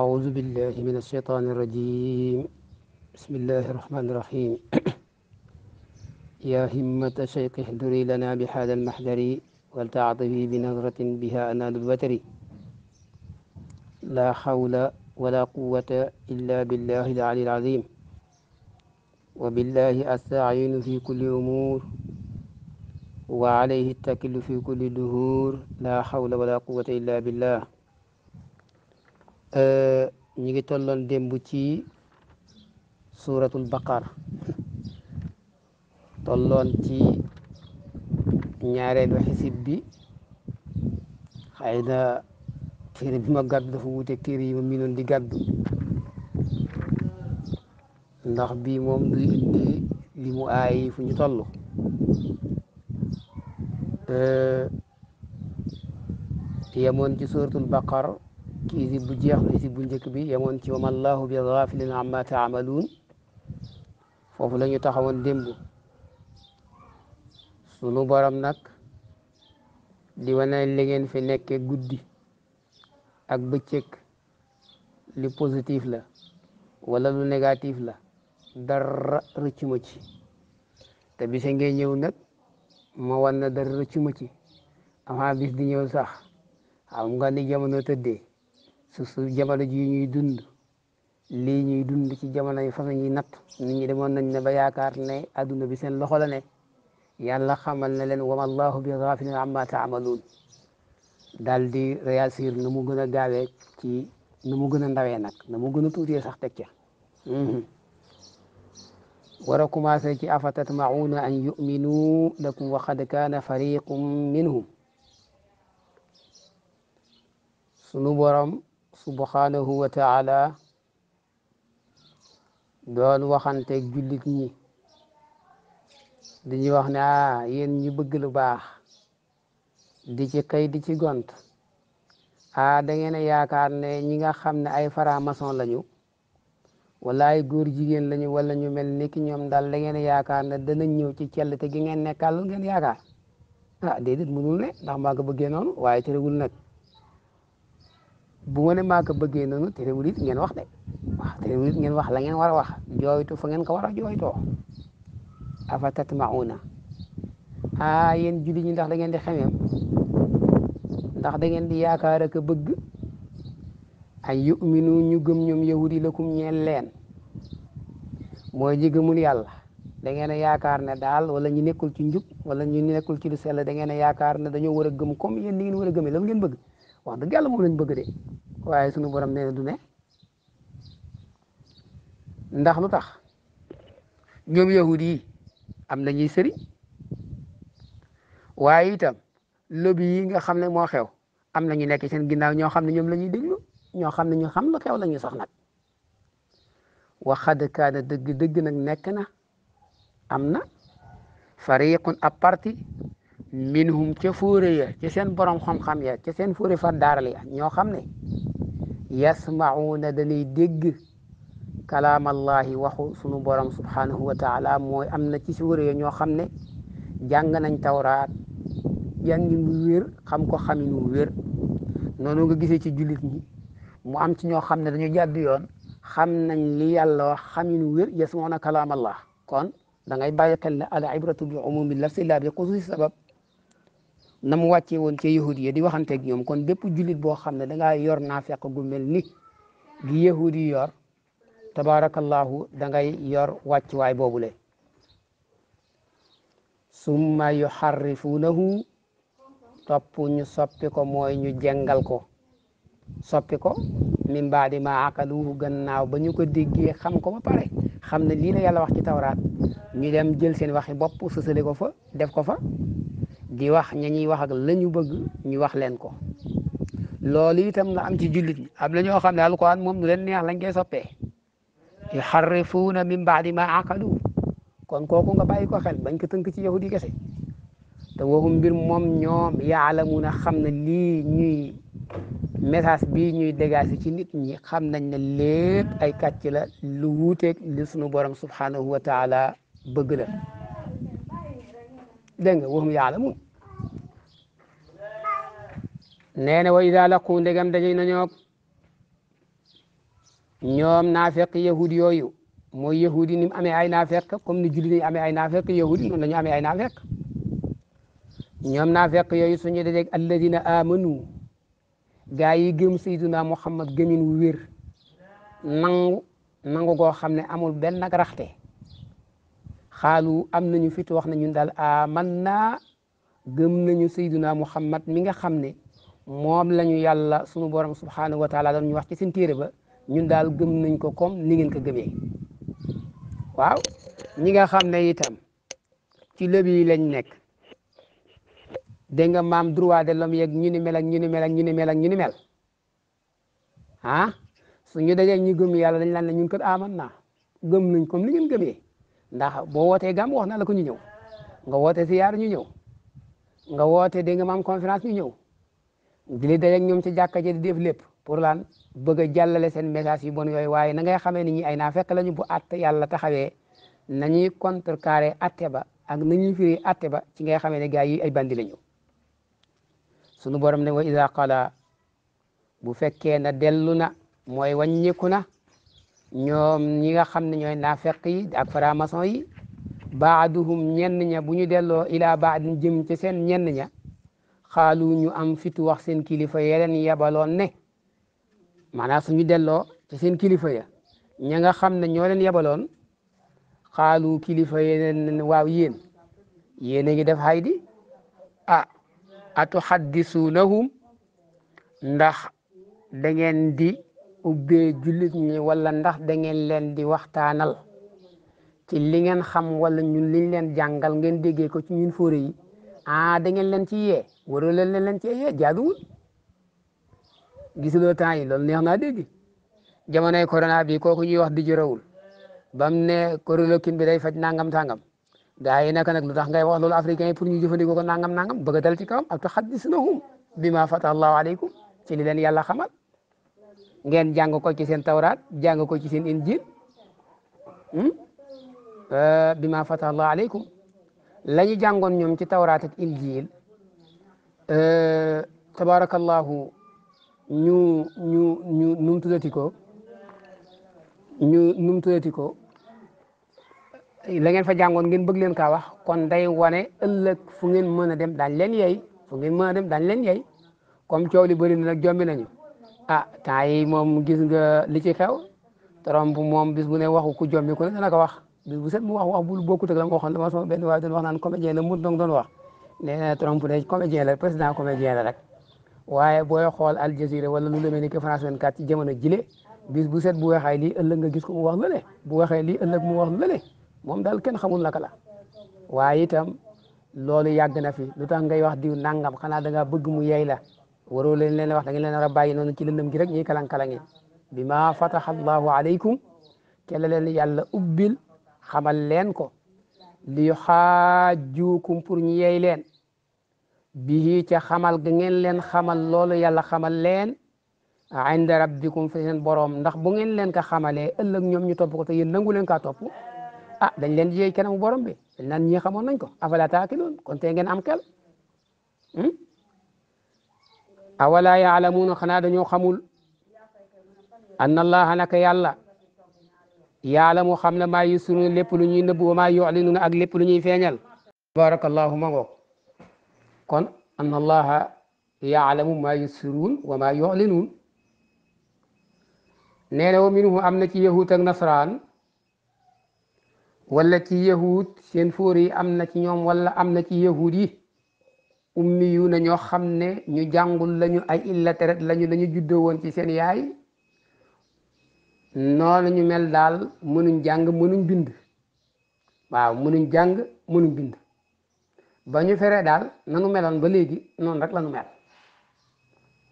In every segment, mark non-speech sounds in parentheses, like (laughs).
أعوذ بالله من الشيطان الرجيم بسم الله الرحمن الرحيم يا همة الشيخ احضري لنا بهذا المحضر ولتعطفي بنظرة بها أنال الوتر لا حول ولا قوة إلا بالله العلي العظيم وبالله أستعين في كل أمور وعليه التكل في كل دهور لا حول ولا قوة إلا بالله Euh, ñu ngi tolloon démb ci suuratu baqar tolloon ci ñaareelu xisib bi xëy na bi ma gàddu dafa wuute téere yi ma miinoon di gàddu ndax bii moom duy indi li fu ñu toll euh, yemoon ci suuratul baqara isib bu jeex na isib bu njëkk bi yemoon ci wama allahu bi gaafilin amma taamaluun foofu la ñu taxawoon démb sunu borom nag di wana li ngeen fi nekke guddi ak bëccëg li positif la wala lu négatif la dara rëccu ma ci te bise ngay ñëw nag ma wan na dara rëccu ma ci bis di ñëw sax xam nga ni jamono tëddee su su jamono jii ñuy dund lii ñuy dund ci jamono yi façon yi natt nit ñi demoon nañ ne ba yaakaar ne adduna bi seen loxo la ne yàlla xamal na leen wama allahu bi ghafilin amma taamaluun daal di réussir na mu gën a gaawee ci na mu gën a ndawee nag gën a tuutee sax teg ca mm-hmm. war a ci afa tatmauna an yuminu lakum wa qad kaana fariqum minhum sunu borom subhanahu wa taala doon waxante jullit ñi dañuy wax ne ah yéen ñi bëgg lu baax di ci xëy di ci gont ah da ngeen a yaakaar ne ñi nga xam ne ay franc-maçon lañu wala ay góor jigéen lañu wala ñu mel ni ki ñoom daal da ngeen a yaakaar ne danañ ñëw ci cell te gi ngeen nekkal ngeen yaakaar ah déedéet mënul ne ndax maa ko bëggee noonu waaye terewul nag bu ma ne maa ko bëggee noonu terewul it ngeen wax de ngeen wax la ngeen war a wax jooytu fa ngeen ko war a jooytoo afa tatmauna a yéen juli ñi ndax da ngeen di xemeem ndax da ngeen di yaakaar ak bëgg ay yuminu ñu gëm ñoom yahudi lakum ñeel leen mooy ñi gëmul yàlla da ngeen a yaakaar ne daal wala ñu nekkul ci njub wala ñu nekkul ci lu sell da ngeen a yaakaar ne dañoo war a gëm yen yéen ni ngeen war a la ngeen bëgg waa dëgg yàlla moom lañ bëgg de waaye sunu borom nee na du ne ndax lu tax ñoom yahud yi am na ñuy sëriñ waaye itam lobby yi nga xam ne moo xew am na ñu nekk seen ginnaaw ñoo xam ne ñoom la ñuy déglu ñoo xam ne ñu xam lu xew la ñuy sax nag waxad kaana dëgg dëgg nag nekk na am na fariqun ab parti minhum ca fóore ya ci seen borom xam-xam ya ci seen fóore fa daaral ya ñoo xam ne yasmauna dañuy dégg kalaam allahi waxu sunu borom subhanahu wa mooy am na ci fóore ya ñoo xam ne jàng nañ tawraat jàngin wu wér xam ko xamin wu wér noonu nga gise ci jullit ñi mu am ci ñoo xam ne dañu jàdd yoon xam nañ li yàlla wax xamin wu wér yasmauna kalaam allah kon da ngay bàyyi xel ne al ibratu bi umumi lafsi la bi xususi sabab na mu wàccee woon ca yahud yi di waxanteeg ñoom kon bépp jullit boo xam ne dangaa yor naa fekk gu mel ni gi yahud yi yor tabarakallahu da ngay yor wàccuwaay boobule summa yuharrifunahu topp ñu soppi ko mooy ñu jengal ko soppi ko min baadi ma aqaluhu gannaaw ba ñu ko déggee xam ko ba pare xam ne lii la yàlla wax ci tawraat ñu dem jël seen waxi bopp sësale ko fa def ko fa di wax ña ñuy wax la ñu bëgg ñu wax leen ko loolu itam la am ci jullit ñi am na ñoo xam ne alquran moom nu leen neex lañ koy soppee yuharrifuuna min baadi ma aqalu kon kooku nga bàyyi ko xel bañ ko tënk ci yahudi kese te waxu mbir moom ñoom na xam na lii ñuy message bii ñuy dégagé ci nit ñi xam nañ ne lépp ay kàcc la lu wuuteeg li sunu borom subhanahu wa taala bëgg la dégg nga waxum yaalamuun nee na wa ida laqu ndegam daje na ñoom ñoom naafeq yahud yooyu mooy yahud yi ni mu amee ay naafeq comme ni jullit yi amee ay naafeq yahud yi noonu ame ñu amee ay naafeq ñoom naafeq yooyu suñu dajeeg alladina amanu gaa yi gëm sayduna muhammad gëmin wu wér nangu nangu goo xam ne amul benn nag raxte am nañu fit wax na daal aman naa gëm nañu sayduna muhammad mi nga xam ne moom la ñu yàlla sunu borom subhanahu wa taala doon ñu wax ci seen téere ba ñun daal gëm nañ ko comme ni ngeen ko gëmee waaw ñi nga xam ne itam ci lëb yi lañ nekk dégg nga maam droit de l'homme yeeg ñu ak ñu ak ñu ak ñu ah suñu dajee ñu gëm yàlla dañ laan ne ñun kat aman naa gëm nañ comme ni ngeen ndax boo wootee gàmm wax na la ko ñu ñëw nga woote si siyaar ñu ñëw nga woote dégg nga maam conférence ñu ñëw di li dajeeg ñoom ci jàkka ji di def lépp pour lan bëgg a jàllale seen message yu bon yooyu waaye na ngay xamee ni ñi ay naa fekk lañu bu att yàlla taxawee nañuy contrecarré atte ba ak nañuy firi atte ba ci ngay xamee ne gars yi ay bandi lañu sunu borom ne wa iza qala bu fekkee na dellu na mooy wàññiku na ñoom ñi nga xam ne ñooy naafeq yi ak franc-maçon yi baaduhum ñenn ña bu ñu delloo ila baadin jëm ci seen ñenn ña xaalu ñu am fitu wax seen kilifa ya leen yebaloon ne maanaam suñu delloo ci seen kilifa ya ña nga xam ne ñoo leen yebaloon xaalu kilifa ya leen waaw yéen yéen a def haydi di atu xaddisunahum ndax da ngeen di ubbee jullit walla wala ndax da leen di waxtaanal ci li ngeen xam wala ñun liñ leen jàngal ngeen déggee ko ci ñun fóore yi ah da leen ci yee waroo leen ne leen cee yee jaaduwul gisuloo temps yi loolu neex naa dégg jamonoy corona bi kooku ñuy wax di jurawul bam ne chloroquine bi day faj nangam tàngam gaa yi naka nag lu tax ngay wax loolu africain yi pour ñu jëfandikoo ko nangam nangam bëgg a dal ci kawam ak ta xaddislahum bima fata allahu ci li leen yàlla xamal ngeen jàng ko ci seen tawraat jàng ko ci seen injil hmm? bima fata allahu aleykum la ñu jàngoon ñoom ci tawraat ak Eh, tabaarakallahu ñu ñu ñu num tuddati ko ñu num tuddati ko la ngeen fa jàngoon ngeen bëgg leen kaa wax kon day wane ëllëg fu ngeen mën a dem daañ leen yey fu ngeen mën dem daañ leen yey comme coow li bëri na nag jombi nañu ah temps yi moom gis nga li ci xew Trump moom bis bu ne waxu ku jombi ku ne dana ko wax bis bu set mu wax wax bul bokkut ak la ma waxoon dama benn waay doon wax naan comédien la mu doon doon wax nee na Trump de comédien la président comédien la rek waaye booy xool Al Jazeera wala lu demee ni que France 24 ci jamono jile bis bu set bu weexee lii ëllëg nga gis ko mu wax lële bu waxee lii ëllëg mu wax lële moom daal kenn xamul naka la waaye itam loolu yàgg na fi lu tax ngay wax diw nangam xanaa da bëgg mu yey la waroo leen leen wax da ngeen leen war a bàyyi noonu ci lëndëm gi rek ñuy kalang-kalangi bi ma fataha allahu aleykum ke la leen yàlla ubbil xamal leen ko li xaajukum pour ñu yey leen bihi ca xamal ga ngeen leen xamal loolu yàlla xamal leen inda rabbikum fi seen borom ndax bu ngeen leen ka xamalee ëllëg ñoom ñu topp ko te yéen nangu leen kaa topp ah dañ leen di yey kanamu borom bi dañ naan ñii xamoon nañ ko afala taakiluun kon te ngeen am kel hmm? awala yaalamuuna xanaa dañoo xamul anna allaha naka yàlla yàlla mu xam ne maa yi sunu lépp lu ñuy nëbbu wa maa yu'linuna ak lépp lu ñuy feeñal tabarakallahu ma ngoog kon anna allaha yaalamu maa yusirun wa maa yu'linun nee na wa minhu am na ci yahud ak nasaraan wala ci yahud seen fóor yi am na ci ñoom walla am na ci yahud yi ummi yu na ñoo xam ne ñu jàngul lañu ay illa teret lañu lañu juddoo woon ci seen yaay noonu ñu mel daal mënuñ jàng mënuñ bind waaw mënuñ jàng mënuñ bind ba ñu feree daal nanu meloon ba léegi noonu rek lanu mel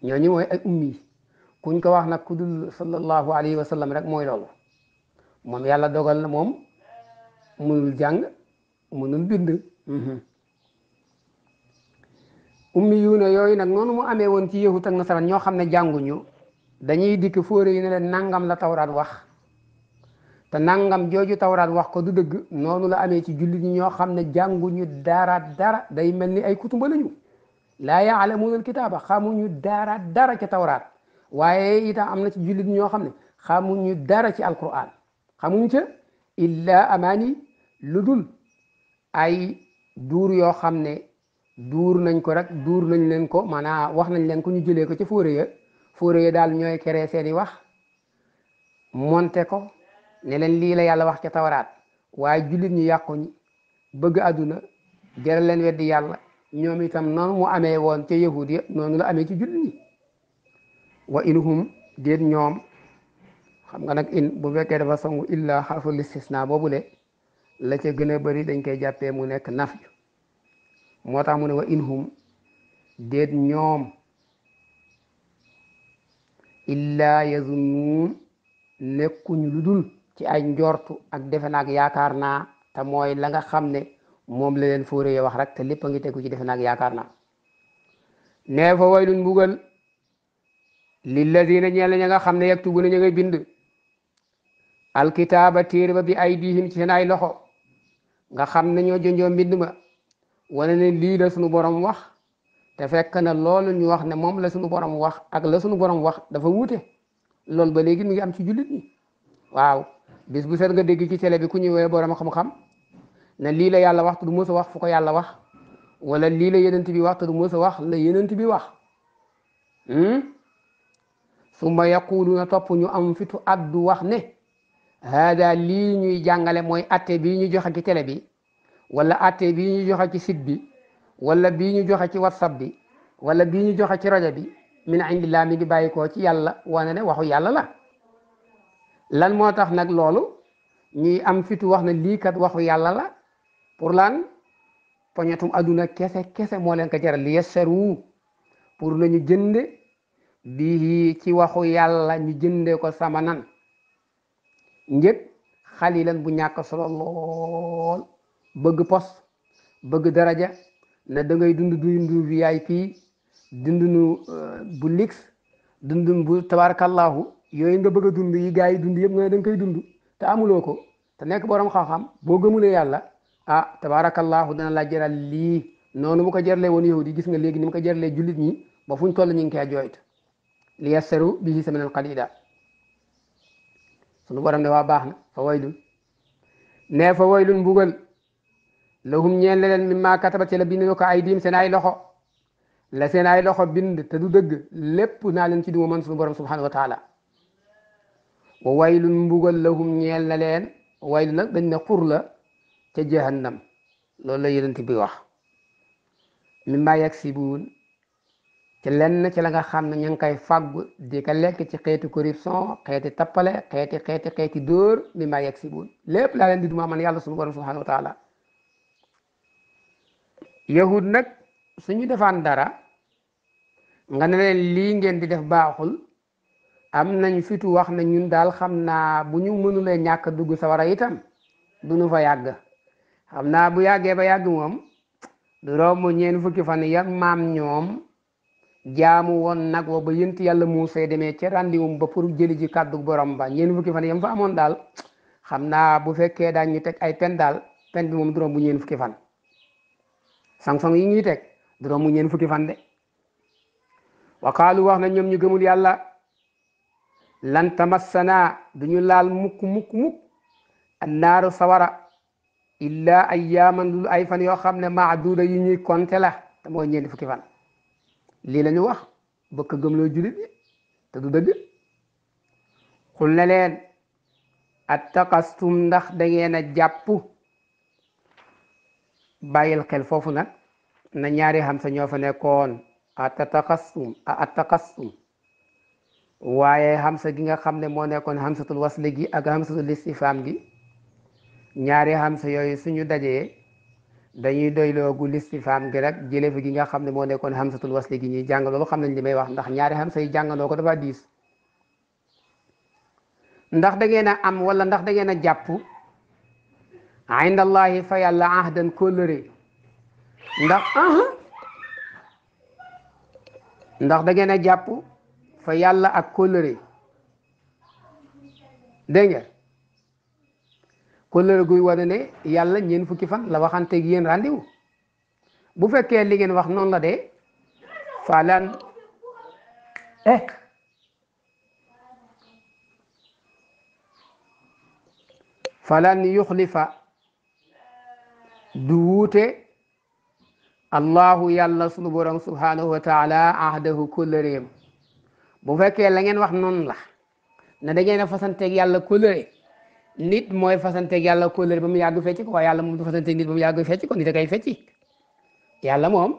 ñooñu mooy ay ummi kuñ ko wax nag ku dul sallallahu alayhi wa sallam rek mooy loolu moom yàlla dogal na moom mënul jàng mënul bind mhm. ummi yu ne yooyu nag noonu mu amee woon ci yahut ak nasaraan ñoo xam ne jànguñu dañuy dikk fóore yi ne leen nangam la tawraat wax te nangam jooju tawraat wax ko du dëgg noonu la amee ci jullit ñi ñoo xam ne jànguñu dara dara day mel ni ay kutumba lañu laa yaalamuuna alkitaaba xamuñu dara dara ca tawraat waaye itam am na ci jullit ñoo xam ne xamuñu dara ci alquran xamuñu ca illa amaani lu ay duur yoo xam ne duur nañ ko rek duur nañ leen ko maanaam wax nañ leen ko ñu jëlee ko ca fóore ya fóore yi daal ñooy créé seen i wax monte ko ne leen lii la yàlla wax ca tawraat waaye jullit ñi yàquñi bëgg àdduna jaral leen weddi yàlla ñoom itam noonu mu amee woon ca yahud ya noonu la amee ci jullit ñi wa inhum déet ñoom xam nga nag in bu fekkee dafa songu illa xarful boobu le la ca gën a bëri dañ koy jàppee mu nekk naf moo tax mu ne wa inhum déet ñoom illaa yazunnuun nekkuñu lu dul ci ay njortu ak defe naag yaakaar na te mooy la nga xam ne moom la leen fóoree wax rek te lépp a ngi tegu ci defe naag yaakaar naa nee fa waylun mbugal lilladina ñeel ña nga xam ne yaktubuna ña ngay bind alkitaaba téere ba bi aydihim ci seen ay loxo nga xam ne ñoo jonjoo mbind ma wane ne lii la sunu borom wax te fekk na loolu ñu wax ne moom la suñu borom wax ak la suñu borom wax dafa wuute loolu ba léegi mi ngi am ci jullit ñi waaw bis bu set nga dégg ci tele bi ku ñuy woowee borom xam-xam ne lii la yàlla wax te du mës a wax fu ko yàlla wax wala lii la yenent bi wax te du mës a wax la yenent bi wax hmm? summa yaquluuna topp ñu am fitu addu wax ne haada lii ñuy jàngale mooy atte bii ñu joxe ci télé bi wala atte bii ñu joxe ci site bi wala bii ñu joxe ci whatsapp bi wala bii ñu joxe ci rajo bi min indillah mi ngi bàyyi koo ci yàlla wane ne waxu yàlla la lan moo tax nag loolu ñuy am fitu wax na lii kat waxu yàlla la pour lan poñetum aduna kese kese moo leen ko jaral li yassaru pour la ñu jënd bi ci waxu yàlla ñu jënde ko sama nan njëg xalilan bu ñàkk solo lool bëgg pos bëgg daraja ne da ngay dund dundu VIP dundunu euh, bu lix dundun bu tabarakallahu yooyu nga bëgg dund yi gars yi dund yëpp nga ne da nga koy dund te amuloo ko te nekk borom xam-xam boo gëmulee yàlla ah tabarakallahu dana la jaral lii noonu bu ko jaralee woon yahudi yi gis nga léegi ni mu ko jaralee jullit ñi ba fuñ toll ñu ngi koy jooytu li yassaru bihi saminan qalila sunu borom ne wa baax na fa waylun ne fa waylun mbugal lahum ñeen la leen mimma katabat ci la bind na ko ay diim seen ay la seen ay loxo bind te du dëgg lépp naa leen ci duma man suñu borom subhanahu wa taala wa waylun mbugal lahum ñeel na leen waylu nag dañ ne xur la ca jahannam loolu la yonent bi wax mimma yaksibuun ci lenn ci la nga xam ne ña ngi koy fàggu di ko lekk ci xeeti corruption xeeti tappale xeeti xeeti xeeti dóor mimma yaksibuun lépp laa leen di duma man yàlla suñu borom subhanahu yahud nag suñu defaan dara nga ne leen lii ngeen di def baaxul am nañ fitu wax na ñun daal xam naa bu ñu mënulee ñàkk dugg sawara itam du ñu fa yàgg xam naa bu yàggee ba yàgg moom du romb ñeen fukki fan ya maam ñoom jaamu woon nag wa ba yent yàlla muusee demee ca ràndiwum ba pour jëli ji kàddu borom ba ñeen fukki fan yam fa amoon daal xam naa bu fekkee daañ ñu teg ay pen daal pen bi moom duroom bu ñeen fukki fan sanction yi ñuy teg du romb ñeen fukki fan de waqaalu wax na ñoom ñu gëmul yàlla lan tamassana du ñu laal mukk mukk mukk annaaru sawara illa ayyaaman lul ay fan yoo xam ne maaduda yu ñuy konte la te mooy ñeen fukki fan lii la ñu wax bëkk gëmloo julit yi te du dëgg xul na leen attaqastum ndax da ngeen bàyyil xel foofu nag na ñaari hamza ñoo fa nekkoon a tataqassum a attaqassum waaye hamza gi nga xam ne moo nekkoon hamzatul wasli gi ak hamzatul istifham gi ñaari hamza yooyu suñu dajee dañuy doyloogu listifham gi rek jële gi nga xam ne moo nekkoon hamzatul wasli gi ñuy jàng loolu xam nañ li may wax ndax ñaari hamza yi jàngandoo ko dafa diis ndax da a am wala ndax da a jàpp indallahi fa yàlla ahdan kóllëre ndax aha ndax da ngeen jàpp fa yàlla ak kóllëre dégg nga kóllëre guy wane ne yàlla ñeen fukki fan la waxanteeg yéen rendez-vous bu fekkee li ngeen wax noonu la de falan eh falan yuxlifa du wuute allahu yàlla sunu borom subhanahu wa taala ahdahu kóllëreem bu fekkee la ngeen wax noonu la ne da ngeen a yàlla kóllëre nit mooy fasanteeg yàlla kóllëre ba mu yàgg fecc ko waaye yàlla moom du fasanteeg nit ba mu yàgg fecc ko nit a koy fecci yàlla moom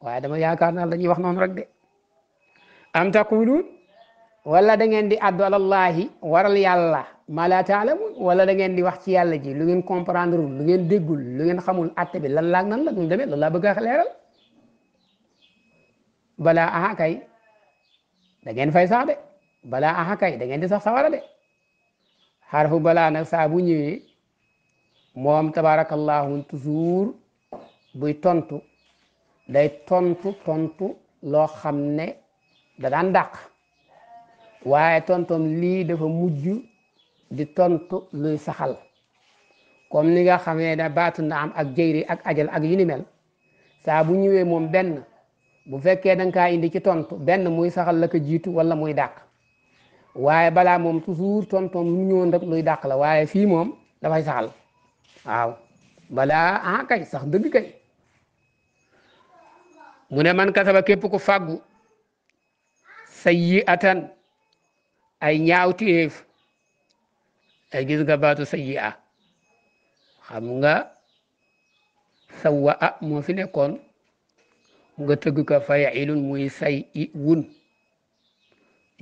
waaye dama yaakaar naa la ñuy wax noonu rek de am taquluun wala da ngeen di addu alallahi waral yàlla maa laa taalamun wala da ngeen di wax ci yàlla ji lu ngeen comprendre lu ngeen déggul lu ngeen xamul atte bi lan laag nan la ñu demee loolu laa bëgg a leeral balaa aha fay sax balaa aha da ngeen di sax sawara de xarfu balaa nag saa bu ñëwee moom tabarakallahu toujours buy tontu day tontu tontu loo xam ne da daan dàq waaye tontom lii dafa mujj di tontu luy saxal comme ni nga xamee ne baatu na am ak jëyri ak ajal ak yu ni mel saa bu ñëwee moom bu fekkee da nga indi ci tontu benn muy saxal la ko jiitu wala muy dàq waaye balaa moom toujours tontoom lu mu ñëwoon rek luy dàq la waaye fii moom dafay saxal waaw balaa ah kay sax dëgg kay mu ne man kasaba képp ku fàggu sayyi'atan ay ñaawteef ay gis nga baatu sayyi'a xam nga sawwa'a moo fi nekkoon nga tëgg ko fayilun muy sayyi'un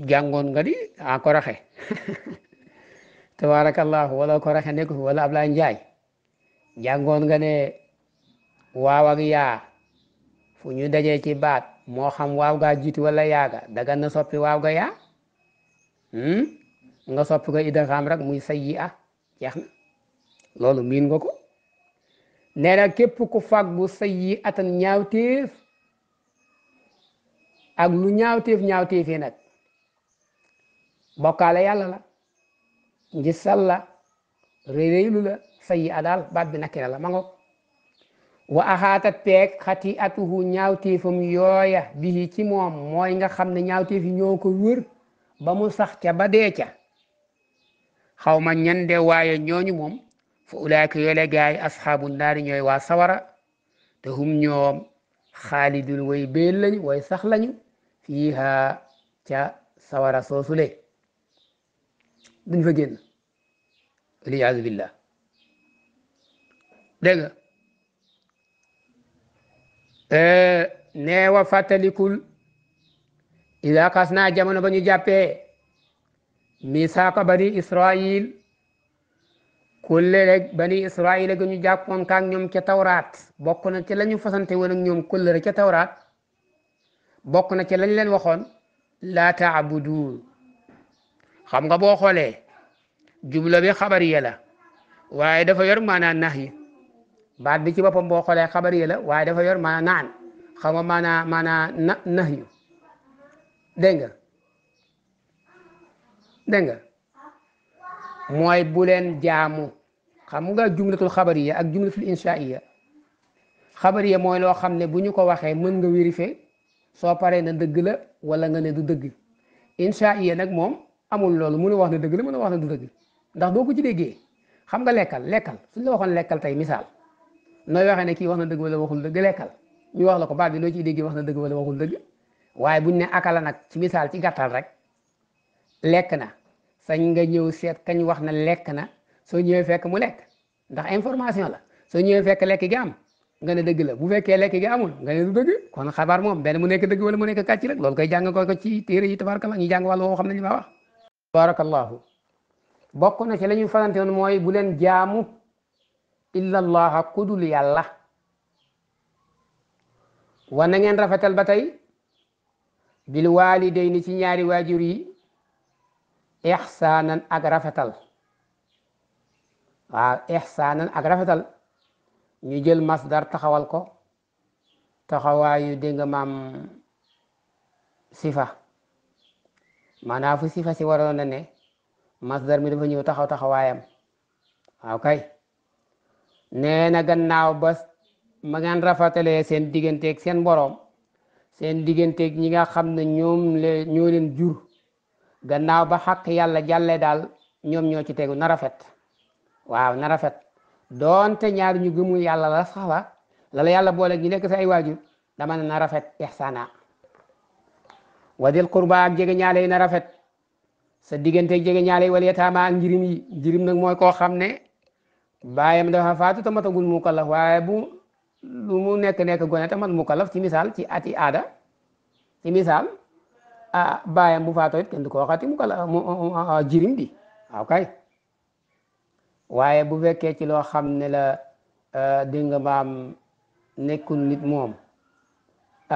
jàngoon nga di a koraxe (laughs) tabarakallahu wala koraxe nekk fi wala Ablaye Njaay jàngoon nga ne waaw ak yaa fu ñu dajee ci baat moo xam waaw gaa jiitu wala yaaga dagan na soppi waaw ga yaa hmm? nga soppi ko idgaam rek muy a jeex na loolu miin nga ko nee na képp ku fàggu sayyi'atan ñaawteef ak lu ñaawteef ñaawteef yi nag bokkaale yàlla la ngisal la réeréylu la sayyi'a daal baat bi nakira la ma ngoog wa axaatat peeg xati'atuhu ñaawteefam yooya bihi ci moom mooy nga xam ne ñaawteef yi ñoo ko wër ba mu sax ca ba dee ca xaw ma ñan de waaye ñooñu moom fa ulaayka yoolee gaa yi ñooy waa sawara te hum ñoom xaalidun way béel lañu way sax lañu fiiha ca sawara soosule duñ fa génn waliyaadu billah dégg nga neewa fàttalikul ida xas naa jamono ba ñu jàppee misaaqa bani israil kulle rek bani israil ga ñu jàppoon kaak ñoom ca tawraat bokk na ci la ñu fasante woon ak ñoom kulle rek ca tawraat bokk na ci lañ leen waxoon laa taabuduun xam nga boo xoolee jumla bi xabariya la waaye dafa yor maanaam nax yi baat bi ci boppam boo xoolee xabariya la waaye dafa yor maanaam naan nga maanaam maanaam na nax yu dégg dégg nga mooy bu leen jaamu xam nga jumlatul xabariya ak jumlatul inshaiya xabariya mooy loo xam ne bu ñu ko waxee mën nga vérifier soo paree na dëgg la wala nga ne du dëgg inshaiya nag moom amul loolu mënu wax ne dëgg la mën a wax ne dëgg ndax doo ko ci déggee xam nga lekkal lekkal suñ la waxoon lekkal tey misaal nooy waxee ne kii wax na dëgg wala waxul dëgg lekkal ñu wax la ko baat bi loo ciy déggee wax na dëgg wala waxul dëgg waaye buñ ne akala nag ci misaal ci gàttal rek lekk na sañ nga ñëw seet kañ wax na lekk na soo ñëwee fekk mu lekk ndax information la soo ñëwee fekk lekk gi am nga ne dëgg la bu fekkee lekk gi amul nga ne du dëgg kon xabaar moom benn mu nekk dëgg wala mu nekk kàcc rek loolu koy jàng ko ci téere yi tabarakallah ñu jàng wàll woo xam nañu baa wax tabarakallahu bokk na ci la ñu farante woon mooy bu leen jaamu illallah kudul yàlla wan na ngeen rafetal ba tey bil waalidayni ci ñaari waajur yi ixsaanan ak rafetal waaw ixsaanan ak rafetal ñu jël masdar taxawal ko taxawaayu dégg nga maam sifa maanaam fu sifa si waroon na ne masdar mi dafa ñëw taxaw taxawaayam waaw kay nee na gannaaw ba ma ngeen rafetalee seen digganteek seen boroom seen digganteeg ñi nga xam ne ñoom leen jur gannaaw ba xàq yàlla jàlle daal ñoom ñoo ci tegu na rafet waaw na rafet doonte ñaar ñu gëmul yàlla la sax la lala yàlla boole ñu nekk si ay waajur dama ne na rafet ihsana wadil qurba ak jege ñaale yi na rafet sa diggante jege ñaale yi wal yataama ak njirim yi njirim nag mooy koo xam ne baayam dafa a te matagul mukallaf waaye bu lu mu nekk nekk gone te mu mukallaf ci misaal ci ati aada ci misaal ah baayam bu faato it kenn ko waxati mu kala jirim bi waaw kay waaye bu fekkee ci loo xam ne la dégg nga maam nekkul nit moom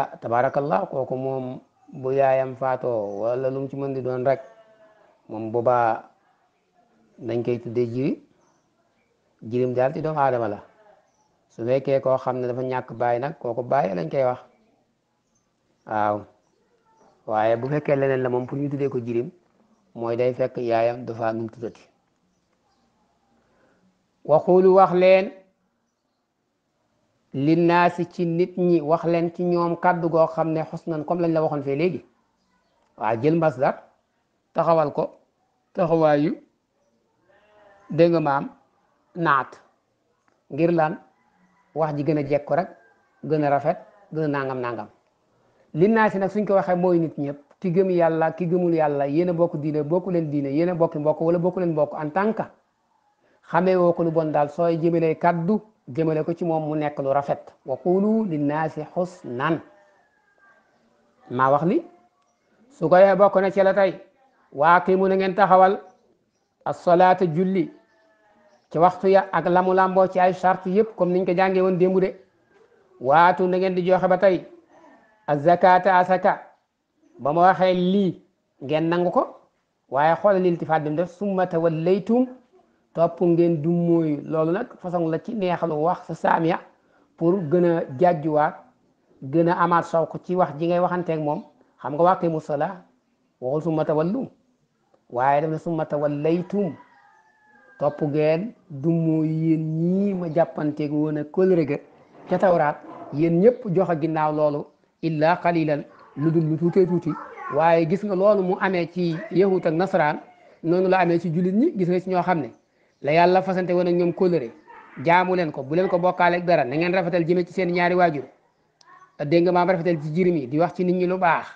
ah tabaarakallah kooku moom bu yaayam faato wala lu ci mën di doon rek moom boobaa dañ koy tuddee jirim jirim daal ci doomu aadama la su fekkee koo xam ne dafa ñàkk baay nag kooku baay lañ koy wax waaw waaye bu fekkee leneen la moom pour ñu tuddee ko jirim mooy day fekk yaayam dafa am nu tuddati waxulu wax leen linnaasi ci nit ñi wax leen ci ñoom kàddu goo xam ne xusnan comme lañ la waxoon fee léegi waa jël masdar taxawal ko taxawaayu dégg nga maam naat ngir lan wax ji gën a jekk ko rek gën a rafet gën nangam nangam li naa si nag suñ ko waxee mooy nit ñëpp ti gëm yàlla ki gëmul yàlla yéen bokk diine bokku leen diine yéen a bokk mbokk wala bokku leen mbokk en tant que xamee woo ko bon daal sooy jëmale kaddu jëmale ko ci moom mu nekk lu rafet wa qulu linnaasi xusnan maa wax li su ko defee bokk na ci la tey waa kii mu na ngeen taxawal asolaata julli ci waxtu ya ak lamu lamboo ci ay charte yëpp comme niñ ko jàngee woon démbu de waatu na ngeen di joxe ba tey azakata asaka ba ma waxee lii ngeen nangu ko waaye xoolal iltifaat bi mu def summa tawallaytum topp ngeen du mooyu loolu nag façon la ci neexalu wax sa saamiya pour gën a jàjjuwaat gën a amaat sawk ci wax ji ngay waxanteeg moom xam nga waaqi musala waxul summa tawallum waaye def na summa tawallaytum topp ngeen du mooyu yéen ñii ma jàppanteeg woon a kóllëre ga ca tawraat yéen ñëpp jox a ginnaaw loolu illa qalilan lu dul lu tuutee tuuti waaye gis nga loolu mu amee ci yahut ak nasaraan noonu la amee ci julit ñi gis nga ci ñoo xam ne la yàlla fasante woon ak ñoom kóllëre jaamu leen ko bu leen ko bokkaale ak dara na ngeen rafetal jëme ci seen ñaari waajur dégg nga maam rafetal ci jirim yi di wax ci nit ñi lu baax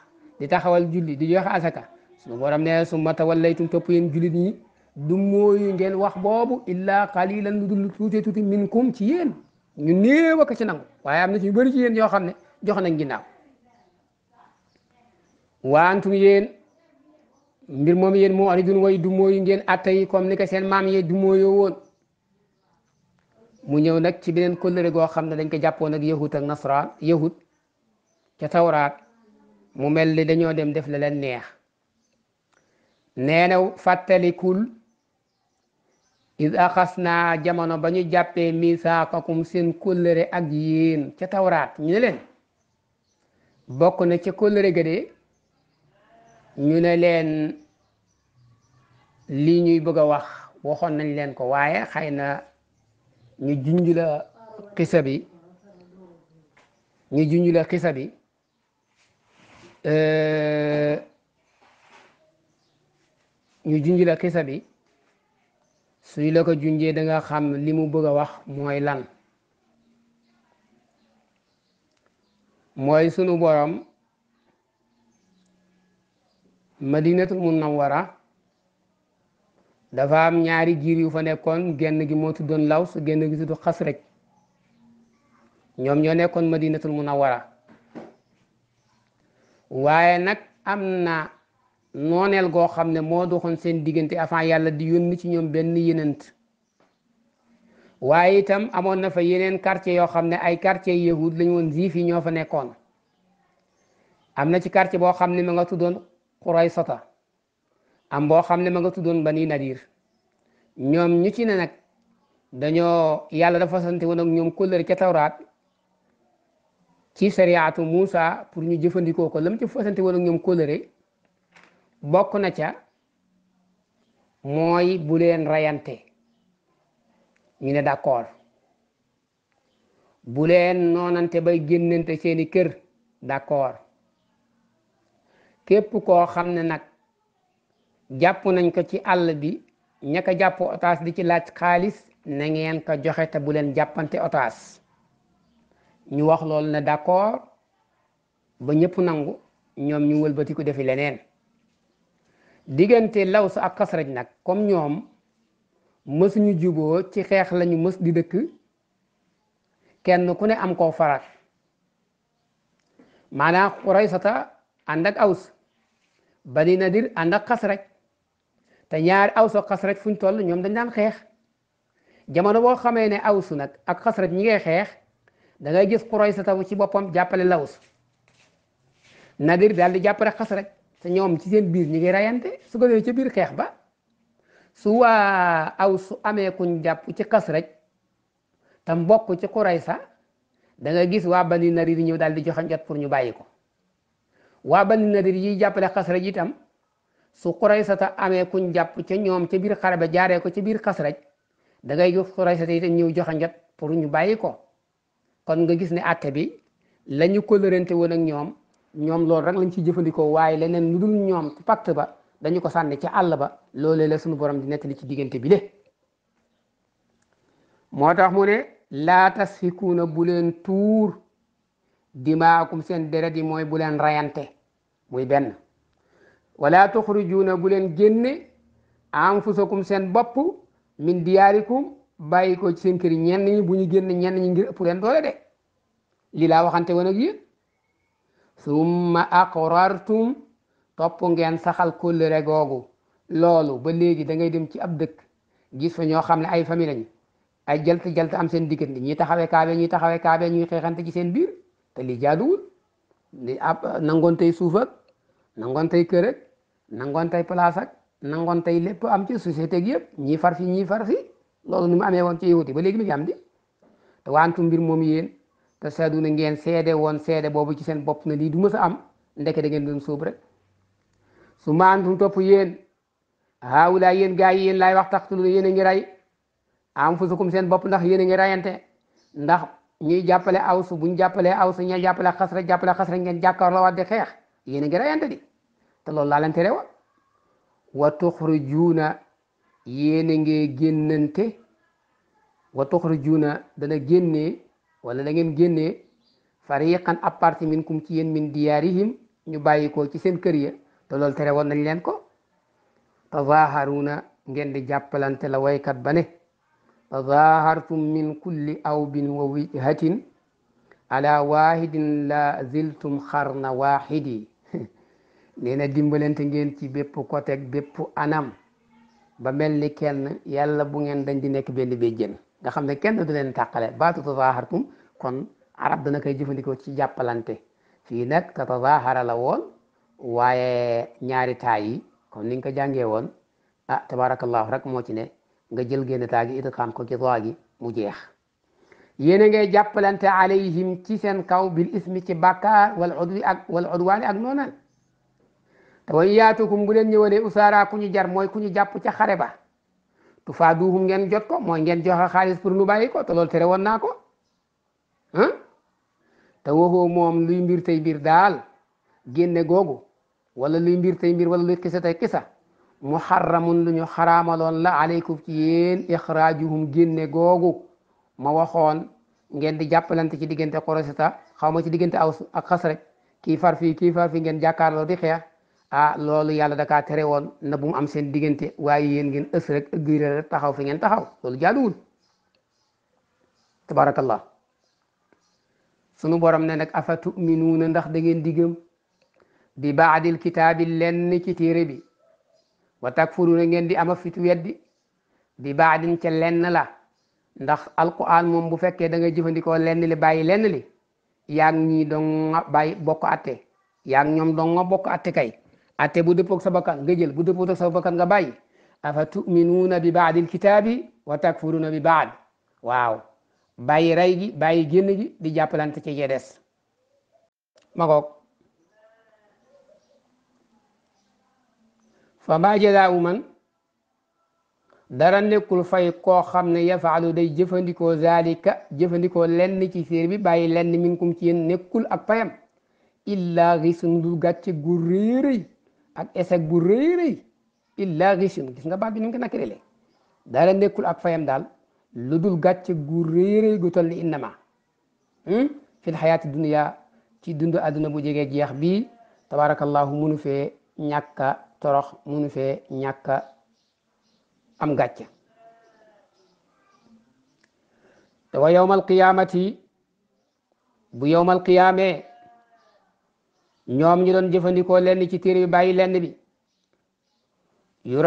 di taxawal julli di joxe asaka suñu borom ne su ma tawallaytum topp yéen julit ñi du mooyu ngeen wax boobu illa qalilan lu dul tuuti tuuti minkum ci yéen ñu ak ci nangu waaye am na ci bëri ci yoo xam ne jox nañ ginnaaw waa yeen yéen mbir moom yéen moo aridun way du mooyu ngeen atta yi comme ni ko seen maam yee du mooyoo woon mu ñëw nag ci beneen kóllëre goo xam ne dañ ko jàppoon nag yahut ak nasraan yahut ca tawraat mu mel ni dañoo dem def la leen neex nee na fàttalikul is axas naa jamono ba ñu jàppee misaaqakum seen kóllëre ak yéen ca tawraat ñu ne leen bokk na ca kóllëre ga de ñu ne leen lii ñuy bëgg a wax waxoon nañ leen ko waaye xay na ñu junj la xisa bi ñu junj la xisa bi euh, ñu junj la xisa bi suy la ko junjee da xam li mu bëgg a wax mooy lan mooy sunu borom. madinatul munawwara dafa am ñaari giir yu fa nekkoon genn gi moo tuddoon laws genn gi tudd xas rek ñoom ñoo nekkoon madinatul munawwara waaye nag am na nooneel goo xam ne moo doxoon seen diggante avant yàlla di yónni ci ñoom benn yenent waaye itam amoon na fa yeneen quartier yoo xam ne ay quartier yahud lañu woon juif yi ñoo fa nekkoon am na ci quartier boo xam ne ma nga tuddoon Quraysata am boo xam ne ma nga tuddoon Bani Nadir ñoom ñu ci ne nag dañoo yàlla dafa sante woon ak ñoom kóllëre ca tawraat ci sariyaatu Muusa pour ñu jëfandikoo ko lam ci fasante woon ak ñoom kóllëre bokk na ca mooy buleen rayante ñu ne d'accord bu leen noonante bay génnante seeni kër d'accord képp koo xam ne nag jàpp nañ ko ci àll bi ñaka jàpp otaas di ci laaj xaalis na ngeen ko joxe te bu leen jàppante otaas ñu wax loolu ne d'accord ba ñépp nangu ñoom ñu wëlbatiku defi leneen diggante Laws ak Xasraj nag comme ñoom mësuñu juboo ci xeex lañu mës di dëkk kenn ku ne am koo faral maanaam Quraysata ànd ak Aws bani nadir ànd ak xas rek te ñaari awsu ak xas rek fuñ toll ñoom dañ daan xeex jamono boo xamee ne awsu nag ak xas rek ñi ngay xeex da ngay gis xuroy sa taw ci boppam jàppale laws nadir daal di jàppale xas rek te ñoom ci biir ñi ngi rayante su ko defee ci biir xeex ba su waa awsu amee kuñ jàpp ci xas rek te mbokk ci xuroy sa da nga gis waa bani nadir ñëw daal di joxe jot pour ñu bàyyi ko waa bani nadir yiy jàppale xasraj itam su xuraysata amee kuñ jàpp ca ñoom ca biir xare ba jaaree ko ca biir xasraj da ngay gis yi itam ñëw joxe njot pour ñu bàyyi ko kon nga gis ni àtte bi la ñu kóllërante woon ak ñoom ñoom loolu rek lañ ci jëfandikoo waaye leneen lu dul ñoom pacte ba dañu ko sànni ci àll ba loole la suñu borom di nettali ci diggante bi moo tax mu ne laa tasfikuuna bu leen tuur dimaakum seen deret yi mooy bu leen rayante muy benn wala tuxrijuuna bu leen génne anfusakum seen bopp min diyaarikum bàyyi ko ci seen kër ñenn ñi bu ñu génne ñenn ñi ngir ëpp leen doole de lii laa waxante woon ak yéen summa ngeen saxal kóllëre googu loolu ba léegi da ngay dem ci ab dëkk gis fa ñoo xam ne ay famille lañu ay am seen diggante ñuy ñuy taxawee kaabe ñuy xeexante ci seen biir te lii jaaduwul li ab nangoon nangoon tey kër ak nangoon tey place nangoon tey lépp am ci société gi yëpp ñii far fi ñii far fi loolu ni mu amee woon ci yahudi ba léegi mi ngi am di te waantu mbir moom yéen te seedu na ngeen seede woon seede boobu ci seen bopp na lii du mës a am ndeke da ngeen doon sóob rek su maantum topp yéen haawulaa yéen gaa yi yéen laay wax tax lu yéen a ngi rey am fusukum seen bopp ndax yéen a ngi rayante ndax ñuy jàppale awsu buñ jàppalee awsu ña jàppale xasra jàppale xasra ngeen jàkkaarloo waat di xeex yéen a ngi rayante di te loolu laa leen wa tuxrijuuna yéen a ngi génnante wa tuxrijuuna dana génnee wala da ngeen génnee fariqan ab parti minkum ci yéen min diyaarihim ñu bàyyi ko ci seen kër ya te loolu tere woon nañ leen ko tazaaharuuna ngeen di jàppalante la waykat ba ne tazaahartum min kulli awbin wa wijhatin ala wahidin la ziltum xarna wahidi nee na dimbalante ngeen ci bépp côté ak bépp anam ba mel ni kenn yàlla bu ngeen dañ di nekk benn béjjén nga xam ne kenn du leen tàqale baatu tazaahartum kon arab dana koy jëfandikoo ci jàppalante fii nag tatazaahara la woon waaye ñaari taa yi comme ni nga ko jàngee woon ah tabarakallahu rek moo ci ne nga jël génn taa gi idgaam ko ci daa gi mu jeex yéena ngay jàppalante alayhim ci seen kaw bil ismi ci bàkkaar wal udwi ak ak noonaan te way yaatukum bu leen ñëwalee usaara ku ñu jar mooy ku ñu jàpp ca xare ba tu faa duuhum ngeen jot ko mooy ngeen joxe xaalis pour nu bàyyi ko tere woon naa ko te waxoo moom luy mbir tey mbir daal génne googu walla luy mbir tey mbir wala luy kisa tey kisa muharramun lu ñu xaraamaloon la aleykum ci yéen ixraajuhum génne googu ma waxoon ngeen di jàppalante ci diggante korosita xaw ma ci diggante aws ak xas rek kii far fii kii far fii ngeen jàkkaarloo di xeex ah loolu yàlla da kaa tere woon na bu mu am seen diggante waaye yéen ngeen ës rek ëggëre rek taxaw fi ngeen taxaw loolu jaaduwul tabarakallah sunu borom ne nag afa tuminuuna ndax da ngeen diggam bi baadil kitaabi lenn ci téere bi wa takfuruuna ngeen di ama fit weddi bi baadin ca lenn la ndax alquran moom bu fekkee da nga jëfandikoo lenn li bàyyi lenn li yaa ngi ñii dong bàyyi bokk atte yaa ngi ñoom dong bokk atte kay ate bu dëppoog sa bakkan nga jël bu dëppoog ak sa nga bàyyi afa tuminuuna bi baadil kitaabi wa takfuruuna bi baad waaw bàyyi rey gi bàyyi génn gi di jàppalante ci je des ma koog fa maa jazaa'u man dara nekkul fay koo xam ne yafaalu day jëfandikoo zalika jëfandikoo lenn ci séer bi bàyyi lenn minkum ci yéen nekkul ak payam illaa gisun du gàcce ak échec bu rëy rëy illa risin gis nga baat bi ni mu ko nakkirelee daala nekkul ak fayam daal lu dul gàcce gu rëy rëy gu toll ni innama hmm? fil xayaati ci dund àdduna bu jege jeex bi tabarakallahu munu fee ñàkka torox munu fee ñàkka am gàcce te wa yawmal qiyaamati bu yawmal qiyaamee ñoom ñu doon jëfandikoo lenn ci téere bi bàyyi lenn bi yu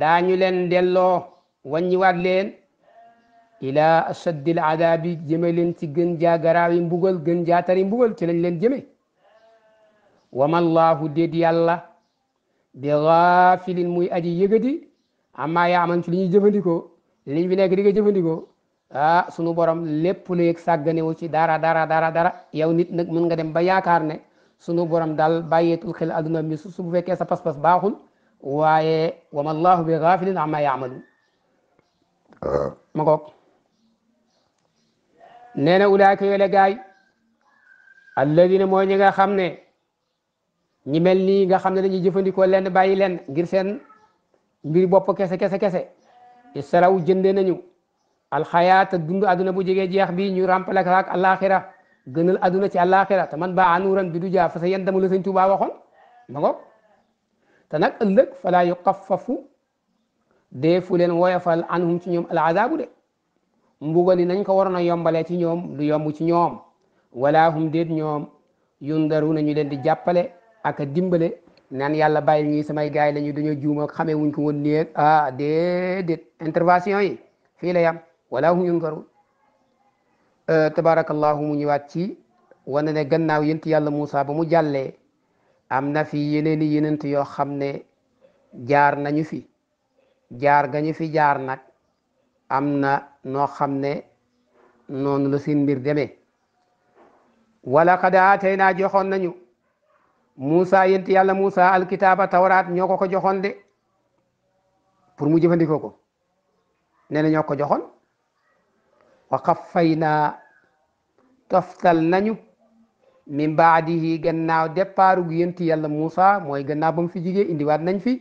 daa ñu leen delloo wàññiwaat leen ila asaddil adabi jëme leen ci gën jaa garaawi mbugal gën tari mbugal ci lañ leen jëme wama allahu déet yàlla bi gaafilin muy aji yëgadi amma yaa aman ci li ñuy jëfandikoo liñ fi nekk di nga jëfandikoo ah sunu borom lépp lu yëg sàgganewu ci dara dara dara dara yow nit nag mën nga dem ba yaakaar ne sunu borom daal bàyyeetul xel adduna mi su bu fekkee sa pas-pas baaxul waaye wa ma allahu bi gaafilin amma yaamaluun ah. ma ngoog nee na ulaayka yole gaay alladina mooy ñi nga xam ne ñi mel nii nga xam ne dañuy jëfandikoo lenn bàyyi leen ngir seen mbir bopp kese kese kese istaraw jënde nañu alxayaata dund aduna bu jegee jeex bi ñu remplacé ak alaxira gënal aduna ci alaxira te man ba anuuran bi du jaa fa sa yan dama la sëñ Tuubaa waxoon ma ko te nag ëllëg falaa yuxaffafu deefu leen woyofal anhum ci ñoom alazaabu de mbugali nañ ko waroon a yombalee ci ñoom du yomb ci ñoom wala hum déet ñoom yundaru nañu leen di jàppale ak a dimbale naan yàlla bàyyi ñi samay gaay lañu dañoo juum ak xamee wuñ ko woon néeg ah déedéet intervention yi fii yam wala hum yunzarun tabarakallahu mu ñëwaat ci wane ne gannaaw yent yàlla Moussa ba mu jàlle am na fi yeneen i yenent yoo xam ne jaar nañu fi jaar ga ñu fi jaar nag am na noo xam ne noonu la seen mbir demee wala qad aataynaa joxoon nañu Moussa yent yàlla Moussa alkitaaba tawraat ñoo ko ko joxoon de pour mu jëfandikoo ko nee na ñoo ko joxoon fay xafaynaa toftal nañu min baadihi gannaaw départ gu yenti yàlla Moussa mooy gannaaw ba mu fi jigee indiwaat nañ fi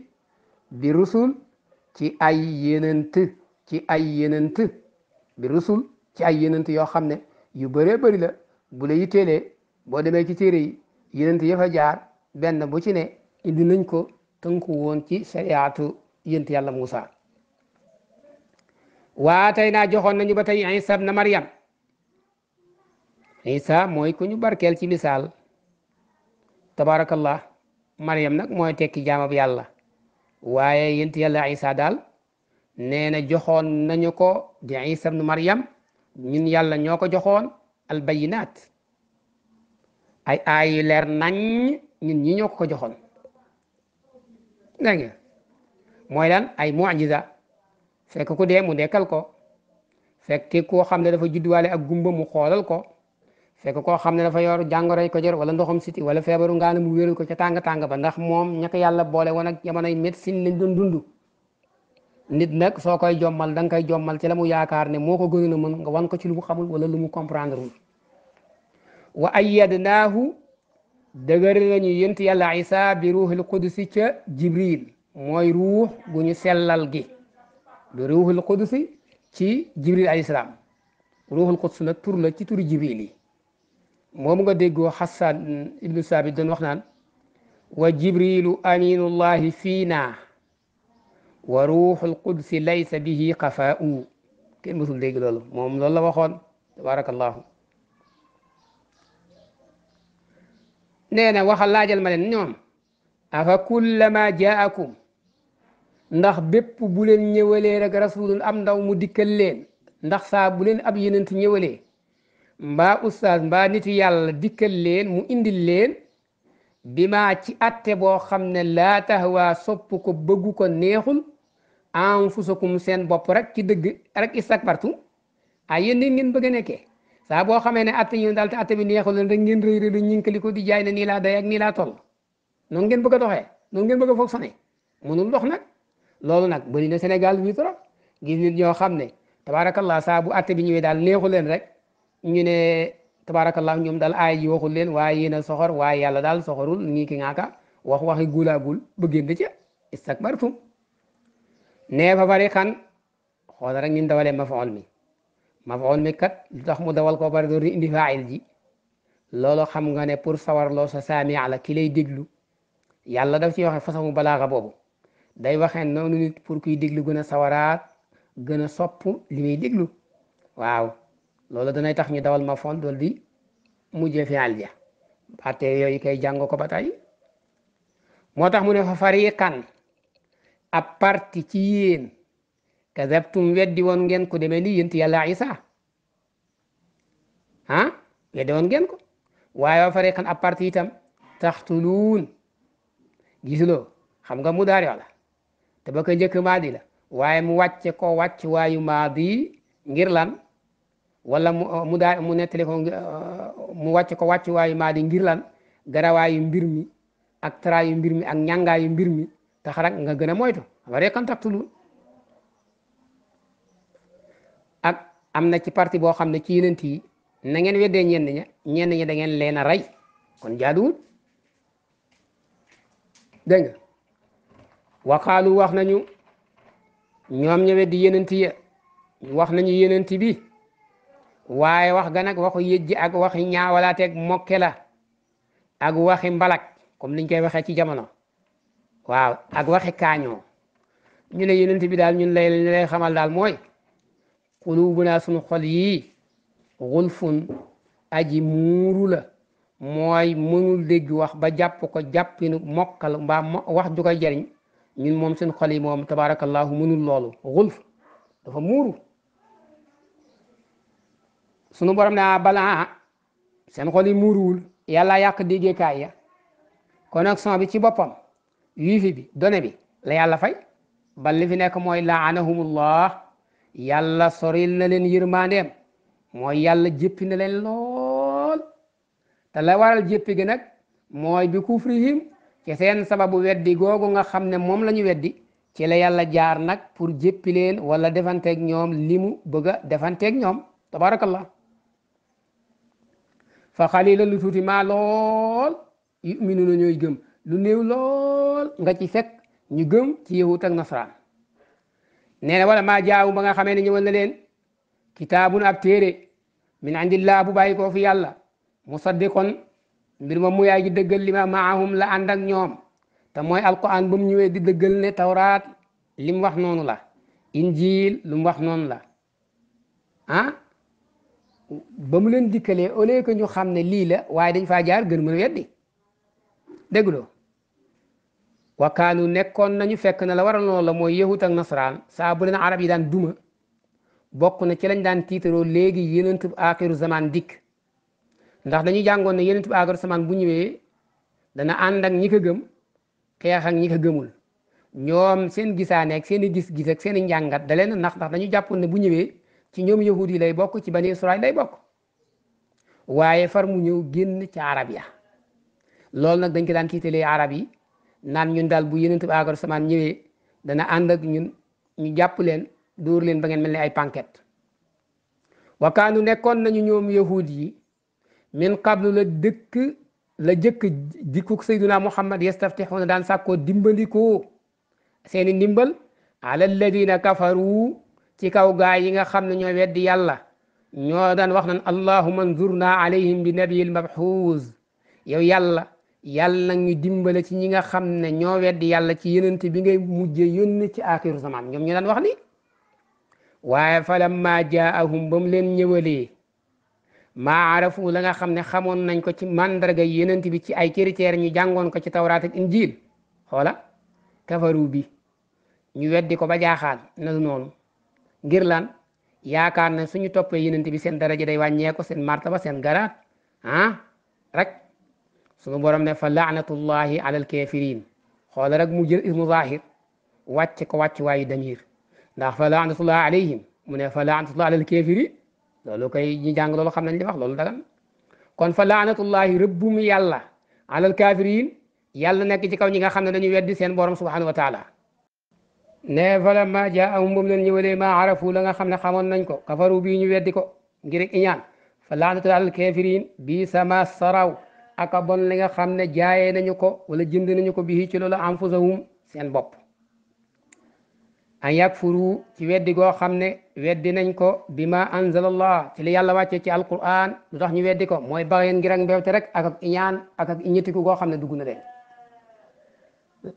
bi rusul ci ay yenent ci ay yenent bi rusul ci ay yenent yoo xam ne yu bëree bëri la bu la yitteelee boo demee ci téere yi yenent ya fa jaar benn bu ci ne indi nañ ko tënku woon ci sariyaatu yent yàlla Moussa waa tey naa joxoon nañu ba tey Isa na Maryam Isa mooy ku ñu barkeel ci misaal tabarakallah Maryam nag mooy tekki jaamab yàlla waaye yent yàlla Isa daal nee na joxoon nañu ko di Isa nu Maryam ñun yàlla ñoo ko joxoon albayinaat ay aay leer nañ ñun ñi ñoo ko joxoon mooy lan ay mu'jiza fekk ko dee mu dekkal ko fekk koo xam ne dafa judduwaale a gumba mu xoolal ko fekk koo xam ne dafa yor jàngoroy ko jor wala ndoxam siti wala feebaru ngaana mu wéral ko ca tàng-tàng ba ndax moom ñaka yàlla boole woon ak jamonoy médecine lañ doon dund nit nag soo koy jommal da koy jommal ci la mu yaakaar ne moo ko gënoon a nga wan ko ci lu mu xamul wala lu mu comprendre wul wa ayyadnaahu dëgër nañu yent yàlla isa bi ruuxil qudusi ca jibril mooy ruux gu ñu gi bi ruuxul qudus ci jibril alayhi salaam ruuxul qudus nag tur ci turi jibril moom nga déggoo xasaan ibnu saabit doon wax naan wa jibrilu aminullahi fiina wa ruuxul qudus laysa bihi xafaa'u kenn mësul dégg loolu moom loolu la waxoon tabarakallahu nee na waxal laajal ma leen ñoom afa kullama jaakum ndax bépp bu leen ñëwalee rek rasulun am ndaw mu dikkal leen ndax saa bu leen ab yenent ñëwalee mbaa ustaas mba nit yàlla dikkal leen mu indil leen bi maa ci atte boo xam ne laa waa sopp ko bëggu ko neexul anfusakum seen bopp rek ci dëgg rek istakbartu ah yéen ni ngeen bëgg nekke nekkee saa boo xamee ne atte yi daal te atte bi neexul rek ngeen rëy rëy ñu ngi ko di jaay ne nii laa day ak nii laa toll noonu ngeen bëgg a doxee noonu ngeen bëgg dox nag. loolu nag bëri senegal Sénégal bii gis nit ñoo xam ne tabaarakallah saa bu atte bi ñëwee daal neexu leen rek ñu ne tabaarakallah ñoom daal aay ji waxul leen waaye yéen a soxor waaye yàlla daal soxorul ñii ki ngaaka wax waxi gulaagul ba génn ca istakbartum nee fa bari xan xool rek ñun dawalee mafaol mi mafaol mi kat lu mu dawal ko bari door di indi faayil ji loolu xam nga ne pour sawarloo sa saami la ki lay déglu yàlla daf ci waxe façon balaaxa boobu day waxee noonu nit pour kuy déglu gën a sawaraat gën a sopp li muy déglu waaw loolu danay tax ñu dawal ma fon dool di mujjee fi alja batte yooyu kay jàng ko ba tey moo tax mu ne fa fariqan ab parti ci yéen kazabtum weddi woon ngeen ko demee ni yént yàlla isa ah weddi woon ngeen ko waaye wa fariqan ab parti itam taxtuluun gisuloo xam nga mu daar yoola te ba ko njëkk maadi la waaye mu wàcce ko wàcc waayu maadi ngir lan wala mu uh, mu daa mu uh, mu wàcce ko wàcc waayu maadi ngir lan garawaayu mbir mi ak taraayu mbir mi ak ñàngaayu mbir mi tax nga gën a moytu xam nga contact lu ak am na ci parti boo xam ne ci yeneen yi na ngeen weddee ñenn ña ñenn ñi dangeen ngeen leen a rey kon jaaduwul dégg nga waqaalu wax nañu ñoom ñëwee di yenenti ya wax nañu yenenti bi waaye wax ga nag waxu yëjji ak waxi ñaawalaateeg mokke la ak waxi mbalak comme niñ koy waxee ci jamono waaw ak waxi kaañoo ñu ne yenenti bi daal ñun lay lay xamal daal mooy qulubuna sunu xol yii xulfun aji muuru la mooy mënul dégg wax ba jàpp ko jàppinu mokkal mbaa wax ju koy jariñ ñun moom seen xol yi moom tabaarakallaahu mënul loolu xulf dafa muuru sunu borom ne ah, balaa seen xol yi muuruwul yàlla yàq déggeekaay ya connexion bi ci boppam wifi bi donné bi la yàlla fay bal li fi nekk mooy laanahumullah yàlla soril na leen yërmandeem mooy yàlla jéppi na leen lool te la waral jéppi gi mooy bi kufrihim ci seen sababu weddi googu nga xam ne moom la ñu weddi ci la yàlla jaar nag pour jéppi leen wala defanteeg ñoom li mu bëgg a defanteeg ñoom tabarakallah fa xalila lu tuuti maa lool yuminuuna ñooy gëm lu néew lool nga ci fekk ñu gëm ci yahut ak nasaraan nee na wala maa jaawu ba nga xamee ne ñëwal na leen kitaabun ab téere min indillah bu bàyyi koo fi yàlla musaddiqon mbir ma mu yaay ji dëggal li ma maahum la ànd ñoom te mooy alquran ba mu ñëwee di dëggal ne tawraat li wax noonu la injiil lu wax noonu la ah ba mu leen dikkalee au lieu que ñu xam ne lii la waaye dañ faa jaar gën mën a weddi dégloo wakaanu nekkoon nañu fekk na la waral noonu la mooy yahut ak nasaraan saa bu arab yi daan duma bokk na ci lañ daan tiitaroo léegi yonent bu aaxiru zamaan dikk ndax dañu jàngoon ne yenent bi agar samaan bu ñëwee dana ànd ak ñi ko gëm xeex ak ñi ko gëmul ñoom seen gisaane nek seen i gis-gis ak seen i njàngat da leen ndax ndax dañu jàppoon ne bu ñëwee ci ñoom yahud yi lay bokk ci bani israil lay bokk waaye far mu ñëw génn ci arab ya loolu nag dañ ko daan tiitalee arab yi naan ñun daal bu yenent bi agar samaan ñëwee dana ànd ak ñun ñu jàpp leen dóor leen ba ngeen mel ne ay panket wakaanu nekkoon nañu ñoom yahud yi min qablu la dëkk la jëkk dikkuk sayduna muhammad yastaftixuuna daan sàkkoo dimbalikoo seeni ndimbal ala alladina kafaru ci kaw gaa yi nga xam ne ñoo weddi yàlla ñoo daan wax naan allahuma anzurna alayhim bi nabiyil mabxuus yow yàlla yàlla nag ñu dimbale ci ñi nga xam ne ñoo weddi yàlla ci yenente bi ngay mujje yónni ci axiru zaman ñoom ñu daan wax ni waaye falamma jaahum ba mu leen ñëwalee ma arafu la nga xam ne xamoon nañ ko ci mandarga yenent bi ci ay critères ñu jàngoon ko ci tawraat ak injiil xoola kafaru bi ñu weddi ko ba jaaxaan na noonu ngir lan yaakaar ne suñu toppee yenent bi seen daraja day wàññeeku seen martaba seen garaat ah rek suñu borom ne fa laanatullahi alal kafirin xoola rek mu jël ismu ko wàcc waayu damir fa laanatullahi alayhim mu ne fa laanatullahi alal loolu koy ñi jàng loolu xam nañ li wax loolu dagan kon fa laanatullahi rëbbum yàlla alal kaafiriin yàlla nekk ci kaw ñi nga xam ne dañu weddi seen borom subhanahu wa taala ne fala ma jaa am moom leen ñëwalee ma arafu la nga xam ne xamoon nañ ko kafaru bii ñu weddi ko ngir rek iñaan fa laanatullahi alal kaafiriin bii sama saraw aka bon li nga xam ne jaayee nañu ko wala jënd nañu ko bii ci loolu anfusahum seen bopp an yakfuru ci weddi goo xam ne weddi nañ ko bi ma anzalallah ci li yàlla wàccee ci alquran lu tax ñu weddi ko mooy baxeen ngir ak mbewte rek ak ak iñaan ak ak iñetiku goo xam ne dugg na leen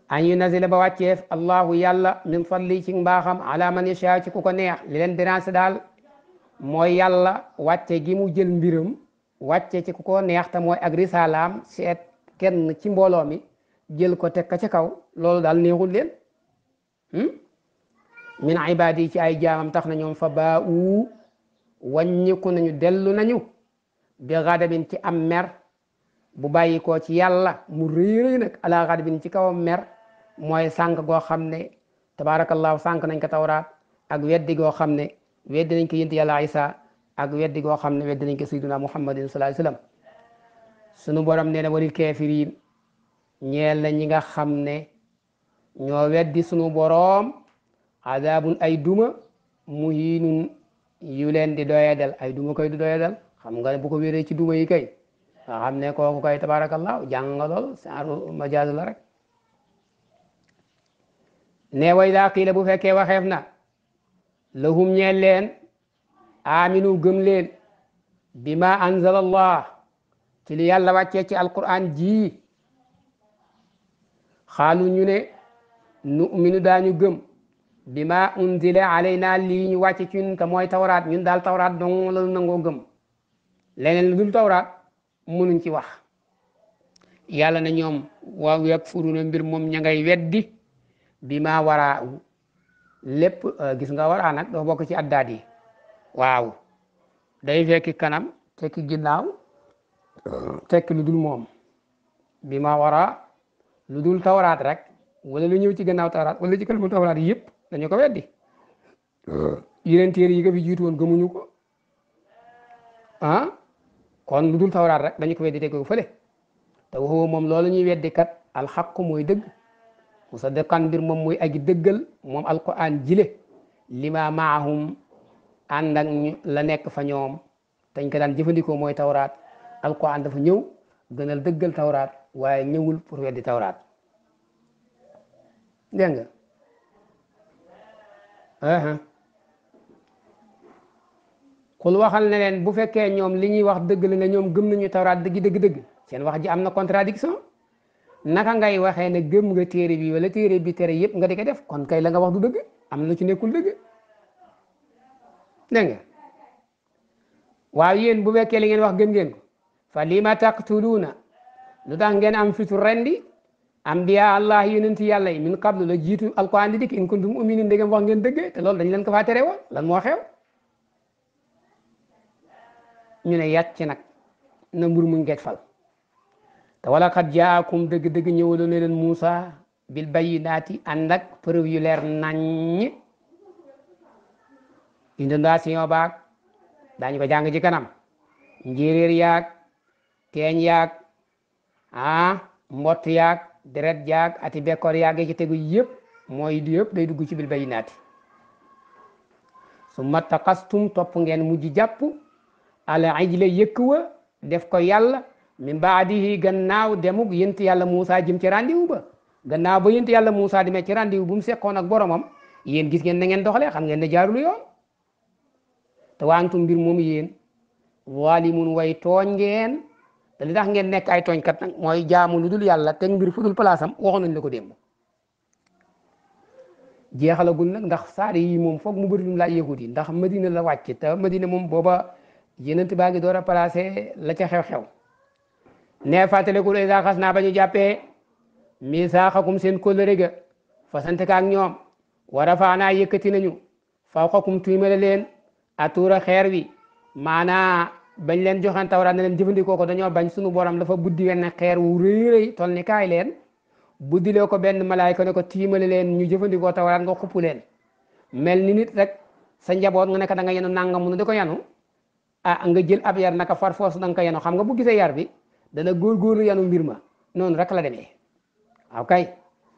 an yunazila ba wàcceef allahu yàlla min fadli ci mbaaxam ala man yasha ci ku ko neex li leen dérange daal mooy yàlla wàcce gi mu jël mbiram wàcce ci ku ko neex te mooy ak risalaam seet kenn ci mbooloo mi jël ko teg ka ca kaw loolu daal neexul leen hmm? min ibaad yi ci ay jaamam tax na fa baa u wàññiku nañu dellu nañu bi xadabin ci am mer bu bàyyi koo ci yàlla mu rëy rëy nag ala xadabin ci kawam mer mooy sànq goo xam ne tabaarakallaahu sànq nañ ko tawraat ak weddi goo xam ne weddi nañ ko yënt yàlla isa ak weddi goo xam ne weddi nañ ko sayyiduna muhammadin sallallahu alayhi wasallam sunu borom nee na walil kaafiriin ñeel na ñi nga xam ne ñoo weddi sunu borom azabun ay duma muhiinun yu leen di doyadal ay duma koy di doyadal xam nga bu ko wéree ci duma yi kay nga xam ne kooku kay tabarakallah jàng lool saaru majaaz la rek ne way daa qiila bu fekkee waxeef na lahum ñeel leen aminu gëm leen bima anzala allah ci li yàlla wàccee ci alquran ji xaalu ñu ne nu'minu daañu gëm bi ma unzila alayna lii ñu wàcc ci ñun te mooy tawraat ñun daal tawraat dong la nangoo gëm leneen lu dul tawraat mënuñ ci wax yàlla na ñoom waaw yakfuruna mbir moom ña ngay weddi bi ma waraa lépp euh, gis nga waraa nag dafa ci addaat yi waaw day fekki kanam tekki ginnaaw tekki lu dul moom bi ma waraa lu dul tawraat rek wala lu ñëw ci gannaaw tawraat wala ci kalimu tawraat yëpp dañu ko weddi uh-huh. yeneen téere yi ko fi jiitu woon gëmuñu ko ah kon lu dul tawraat rek dañu ko weddi teg ko fële te waxoo moom loolu ñuy weddi kat alxaqu mooy dëgg musaddiqan mbir moom mooy aji dëggal moom alquran jile lima maahum la nekk fa ñoom dañ ko daan jëfandikoo mooy tawraat alquran dafa ñëw gënal dëggal tawraat waaye ñëwul pour weddi tawraat dégg nga kul waxal ne leen bu fekkee ñoom li ñuy wax dëgg la ne ñoom gëm nañu tawraat dëgg dëgg dëgg seen wax ji am na contradiction naka ngay waxee ne gëm nga téere bi wala téere bi tere yëpp nga di def kon kay la nga wax du dëgg am na lu ci nekkul dëgg dégg nga waaw yéen bu fekkee li ngeen wax gëm ngeen ko fa lima taqtuluuna lu tax ngeen am fitu rendi ambiya allah yonent yàlla yi min qablu la jiitu alquran di dikk in kuntum uminin ndegem wax ngeen dëgg te loolu dañ leen ko faa tere woon moo xew ñu ne yàcc nag na mbur mu ngeet fal te wala xat jaakum dëgg-dëgg ñëwaloo ne leen Moussa bil bayyinaati ànd ak preuve yu leer naññ inondation baag daañu ko jàng ci kanam njéeréer yaag teeñ yaag ah mbott yaag deret jaag ati bekkoor yaagee ci tegu yëpp mooy di yëpp day dugg ci bil bayinaati su ma taqastum topp ngeen mujji jàpp ala ajla yëkk wa def ko yàlla min baadihi gannaaw demuk yent yàlla Moussa jëm ci rendez-vous ba gannaaw ba yent yàlla Moussa demee ci rendez-vous bu mu sekkoon ak boromam yéen gis ngeen na ngeen doxalee xam ngeen ne jaarul yoon te waantum mbir moom yéen walimun way tooñ ngeen te li ngeen nekk ay tooñkat nag mooy jaamu lu dul yàlla teg mbir fu dul palaasam waxoon nañ la ko démb jeexalagul nag ndax saar yi moom foog mu bëri lu mu laaj yahud yi ndax madina la wàcc te madina moom booba yénant baa ngi door a placé la ca xew-xew ne fàttalikul idaa xas naa ba ñu jàppee misaaxakum seen kóllëre ga fasante ka ak ñoom wa rafaanaa yëkkati nañu fawqakum tuumale leen atuura xeer wi maanaa bañ leen joxeen tawraat na leen jëfandikoo ko dañoo bañ suñu borom dafa buddi wenn xeer wu rëy rëy toll ni kaay leen buddilee ko benn malaayka ne ko tiimale leen ñu jëfandikoo tawraat nga xupp leen mel ni nit rek sa njaboot nga nekk da nga yenu nangam mu ne di ko yenu ah nga jël ab yar naka farfoos da nga ko yenu xam nga bu gisee yar bi dana góor góorgóorlu yenu mbir ma noonu rek la demee waaw kay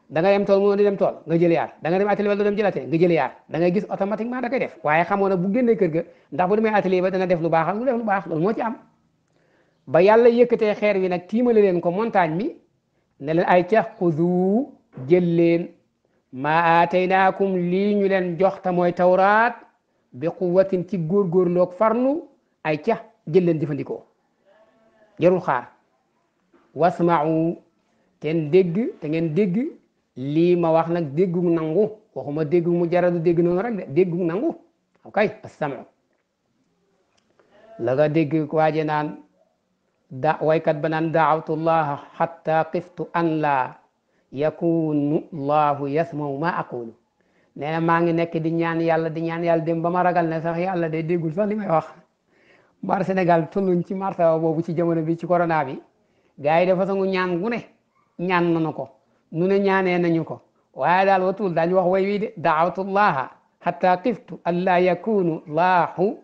danga nga dem tool tool nga jël yaar da nga dem atelier wala doo dem jël atelier nga jël yaar da ngay gis automatiquement da koy def waaye xamoon na bu génnee kër ga ndax bu demee atelier ba def lu baax ak lu def lu baax loolu moo ci am ba yàlla yëkkatee xeer wi nag tiimale leen ko montagne mi ne leen ay cax xudu jël leen maa aataynaakum lii ñu leen jox te mooy tawraat bi quwwatin ci góorgóorloog farlu ay cax jël leen jëfandikoo jarul xaar wasma'u ten dégg te ngeen dégg lii ma wax nag déggu nangu waxuma déggu mu jaradu dégg noonu rek de nangu ok assamu la nga dégg waaje naan da waykat ba naan daawtu llaha xatta xiftu an la yakunu llahu yasmau ma aqulu nee na maa ngi nekk di ñaan yàlla di ñaan yàlla dem ba ma ragal ne sax yàlla de déggul sax li may wax mar Sénégal tolluñ ci martaba boobu ci jamono bi ci corona bi gars yi dafa sangu ñaan gu ne ñaan nanu ko nu ne ñaanee nañu ko waaye daal watul daañu wax way wii de daawatullaha xatta xiftu an laa yakunu laahu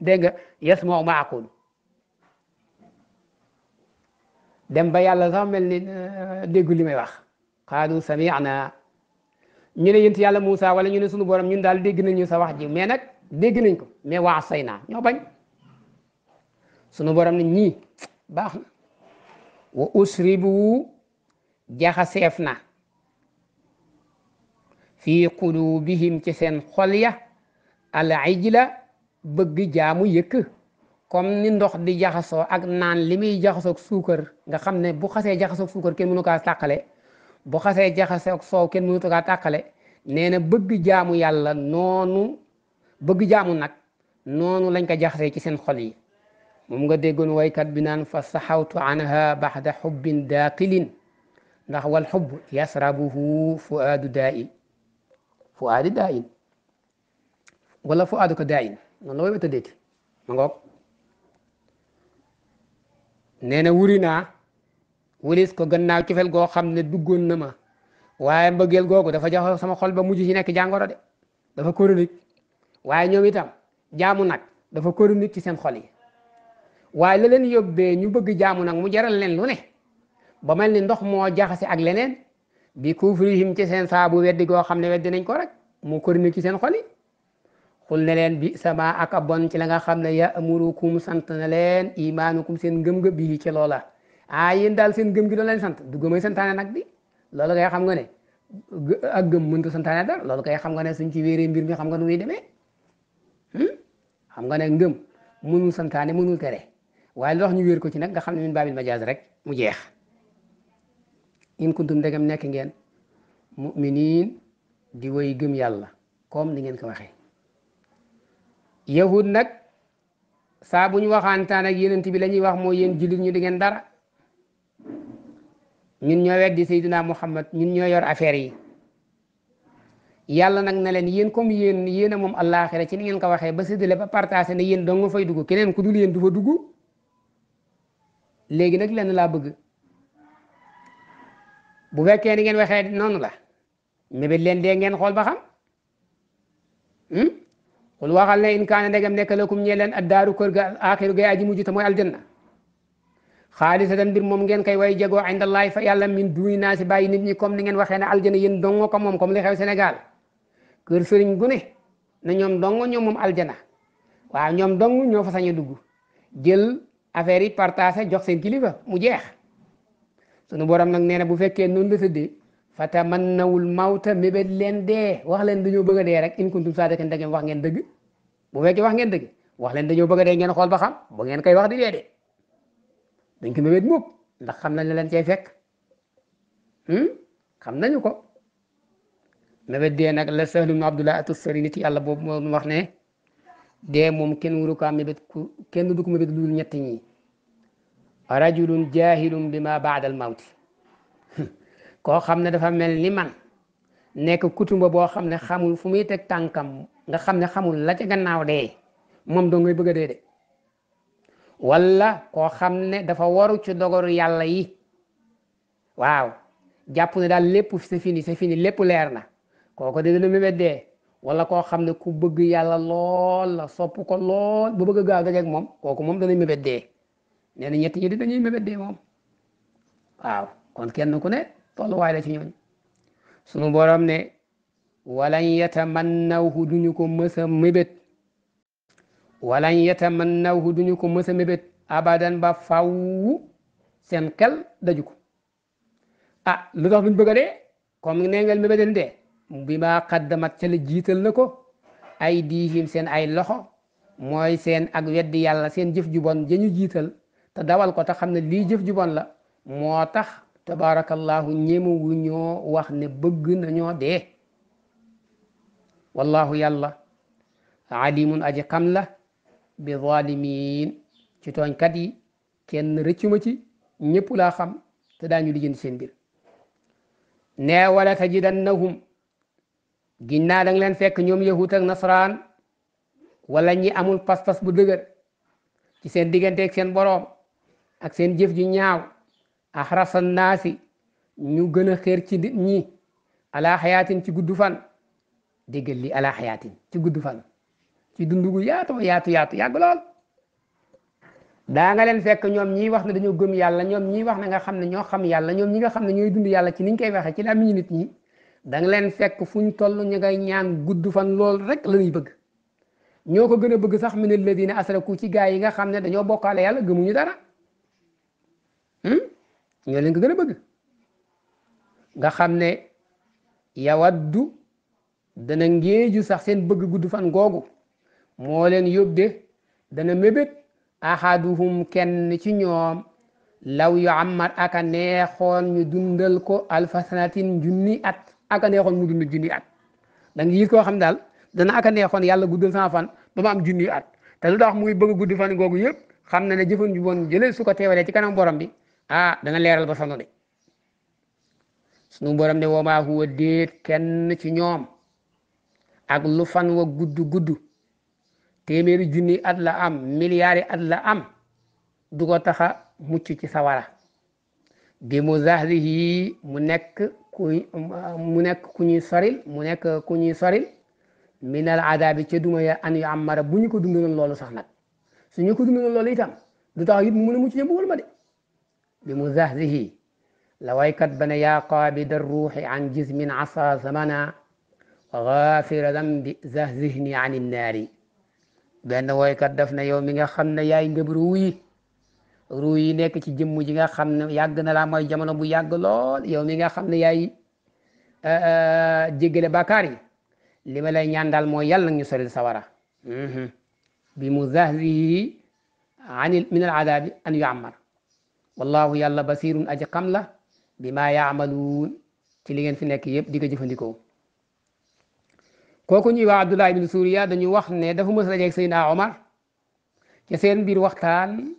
dégg nga yasmau ma aqulu dem ba yàlla sax mel ni euh, déggu li may wax qaalu sami'na ñu ne yent yàlla Moussa wala ñu ne sunu borom ñun daal dégg nañu sa wax ji mais nag dégg nañ ko mais waa say naa ñoo bañ sunu borom ne baax na wa jaxaseef na fi qulubihim ci seen xol ya al ijla bëgg jaamu yëkk kom ni ndox di jaxasoo ak naan li muy jaxasoog suukar nga xam ne bu xasee jaxasoog suukar kenn mënu kaa tàqale bu xasee jaxasoog soow kenn mënu kaa tàqale nee na bëgg jaamu yàlla noonu bëgg jaamu nag noonu lañ ko jaxasee ci seen xol yi moom nga déggoon waykat bi naan fa saxawtu anha baxda xubbin daaqilin ndax wal xubb yasrabuhu fuaadu daa in fuaadi daa in wala fuaadu ko daa in noonu la woy wata déeti ma wuri naa wulis ko gannaaw cofeel goo xam ne duggoon na ma waaye mbëggeel googu dafa jox sama xol ba mujj ci nekk jàngoro de dafa chronique waaye ñoom itam jaamu nag dafa chronique ci seen xol yi waaye la leen yóbbee ñu bëgg jaamu nag mu jaral leen lu ne ba mel ni ndox moo jaxase ak leneen bi kufrihim ci seen saabu weddi goo xam ne weddi nañ ko rek mu korni ci seen xol yi xul bi sama ak a bon ci la nga xam ne ya amurukum sant na leen imaanukum seen ngëm-ngëm bi ci loola ah yéen daal seen ngëm gi doon leen sant du gëmay santaane nag bi loolu kay xam nga ne ak gëm mënta santaane dara loolu kay xam nga ne suñ ci wéeree mbir mi xam nga nu muy demee hmm? xam nga ne ngëm mënul santaane mënul tere waaye lu tax ñu wéer ko ci nag nga xam ne min baabil majaaz rek mu jeex ñun kuntum ndegam nekk ngeen muminin di woy gëm yàlla comme ni ngeen ko waxee yahud nag saa bu ñu waxaantaan ak yenent bi la ñuy wax mooy yéen jullit ñu di dara ñun ñoo weddi Seydina Muhammad ñun ñoo yor affaire yi yàlla nag na leen yen comme yéen yéen a moom àllaaxira ci ni ngeen ko waxee ba séddale ba partagé ne yéen dong nga fay dugg keneen ku dul yéen du fa dugg léegi nag lenn laa bëgg bu fekkee ni ngeen waxee noonu la mébét leen dee ngeen xool ba xam xul hmm? waxal ne in kaana ndegam nekk lakum ñee leen addaaru kër ga aaxiru gay aji mujj te mooy aljanna xaalisatan mbir moom ngeen koy way jagoo indallahi fa yàlla min duuni naa si bàyyi nit ñi comme ni ngeen waxee ne aljana yéen dongo ko moom comme li xew Sénégal kër sëriñ gu ne na ñom dongo ñoom moom aljana waaw ñoom dong ñoo fa sañ dugg jël affaire yi partagé jox kilifa mu jeex sunu booram nag nee na bu fekkee noonu la tëddee fatamannawul mawta mébét leen dee wax leen dañoo bëgg dee rek in kuntum saadiqin da ngeen wax ngeen dëgg bu fekkee wax ngeen dëgg wax leen dañoo bëgg de dee ngeen xool ba xam bu ngeen koy wax di dee de dañ ko mébét ndax xam nañ la leen cay fekk hmm? xam nañu ko mébét dee nag la Sahl ibn Abdullah at-Tustari ti yàlla boobu moo wax ne dee moom kenn waru ko am mébét ku kenn du ko mébét lu dul ñett ñi rajulun jahilun bi ma baadal al mawt (laughs) koo xam ne dafa mel ni man nekk kutumba boo xam ne xamul fu muy teg tànkam nga xam ne xamul la ca gannaaw dee moom doo ngay bëgg a dee de wala koo xam ne dafa waru ci dogaru yàlla yi waaw jàpp ne daal lépp c'est fini c'est lépp leer na kooko de dina mébét dee wala koo xam ne ku bëgg yàlla lool la sopp ko lool ba bëgg a gaaw dajeeg moom kooku moom dana mébét dee nee na ñett ñi di dañuy mébét dee moom kon kenn ku ne tolluwaay la ci ñooñ sunu borom ne walan yatamannawhu duñu ko mës a mébét walan duñu ko mës a mébét abadan ba faw seen xel daju ko ah lu tax duñ bëgg a dee comme nee ngeen mébét dee bi ma xaddamat ca la jiital na ko ay diihim seen ay loxo mooy seen ak weddi yàlla seen jëf ju bon jiital te dawal ko te xam ne lii jëf ju bon la moo tax tabaarakallaahu ñemewu ñoo wax ne bëgg nañoo dee wallahu yàlla alimun aji xam la bi zaalimiin ci tooñkat yi kenn rëccuma ci ñëpp laa xam te daañu lijjanti seen mbir nee wala tajidannahum ginnaa danga leen fekk ñoom yahut ak nasaraan wala ñi amul pas-pas bu dëgër ci seen digganteeg seen boroom ak seen jëf ju ñaaw axrasa naasi ñu gën a xéer ci nit ñi ala xayaatin ci guddu fan déggal li ala xayaatin ci gudd fan ci dundu gu yaatu yaatu yaatu yàgg lool daa nga leen fekk ñoom ñii wax ne dañoo gëm yàlla ñoom ñii wax na nga xam ne ñoo xam yàlla ñoom ñi nga xam ne ñooy dund yàlla ci niñ koy waxee ci làmmiñu nit ñi da nga leen fekk fuñ toll ñu ngay ñaan gudd fan lool rek la ñuy bëgg ñoo ko gën a bëgg sax min alladina asraku ci gaa yi nga Hmm? ñoo leen ko gën a nga xam ne yawaddu dana ngéeju sax seen bëgg gudd fan googu moo leen yóbde dana mébét ahaduhum kenn ci ñoom law yu ammar aka neexoon ñu dundal ko alfasanatin junni at aka neexoon mu dund junni at da nga gis koo xam daal dana aka neexoon yàlla guddal sama fan ba ma am junni at te lu tax muy bëgg gudd fan googu yëpp xam na ne jëfan ju woon jëlee su ko teewalee ci kanam borom bi ah dana leeral ba sonn de sunu borom ne wama huwa déet kenn ci ñoom ak lu fan wa gudd gudd téeméeri junni at la am miliyaari at la am du ko taxa mucc ci sawara bi mu zahrihi mu nekk mu nekk ku ñuy soril mu nekk ku ñuy soril minal adabi ca duma ya an yu amara bu ñu ko dundaloon loolu sax nag su ñu ko dundaloon loolu itam du tax it mu mën a mucc ca mbugal ma de bi mu zahzihi la waykat ba ne yaa qaabida ruuxi an jismin asa zamana wa gaafira dambi zahzihni an innaari benn waykat daf ne yow mi nga xam ne yaay ngëb ruu yi ruu yi nekk ci jëmm ji nga xam ne yàgg na laa mooy jamono bu yàgg lool yow mi nga xam ne yaay jéggale bàkkaar yi li ma lay ñaan daal mooy yàlla nag ñu soril sawara bi mu zahzihi an min al adaabi an yuammar wallaahu yàlla basirun aji xam la bi maa yaamaluun ci li ngeen fi nekk yëpp di ko jëfandikoo kooku ñuy wax Abdullah ibn Suriya dañu wax ne dafa mës dajeeg Seydina Omar ca seen biir waxtaan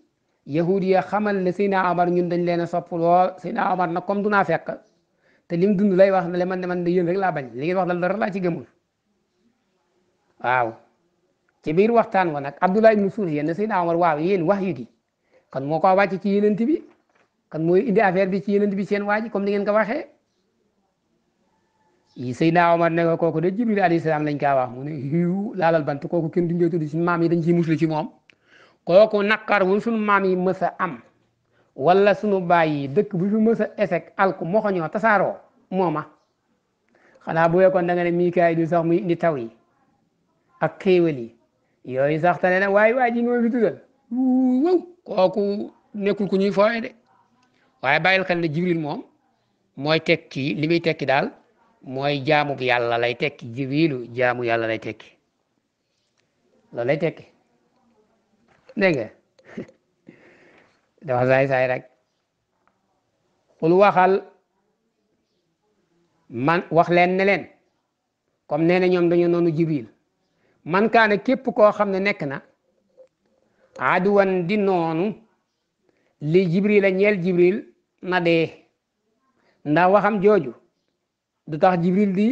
yahud ya xamal ne Seydina Omar ñun dañ leen a sopp lool Seydina Omar nag comme du naa fekk te lim dund lay wax ne man de man de yéen rek laa bañ li ngeen wax dara laa ci gëmul waaw ci biir waxtaan wa nag Abdullah ibn Suriya ne Seydina Omar waaw yéen wax yu gi kon moo ko wàcc ci yenent bi ka mooy indi affaire bi ci yenent bi seen waa ji comme ni ngeen ko waxee yi Seydina Omar ne ko kooku de Jibril alayhi salaam lañ kaa wax mu ne xiiw laalal bant kooku kenn duñ koy tudd suñu maam yi dañ ciy muslu ci moom kooku naqar wu suñu maam yi mës a am walla sunu baay yi dëkk bu fi mës a échec alku moxoñoo tasaaroo mooma xanaa bu yekkoon da nga ne miikaay du sax muy indi taw yi ak yi yooyu sax tane na waaye waa ji nga ma kooku nekkul ku ñuy fooye de waaye bàyyil xel ne jibril moom mooy tekki li muy tekki daal mooy jaamu yàlla lay tekki jibrilu jaamu yàlla lay tekki loolu lay tekki dégg nga (laughs) dafa saay saay rek xul waxal man wax leen ne leen comme nee na ñoom dañoo noonu jibril man kaane képp koo xam ne nekk na aduwan di noonu li jibril a ñeel jibril na dee nda waxam jooju du tax jibril di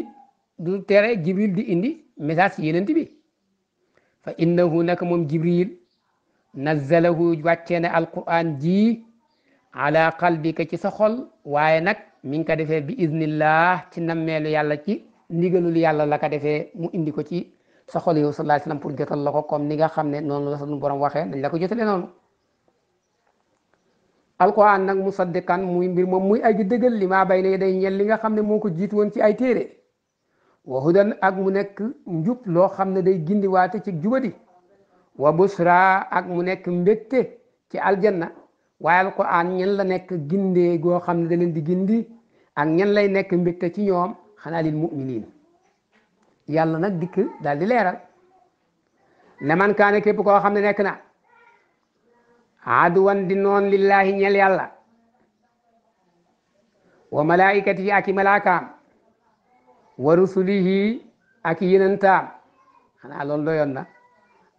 du tere jibril di indi message ci yenent bi fa innahu naka moom jibril nazzalahu wàccee na alquran ji ala qalbika ci sa waaye nag mi ngi ko defee bi iznillah ci nammeelu yàlla ci ndigalul yàlla la ko defe mu indi ko ci sa xol yow sallallahu alayhi wasallam pour jotal la ko comme ni nga xam ne noonu la sunu borom waxee nañ la ko jotalee noonu alquran nag musaddiqan muy mbir moom muy aji dëggal li maa bay ne day ñel li nga xam ne moo ko jiitu woon ci ay téere wa hudan ak mu nekk njub loo xam ne day gindiwaate ci jubadi wa busra ak mu nekk mbégte ci aljanna waaye alquran ñen la nekk ginde go xam ne da leen di gindi ak ñen lay nekk mbégte ci ñoom xanaa lil muminin yàlla nag dikk daal di leeral ne man kaane képp koo xam ne nekk na aduwan di noon lillaahi ñel yàlla wa malaikatihi ak i malaakaam wa rusulihi ak i yenantaam xanaa loolu doyoon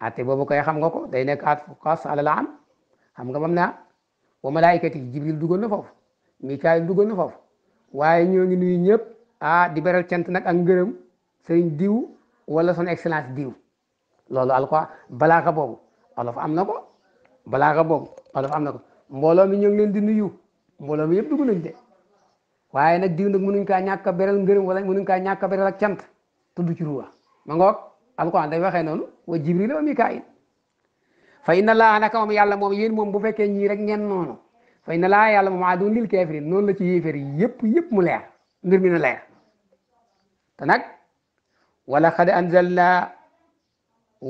ate boobu koy xam nga ko day nekk at xaas am xam nga mam naa wa malaikatihi jibril duggoon na foofu mikaayil duggoon na foofu waaye ñoo ngi nuyu ñëpp ah di beral cant nag ak ngërëm sëriñ diw wala son excellence diw loolu alquran balaaka boobu olof am na ko balaaka boobu olof am na ko mbooloo mi ñu ngi leen di nuyu mbooloo mi yëpp dugg waaye nag diw nag mënuñ kaa ñàkk a beral ngërëm wala mënuñ kaa ñàkk a beral ak cant tudd ci ruwa ma ngoog alquran day waxee noonu wa jibril wa mikail fa inna laa naka moom yàlla moom yéen moom bu fekkee ñii rek ngeen noonu fa inna laa yàlla moom aduun lil noonu la ci yéeféer yi yëpp yëpp mu leer mbir mi nu leer te nag wala xad anzalna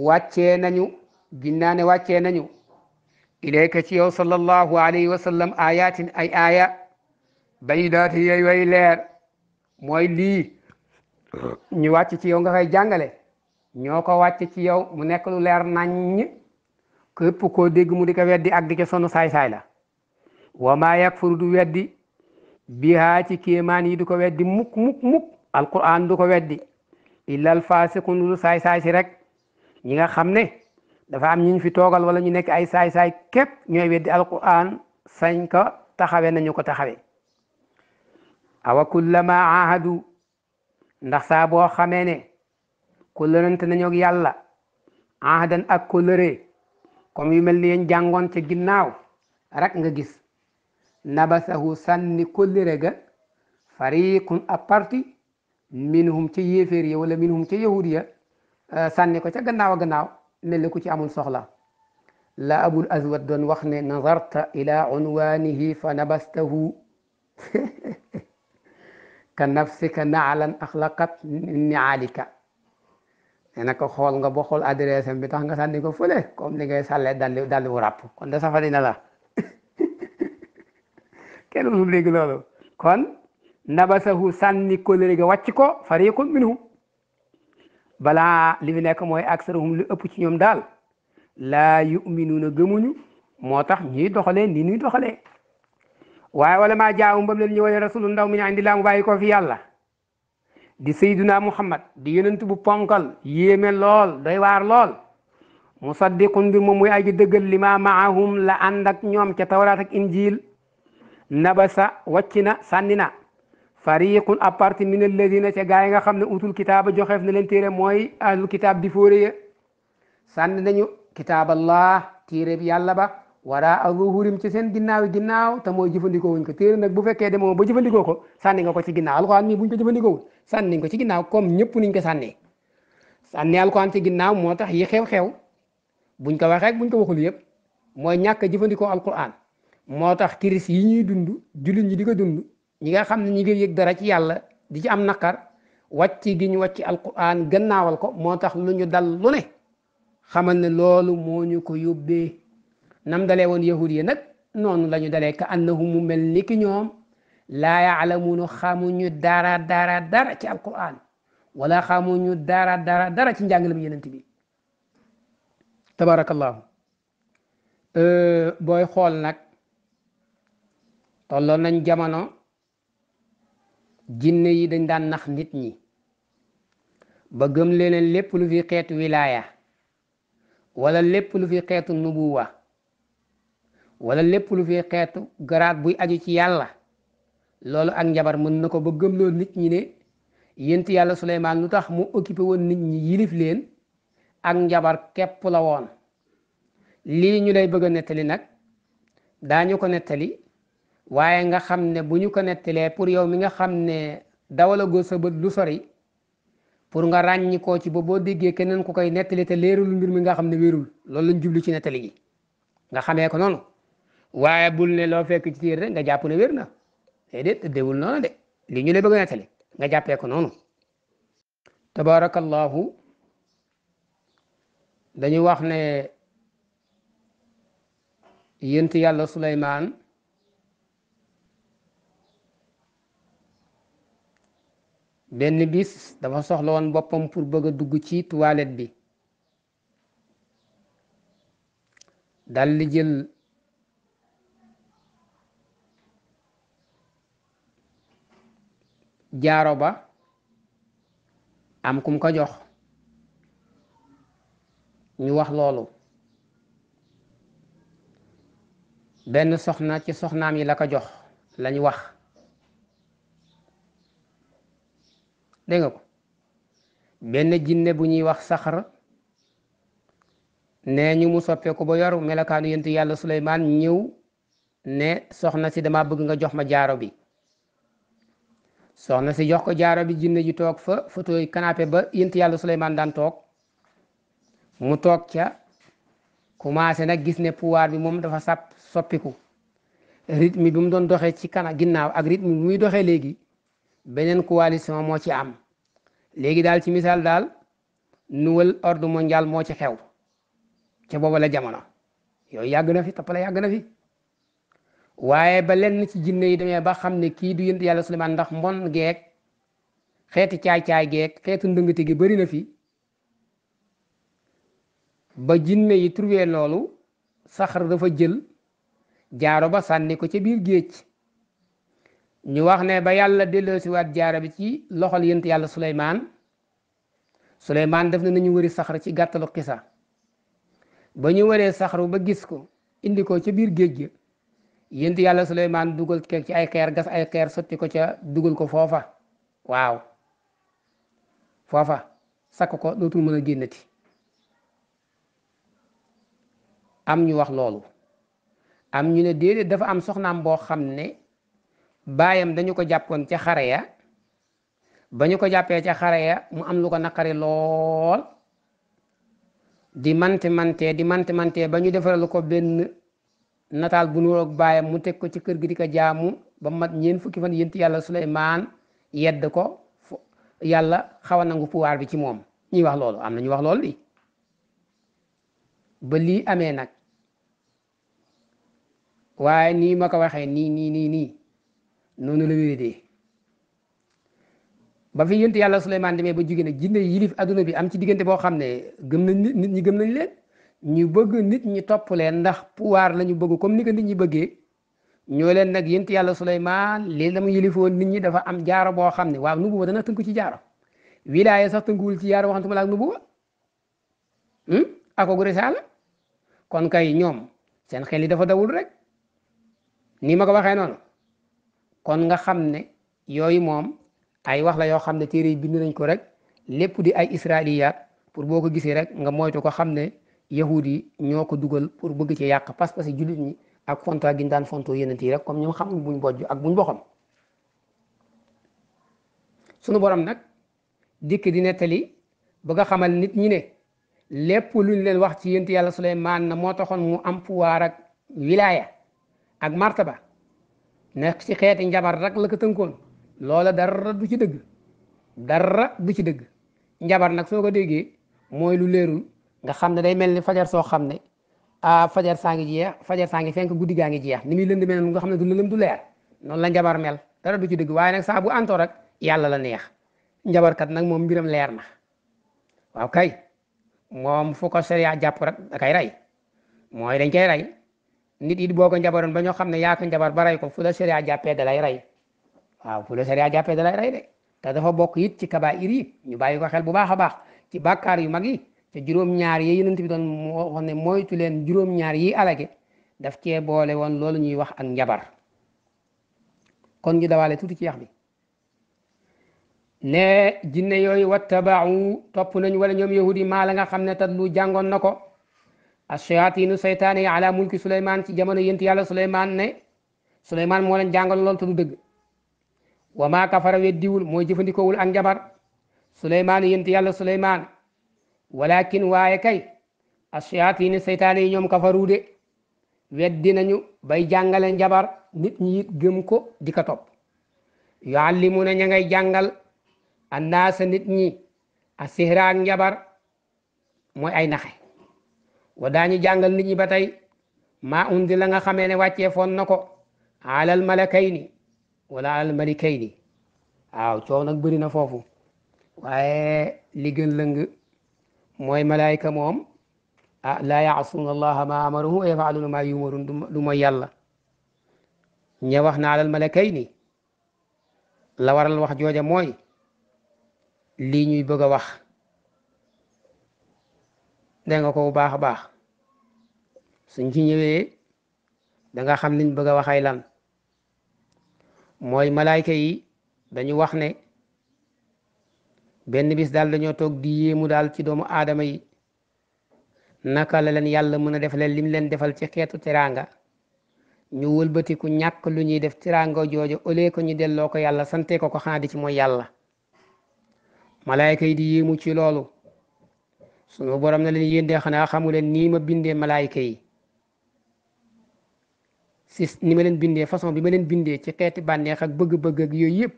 wàccee nañu ginnaane wàccee nañu ilayka ci yow sallallahu alayhi wa ayatin ay aya bayinaati yooyu way leer mooy lii ñu wàcc ci yow nga koy jàngale ñoo ko wàcc ci yow mu nekk lu leer naññ képp koo dégg mu di ko weddi ak di ko sonu saay-saay la wa maa yakfuru du weddi bihaa ci kéemaan yi du ko weddi mukk mukk mukk alquran du ko weddi illal faasiqun lu saay-saay si rek ñi nga xam ne dafa am ñu fi toogal wala ñu nekk ay saay-saay képp ñooy weddi alquran sañ ko taxawe nañu ko taxawe awa kullama ahadu ndax saa boo xamee ne kullërante nañu ak yàlla ahadan ak kullëree kom yu mel ni yéen jàngoon ca ginnaaw rekk nga gis nabasahu sànni kullëre ga fariqun ab parti minhum ca yéeféer ya wala minhum ca yahud ya euh, sànni ko ca gannaaw a gannaaw mel ni ku ci amul soxla la abul aswad doon wax ne nazarta ila unwanihi fa nabastahu (laughs) ka nafsika naalan axlaqat nialika na ko xool nga ba xool adresse bi tax nga sànni ko fële comme ni ngay sàlle dalli dalli kon da safari na la (laughs) kenn musul dégg loolu nabasahu sànni kóllëre ga wàcc ko fariqun minhum balaa li fi nekk mooy aksaruhum lu ëpp ci ñoom daal laa yuminuuna gëmuñu moo tax ñuy doxalee nii ñuy doxalee waaye wala maa jaawum ba mu leen ñëwalee rasulu ndaw min indilaa mu bàyyi ko fi yàlla di sayduna muhammad di yonent bu ponkal yéeme lool doy waar lool musaddiqun bi moom muy aji li lima maahum la ànd ak ñoom ca tawraat ak injil nabasa wàcc na sànni na fariqun ab parti min alladina ca gaa yi nga xam ne utul kitaaba joxeef na leen mooy ahlul kitaab di fóore ya sànni nañu kitaaballah téere bi yàlla ba wara azuhurim ci seen ginnaaw ginnaaw te mooy jëfandikoo wuñ ko téere nag bu fekkee demoo ba jëfandikoo ko sànni nga ko ci ginnaaw alquran mi buñ ko jëfandikoo sànni nga ko ci ginnaaw comme ñëpp niñ ko sànnee sànni alquran ci ginnaaw moo tax yi xew-xew buñ ko waxee ak buñ ko waxul yëpp mooy ñàkk jëfandikoo alquran moo tax yi ñuy dund jullit ñi di ko dund ñi nga xam ne ñi ngi dara ci yàlla di ci am naqar wàcc gi ñu wàcc alquran gannaawal ko moo tax lu ñu dal lu ne xamal ne loolu moo ñu ko yóbbee nam dalee woon yahud yi nag noonu la ñu dalee ka annahum mu mel ni ki ñoom laa yaalamuuna xamuñu dara dara dara ci alquran wala xamuñu dara dara dara ci njàngalam yenent bi tabarakallahu euh, booy xool nag tolloon nañ jamono jinne yi dañ daan nax nit ñi ba gëm leen lépp lu fi xeetu wilaaya wala lépp lu fi xeetu nubuwa wala lépp lu fi xeetu garaat buy aju ci yàlla loolu ak njabar mën na ko ba gëmloo nit ñi ne yént yàlla Suleymaan lu tax mu occupé woon nit ñi yilif leen ak njabar kepp la woon lii ñu lay bëgg a nettali nag daañu ko nettali waaye nga xam ne bu ñu ko nettalee pour yow mi nga xam ne dawalagoo sa bët lu sori pour nga ràññi koo ci ba boo déggee nen ku koy nettali te leerul mbir mi nga xam ne wérul loolu lañ jublu ci nettali gi nga xamee ko noonu waaye bul ne loo fekk ci tiir rek nga jàpp ne wér na déedéet tëddeewul noonu de li ñu la bëgg a nga jàppee ko noonu tabarakallahu dañuy wax ne yent yàlla Suleymaan benn bis dafa soxla woon boppam pour bëgg a dugg ci toilette bi dal di jël jaaro ba am kum ko jox ñu wax loolu benn soxna ci soxnaam yi la ko jox lañu wax dégg nga ko benn jinne bu ñuy wax saxar nee ñu mu soppeeku ba yor melakaanu yent yàlla Suleymaan ñëw ne soxna si dama bëgg nga jox ma jaaro bi soxna si jox ko jaaro bi jinne ji toog fa fauteuil kanaape ba yent yàlla Suleymaan daan toog mu toog ca commencé nag gis ne puwaar bi moom dafa sap soppiku rythme bi mu doon doxee ci kanaa ginnaaw ak rythme bi muy doxee léegi beneen coalition moo ci am léegi daal ci misaal daal nouvel ordre mondial moo ci xew ca booba la jamono yooyu yàgg na fi tappale yàgg na fi waaye ba lenn ci jinne yi demee ba xam ne kii du yënt yàlla Suleymaan ndax mbon geeg xeeti caay-caay geeg xeetu ndëngati gi bëri na fi ba jinne yi trouvé loolu saxar dafa jël jaaro ba sànni ko ca biir géej ñu wax ne ba yàlla delloosiwaat jaara bi ci loxol yent yàlla Suleymaan Suleymaan def na nañu wëri saxar ci gàttalu kisa ba ñu waree saxaru ba gis ko indi ko ca biir géej gi yent yàlla Suleymaan dugal keeg ci ay xeer gas ay xeer sotti ko ca dugal ko foofa waaw foofa sakk ko dootul mën a génnati am ñu wax loolu am ñu ne déedéet dafa am soxnaam boo xam ne baayam dañu ko jàppoon ca xare ya ba ñu ko jàppee ca xare ya mu am lu ko naqari lool di mante mante di mante mante ba ñu defaral ko benn nataal bu nuroog baayam mu teg ko ci kër gi di ko jaamu ba mat ñeen fukki fan yént yàlla Suleymaan yedd ko yàlla xaw a nangu pouvoir bi ci moom ñuy wax loolu am na ñu wax loolu bi ba lii amee nag waaye nii ma ko waxee nii nii nii nii noonu la wéedee ba fi yënt yàlla Suleymaan demee ba jugee ne jinne yilif adduna bi am ci diggante boo xam ne gëm nañ nit ñi gëm nañ leen ñu bëgg nit ñi topp leen ndax pouvoir la ñu bëgg comme ni ko nit ñi bëggee ñoo leen nag yënt yàlla Suleymaan lii la mu yilifoon nit ñi dafa am jaaro boo xam ne waaw nubuwa dana tënku ci jaaro wilaaya sax tënkuwul ci jaaro waxantuma la ak nubuwa hmm? ako gu risaala kon kay ñoom seen xel yi dafa dawul rek nii ma ko waxee noonu kon nga xam ne yooyu moom ay wax la yoo xam ne téere yi bind nañ ko rek lépp di ay israiliyaat pour boo ko gisee rek nga moytu ko xam ne yahud yi ñoo ko dugal pour bëgg ci yàq pas-pas yi jullit ñi ak fonta gi ñu daan fontoo yeneen yi rek comme ñoom xamul buñ bojj ak buñ boxam sunu borom nag dikk di nettali bëgg a xamal nit ñi ne lépp luñ leen wax ci yént yàlla Suleymaan na moo taxoon mu am pouvoir ak wilaya ak martaba nekk ci xeeti njabar rek la ko tënkoon loola dara du ci dëgg dara du ci dëgg njabar nag soo ko déggee mooy lu leerul nga xam ne day mel ni fajar soo xam ne ah fajar saa ngi jeex fajar saa ngi fenk guddi gaa ngi jeex ni muy lënd mel nga xam ne du lëlëm du leer noon la njabar mel dara du ci dëgg waaye nag saabu bu antoo rek yàlla la neex njabarkat nag moom mbiram leer na waaw kay moom fu ko sariya jàpp rek da kay rey mooy dañ koy rey nit it boo ko njabaroon ba ñoo xam ne yaa ko njabar ba rey ko fu la sariya jàppee dalay rey waaw fu la sariya jàppee dalay rey de te dafa bokk yit ci kaba yi ñu bàyyi ko bu baax a baax ci bàkkaar yu mag yi te juróom-ñaar yi yonent bi doon waxoon ne moytu leen juróom-ñaar yi alage daf cee boole woon loolu ñuy wax ak njabar kon ñu dawaale tuuti ci yax bi ne jinne yooyu wattabaaw topp nañ wala ñoom yahudi maa la nga xam ne ta lu jàngoon na ko ashayaatinu seytaane yi ala mulki Souleymane ci jamono yént yàlla Souleymane ne Souleymane moo leen jàngal lool te du dëgg wa maa kafara weddiwul mooy jëfandikoowul ak njabar Souleymane yént yàlla Souleymane walakin waaye kay ashayaatinu seytaane yi ñoom kafaru de weddi nañu bay jàngale njabar nit ñi it gëm ko di ko topp yuallimuna ña ngay jàngal annaasa nit ñi asihra ak njabar mooy ay naxe wa daañu jàngal nit ñi ba tey maa la nga xamee ne wàccee foon na ko alal malakayni wala alal malikayni waaw coow nag na foofu waaye li gën lëng mooy malaayika moom ah laa yaasuuna allaha ma amaruhu wa yafaluuna ma yumarun du mooy yàlla ña wax na alal malakayni la waral wax jooja mooy lii ñuy bëgg a wax dégg nga ko bu baax a baax suñ ci ñëwee da xam liñ bëgg a waxay lan mooy malaayka yi dañu wax ne benn bis daal dañoo toog di yéemu daal ci doomu aadama yi naka la leen yàlla mën a def leen lim leen defal ci xeetu teraanga ñu wëlbati ku ñàkk lu ñuy def teraanga jooju ole ko ñu delloo ko yàlla sante ko ko xanaa di ci mooy yàlla malaayka yi di yéemu ci loolu sunu borom na leen yéen de xanaa xamu leen nii ma bindee malaayika yi si ni ma leen bindee façon bi ma leen bindee ci xeeti bànneex ak bëgg-bëgg ak yooyu yëpp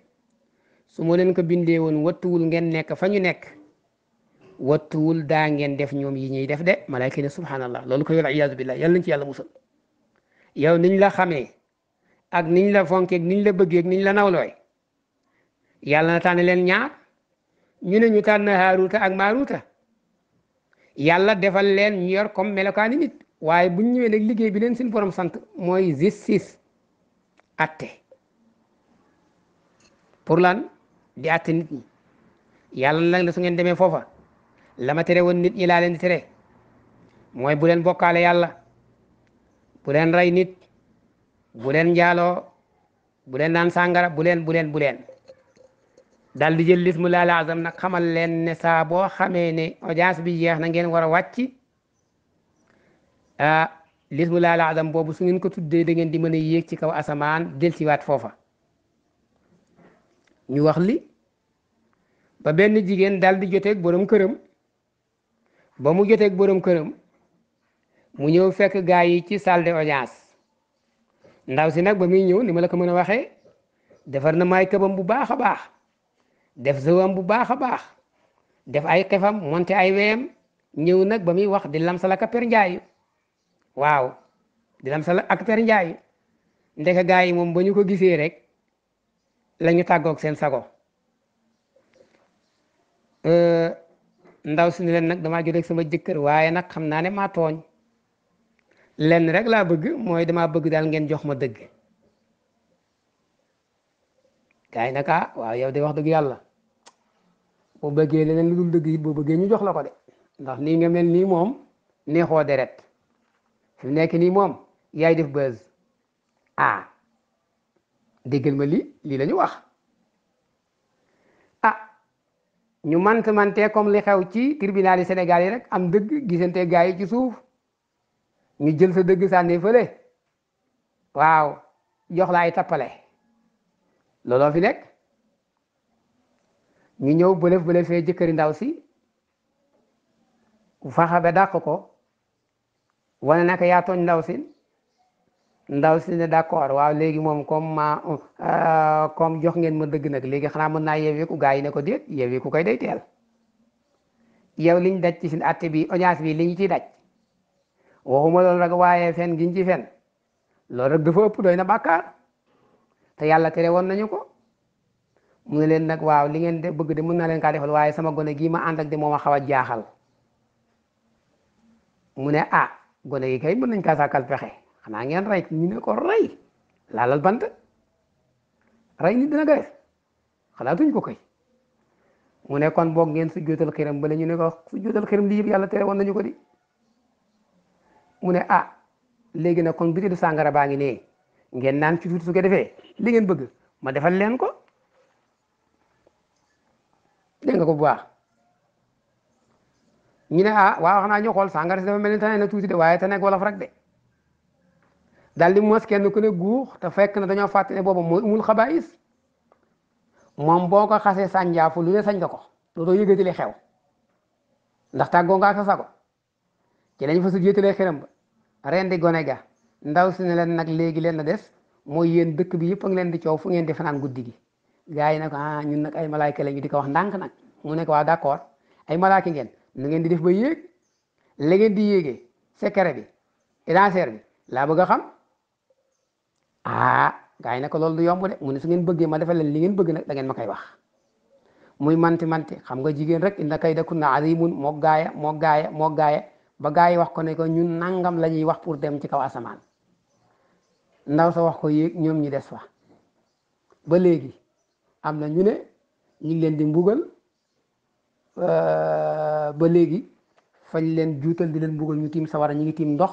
suma leen ko bindee woon wattuwul ngeen nekk fa ñu nekk wattuwul daa ngeen def ñoom yi ñuy def de malaayika yi ne subhanallah loolu ko wal iyaazu billah yàlla ci yàlla musal yow niñ la xamee ak niñ la fonkee niñ la bëggee niñ la nawlooy yàlla na tànn leen ñaar ñu ne ñu tànn haaruta ak maaruta yàlla defal leen ñu yor comme melokaani nit waaye bu ñu ñëwee nag liggéey bi leen seen borom sant mooy justice atte pour lan di atte nit ñi yàlla nag la su ngeen demee foofa lama tere woon nit ñi laa leen di tere mooy bu leen bokkaale yàlla bu leen rey nit bu leen njaaloo bu leen naan sàngara bu leen bu leen bu leen daal di jël lismu laal azam nag xamal leen ne saa boo xamee ne audience bi jeex na ngeen war a wàcc ah lismu laal azam boobu su ngeen ko tuddee da ngeen di mën a yéeg ci kaw asamaan del ci waat foofa ñu wax li ba benn jigéen daldi di joteeg borom këram ba mu joteeg borom këram mu ñëw fekk gaa yi ci salde de audience ndaw si nag ba muy ñëw ni ma la ko mën a waxee defar na maay këbam bu baax a baax. def zowam bu baax a baax def ay xefam monte ay weyam ñëw nag ba muy wax di lamsal ak per njaay waaw di lamsal ak per njaayu ndeke gaa yi moom ba ñu ko gisee rek la ñu tàggoog seen sago euh, ndaw si ni leen nag damaa jur ak sama jëkkër waaye nag xam naa ne maa tooñ lenn rek laa bëgg mooy damaa bëgg daal ngeen jox ma dëgg gaa yi nag ah waaw yow de wax dëgg yàlla boo bëggee leneen lu dul dëgg it boo bëggee ñu jox la ko de ndax nii nga mel nii moom neexoo deret fi nekk nii moom yaay def buzz ah déggal ma lii lii la ñu wax ah ñu mant mante comme li xew ci tribunal yi rek am dëgg gisante gaa yi ci suuf ñu jël sa dëgg sànni fële waaw jox la tappale looloo fi nekk ñu ñëw bëlëf bëlëfee jëkkëri ndaw si faxa ba dàq ko wane naka yaa tooñ ndaw si ndaw si ne d'accord waaw léegi moom comme ma kom euh, jox ngeen mën dëgg nag léegi xanaa mën naa yeewiku gaa yi ne ko déet yeewiku koy day teel yow liñ daj ci sin atte bi audience bi li ñu ciy daj waxuma rek waaye fen giñ fen loolu rek dafa ëpp doy na bàkkaar te yàlla tere woon nañu ko mu ne leen nag waaw li ngeen de bëgg de mën naa leen kaa defal waaye sama gone gii ma ànd ak de moom a xaw a jaaxal mu ne ah gone gi kay mën nañ kaa sàkkal pexe xanaa ngeen rey ñu ne ko rey laalal bant ray nit dina gares xalaatuñ ko koy mu ne kon boog ngeen sujjootal xiram bale ñu ne ko sujjootal xiram lii yëpp yàlla tere woon nañu ko di mu ne ah léegi nag kon bitidu sàngara baa ngi nee ngeen naan ci tuuti su ko defee li ngeen bëgg ma defal leen ko dégg nga ko bu baax ñu ne ah waa xanaa ñu xool sàngara si dafa mel ni tane na tuuti de waaye tane ak wolof de daal di mos kenn ku ne guux te fekk na dañoo fàtte ne booba mooy moom boo ko xasee sànjaafu lu ne sañ nga ko dootoo yëgati li xew ndax tàggoo nga ak sa sago lañ fa su jëtalee xëram ba rendi gone ga ndaw si ne leen nag léegi leen des mooy yéen dëkk bi yëpp a ngi leen di coow fu ngeen di fanaan guddi gi gars yi ne ko ah ñun nag ay malaayka la ñu di ko wax ndànk nag mu ne ko waaw ay malaayka ngeen nu ngeen di def ba yéeg la di yéegee secret bi élancer bi laa bëgg a xam ah gars ne ko loolu du yomb de mu ne su ngeen bëggee ma defal leen li ngeen bëgg nag da ma koy wax muy manti manti xam nga jigéen rek inna kaydakunna azimun moo gaaya moo gaaye moo gaaye ba gaa yi wax ko ne ñun nangam la ñuy wax pour dem ci kaw asamaan ndaw sa wax ko yéeg ñoom ñi des fa ba léegi am na ñu ne ñu ngi leen di mbugal euh, ba léegi fañ leen juutal di leen mbugal ñu tiim sawara ñu ngi tiim ndox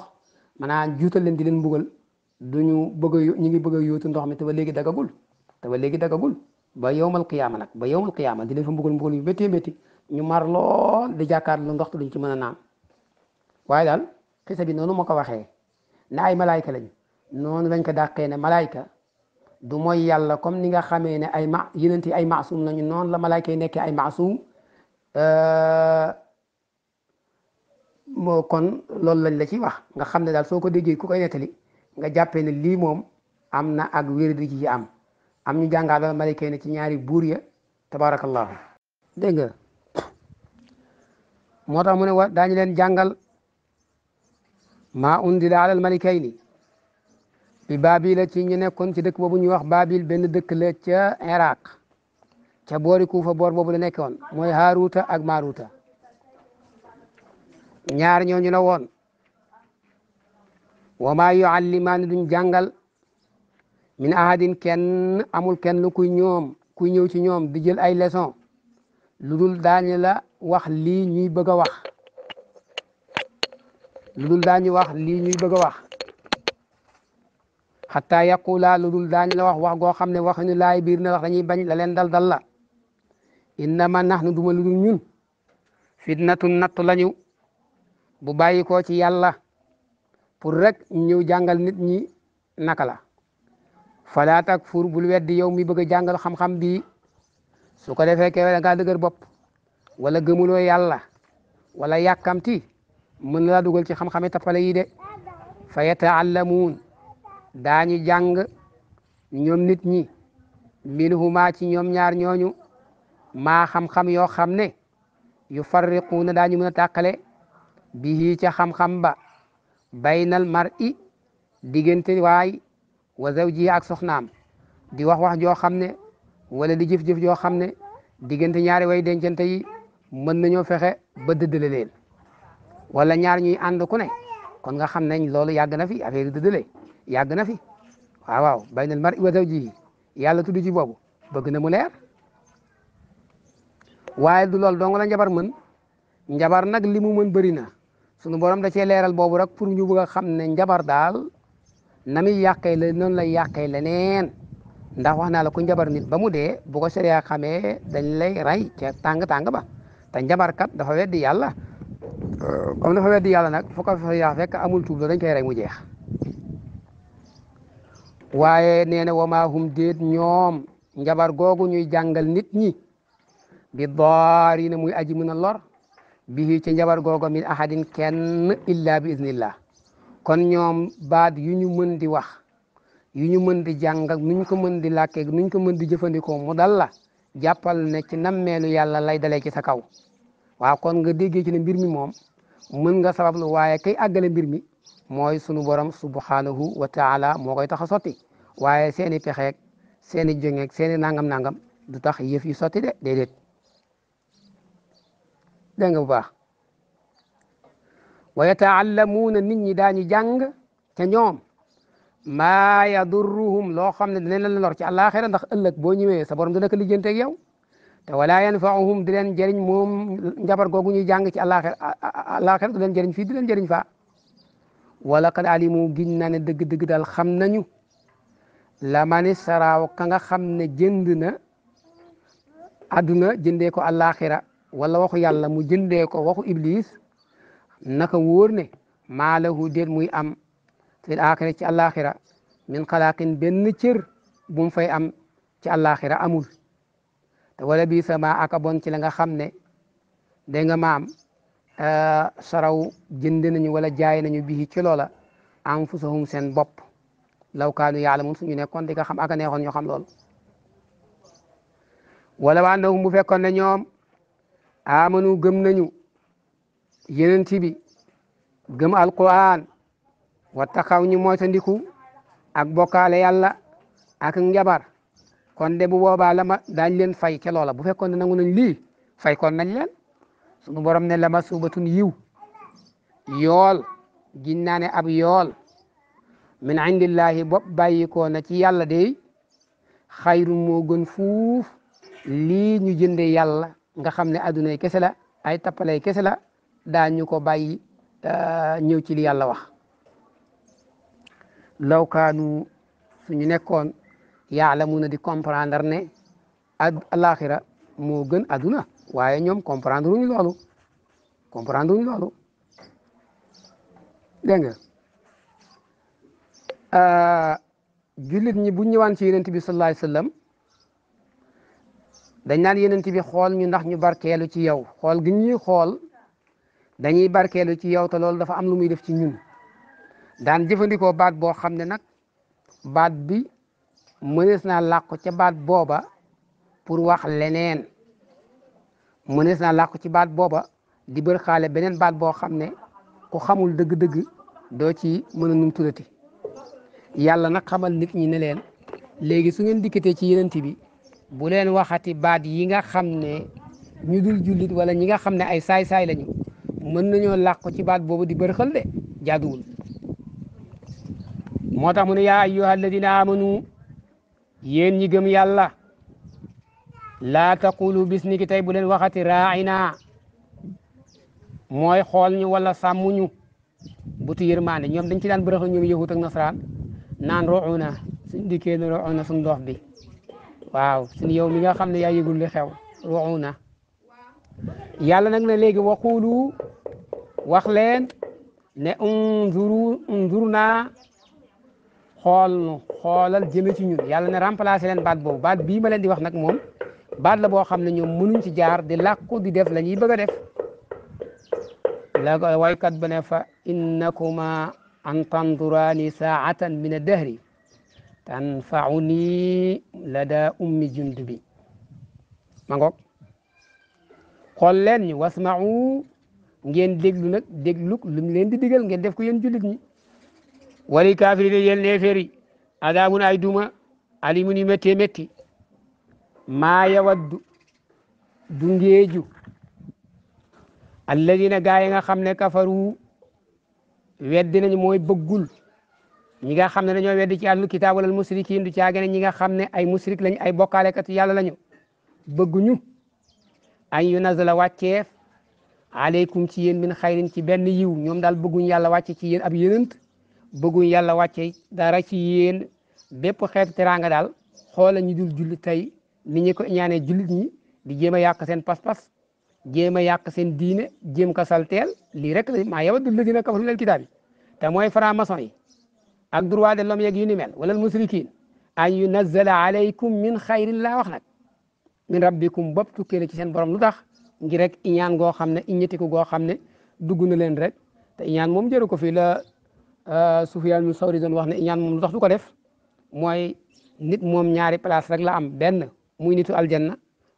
maanaam juutal leen di leen mbugal du ñu bëgg a ñu ngi bëgg a yóotu ndox mi te ba léegi dagagul te ba léegi dagagul ba yowmal qiyaama nag ba yowmal qiyaama di leen fa mbugal mbugal yu métti métti ñu mar lool di jàkkaarloo ndox te duñ ci mën a naan. waaye daal xisa bi noonu ma ko waxee ne ay malaayka lañ noonu lañ ko dàqee ne malaayka du mooy yàlla comme ni nga xamee ne ay ma yenent yi ay maasum lañu noonu la malaayka yi nekkee ay maasum kon loolu lañ la ci wax nga xam ne daal soo ko déggee ku koy nettali nga jàppee ne lii moom am na ak wér di ci am am ñu jàngaale malaayka yi ne ci ñaari buur ya tabaarakallahu dégg nga moo tax mu wa daañu leen jàngal maa undila alal malikayni bi baabil la ci ñu nekkoon ci dëkk boobu ñuy wax baabil benn dëkk la ca Iraq ca boori Kuufa boor boobu la nekkoon mooy Haaruuta ak Maaruuta ñaar ñooñu la woon wa maa yuallimaani duñ jàngal min ahadin kenn amul kenn lu kuy ñoom kuy ñëw ci ñoom di jël ay leçon lu dul daañu la wax lii ñuy bëgg a wax lu dul daañu wax lii ñuy bëgg a wax xataa yaqula lu dul daañu la wax wax goo xam ne waxuñu laay biir na wax dañuy bañ la leen dal dal la innama nahnu duma lu dul ñun fitnatun natt lañu bu bàyyi koo ci yàlla pour rek ñëw jàngal nit ñi naka la falaa takfur bul weddi yow mi bëgg a jàngal xam-xam bi su ko defee kewe da ngaa wala gëmuloo yàlla wala yàkkamti mën na laa dugal ci xam-xame tappale yi de fa yataallamuun daañu jàng ñoom nit ñi minhuma ci ñoom ñaar ñooñu maa xam-xam yoo xam ne yu farriquuna daañu mën a bi bihi ca xam-xam ba baynal mar'i diggante waay wa zawji ak soxnaam di wax wax joo xam ne wala di jëf-jëf joo xam ne diggante ñaari way dencante yi mën nañoo fexe ba dëddale wala ñaar ñuy ànd ku ne kon nga xam nañ loolu yàgg na fi affaire dëddale yàgg na fi waaw waaw baynal mar'i wa zawjihi yàlla tudd ci boobu bëgg na mu leer waaye du loolu dong la njabar mën njabar nag li mu mën bëri na sunu borom da cee leeral boobu rak pour ñu bëgg a xam ne njabar daal na mi yàqee la noonu lay yàqee wax naa la ku njabar nit ba mu dee bu ko sariya xamee dañ lay rey ca tàng-tàng ba te njabarkat dafa weddi yàlla comme dafa weddi yàlla nag foo fa yaa fekk amul tuub la dañ koy rey mu jeex waaye nee na wamaahum déet ñoom njabar googu ñuy jàngal nit ñi bi door yi na muy aji mën a lor bi ci njabar googu min ahadin kenn illa bi iznillah kon ñoom baat yu ñu mën di wax yu ñu mën di jàng ak nuñ ko mën di làkkee nuñ ko mën di jëfandikoo mu dal la jàppal ne ci nammeelu yàlla lay dalee ci sa kaw waaw kon nga déggee ci ne mbir mi moom mën nga sabablu waaye kay àggale mbir mi mooy sunu borom subhanahu wa taala moo koy tax a sotti waaye seeni pexeek seeni jongeek seeni nangam nangam du tax yëf yi sotti de déedéet dégg nga bu baax wa yataallamuuna nit ñi daañu jàng ca ñoom maa yadurruhum loo xam ne dinañ la lor ci àllaaxira ndax ëllëg boo ñëwee sa borom dina ko lijjanteeg yow te wala yanfa'uhum di leen jëriñ moom njabar googu ñuy jàng ci àllaaxira àllaaxira du leen jëriñ fii du leen jëriñ faa wala ka alimu giñ naa ne dëgg-dëgg daal xam nañu lamani saraaw ka nga xam ne jënd na àdduna jëndee ko àllaaxira wala waxu yàlla mu jëndee ko waxu iblis naka wóor ne maalahu déet muy am fil aaxira ci àllaaxira min xalaaqin benn cër bu mu fay am ci àllaaxira amul te wala bii sama aka bon ci la nga xam ne dégg nga maam euh, saraw jënd nañu wala jaay nañu bii ci loola anfusahum seen bopp law kaanu yaalamun ñu nekkoon di nga xam aka neexoon ñoo xam loolu wala waa annahum bu fekkoon ne ñoom amanu gëm nañu yeneen ci bi gëm alquran wa taxaw ñu moytandiku ak bokkaale yàlla ak njabar kon de bu boobaa la ma daañ leen fay ca loola bu fekkoon ne nangu nañ lii fay kon nañ leen suñu borom ne la ma suubatun yiw yool gin naa ne ab yool min indillahi bopp bàyyikoo na ci yàlla de xayru moo gën fuuf lii ñu jënde yàlla nga xam ne addunay kese la ay tappalay kese la daa ñu ko bàyyi euh, ñëw ci li yàlla wax law kaanu suñu nekkoon yaalamuuna di comprendre ne ad alaxira moo gën aduna waaye ñoom comprendre ñu loolu comprendre wuñu loolu dégg nga euh, jullit ñi bu ñëwaan ci yonent bi sallallahu alayhi salam dañ naan yonent bi xool ñu ndax ñu barkeelu ci yow xool gi ñuy xool dañuy barkeelu ci yow te loolu dafa am lu muy def ci ñun daan jëfandikoo baat boo xam ne nag baat bi mënees naa làqu ca baat booba pour wax leneen mënees naa làqu ci baat booba di bër xaale beneen baat boo xam ne ku xamul dëgg-dëgg doo ci mën a num tuddati yàlla nag xamal nit ñi ne leen léegi su ngeen dikkatee ci yenent bi bu leen waxati baat yi nga xam ne ñu dul jullit wala ñi nga xam ne ay saay-saay lañu mën nañoo làqu ci baat boobu di bërxal de jaaduwul moo tax mu ne yaa ayyuha amanu yéen ñi gëm yàlla laa taqulu bis ni ki tey bu leen waxati raaina mooy xool ñu wala sàmmuñu butu yërmande ñoom dañ ci daan bërëx ñoom yahut ak nasaraan naan roxuna suñ dikkee ne roxuna suñ bi waaw suñu yow mi nga xam ne yaa yëgul li xew roxuna yàlla nag ne léegi waxulu wax leen ne unzuru unzurna xool xoolal jëme ci ñun yàlla ne remplacé leen baat boobu baat bii ma leen di wax nag moom baat la boo xam ne ñoom mënuñ ci jaar di làkku di def la ñuy bëgg a def la ko waykat ba ne fa innakuma an tanduraani saatan min ad-dahri tanfauni lada ummi jundubi ma ngoog xool leen ñu wasmau ngeen déglu nag déglu lu mu leen di digal ngeen def ko yeen jullit ñi wali kaafirina yel neefeer yi ay duma alimun yu méttee métti e maa yawaddu du ngeeju alladina gaa yi nga xam ne kafaru weddi nañ mooy bëggul ñi nga xam ne dañoo weddi ci àllu kitaab wala musrikin du caagane ñi nga xam ne ay musrik lañ ay bokkaalekat yàlla lañu bëgguñu an yu nazala wàcceef aleykum ci yéen min xayrin ci benn yiw ñoom daal bëgguñ yàlla wàcce ci yéen ab yénant bëgguñ yàlla wàcce dara ci yéen bépp xeetu teraanga daal xoola ñu dul jullit tey ni ñu ko ñaanee jullit ñi di jéem a yàq seen pas-pas jéem a yàq seen diine jéem ko teel lii rek la maa yawaddu alladina kafaru lil kitaabi te mooy franc mason yi ak droit de l'homme yeeg yu ni mel wala musrikin an yunazzala alaykum min xayrin laa wax nag min rabbikum bopp tukkee na ci seen borom lu tax ngir rek iñaan goo xam ne iñetiku goo xam ne dugg na leen rek te iñaan moom jëru ko fii Sufyaan ibn Sawri doon wax ne iñaan moom lu tax du ko def mooy nit moom ñaari place rek la am benn muy nitu aljanna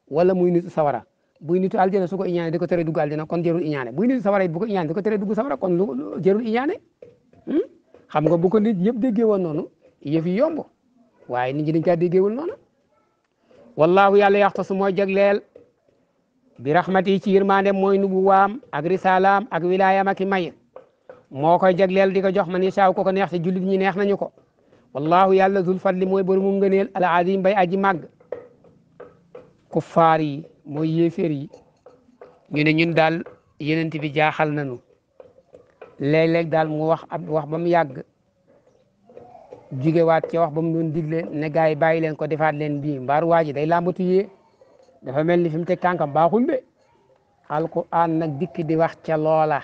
wala muy nitu sawara buy nitu aljanna su ko iñaane di ko tere dugg aljanna kon jarul iñaane buy nitu sawara it bu ko iñaane ko tere dugg sawara kon lu jarul iñaane hmm? xam nga bu ko nit ñëpp déggee woon noonu yëf yi yomb waaye nit ñi dañ caa déggeewul noonu wallaahu yàlla yaxtasu mooy jagleel bi rahmati ci yërmaande mooy nubuwaam ak risalaam ak wilaayam ak i may moo koy jagleel di ko jox man yasaaw ko ko neex sa jullit ñi neex nañu ko wallahu yàlla zul li mooy borom mu ngëneel al azim bay aji màgg kuffaar yi mooy yéeféer yi ñu ne ñu daal yenent bi jaaxal nañu léeg-léeg daal mu wax ab wax ba mu yàgg jugewaat ca wax ba mu digle ne gars yi bàyyi leen ko defaat leen bii mbaaru waa ji day làmbatu yee dafa mel ni fi mu teg tànkam baaxul de alquran nag dikk di wax ca loola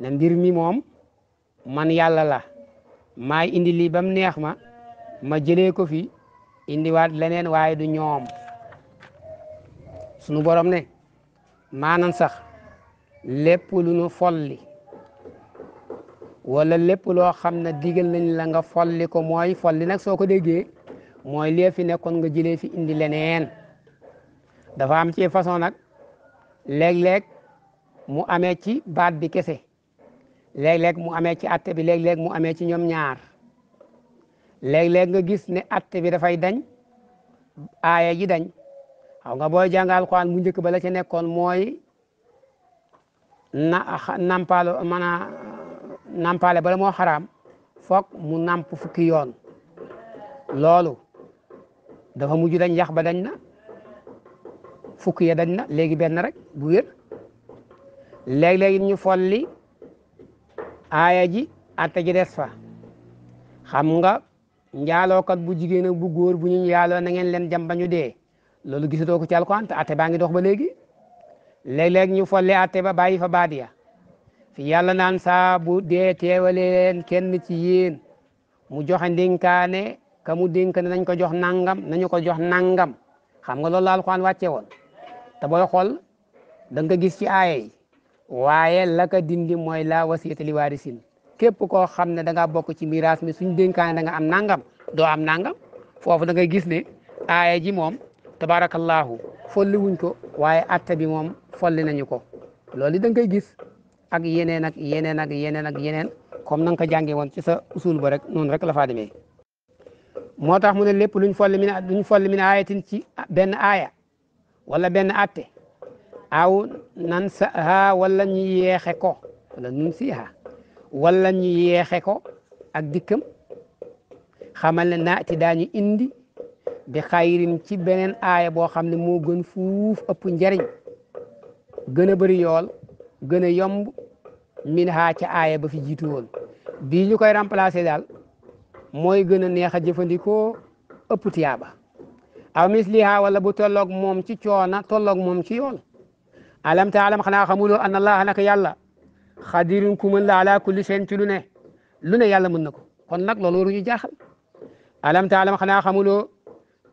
ne mbir mi moom man yàlla la maay indi lii ba neex ma ma jëlee ko fi indiwaat leneen waaye du ñoom sunu borom ne maanaam sax lépp nu folli wala lépp loo xam ne digal nañ la nga folli ko mooy folli nag soo ko déggee mooy lee fi nekkoon nga jëlee fi indi leneen dafa am ci façon nag léeg-léeg mu amee ci baat bi kese léeg-léeg mu amee ci atte bi léeg-léeg mu amee ci ñoom ñaar léeg-léeg nga gis ni atte bi dafay dañ aaye ji dañ xaw nga booy jàngal Alxuraan mu njëkk ba la ci nekkoon mooy na ah, nampaalo mën bala moo xaraam foog mu namp fukki yoon loolu dafa mujj dañ yax ba dañ na fukki ya dañ na léegi benn rek bu wér léeg-léeg ñu folli aaya ji atte ji des fa xam nga njaalookat bu jigéen bu góor bu ñu njaaloo na ngeen leen jam ba ñu dee loolu gisatoo ko ci alquran te atte baa ngi dox ba léegi léeg-léeg ñu folle atte ba bàyyi fa baadiya fi yàlla naan saa bu dee teewale kenn ci yéen mu joxe ndénkaane ka mu dénk ne nañ ko jox nangam nañu ko jox nangam xam nga loolu la alquran wàcce woon te booy xool gis ci aaya waaye la ko dindi mooy la wasiyata li waarisin képp koo xam ne da ngaa bokk ci miraas mi suñ dénkaane da nga am nangam doo am nangam foofu da ngay gis ne aaya ji moom tabaarakallaahu folli wuñ ko waaye atte bi moom folli nañu ko loolu da ngay gis ak yeneen ak yeneen ak yeneen ak yeneen comme na nga ko jàngee woon ci sa usul ba rek noonu rek la faa demee moo tax mu ne lépp luñ folli min luñ folli min aayatin ci benn aaya wala benn atte aw nan saha wala ñu yeexe ko wala nun siha wala ñu yeexe ko ak dikkam xamal ne naati daañu indi bi xayrin ci beneen aaya boo xam ne moo gën fuuf ëpp njariñ gën a bëri yool gën a yomb min haa ca aaya ba fi jiitu woon bii ñu koy remplacer daal mooy gën a neex a jëfandikoo ëpp tiyaaba aw misliha wala bu tolloog moom ci coona tolloog moom ci yool alam taalam xanaa xamuloo anna allaha naka yàlla xadirun ku mën la ala kulli seen ci lu ne lu yàlla mën na ko kon nag loolu waruñu jaaxal alam taalam xanaa xamuloo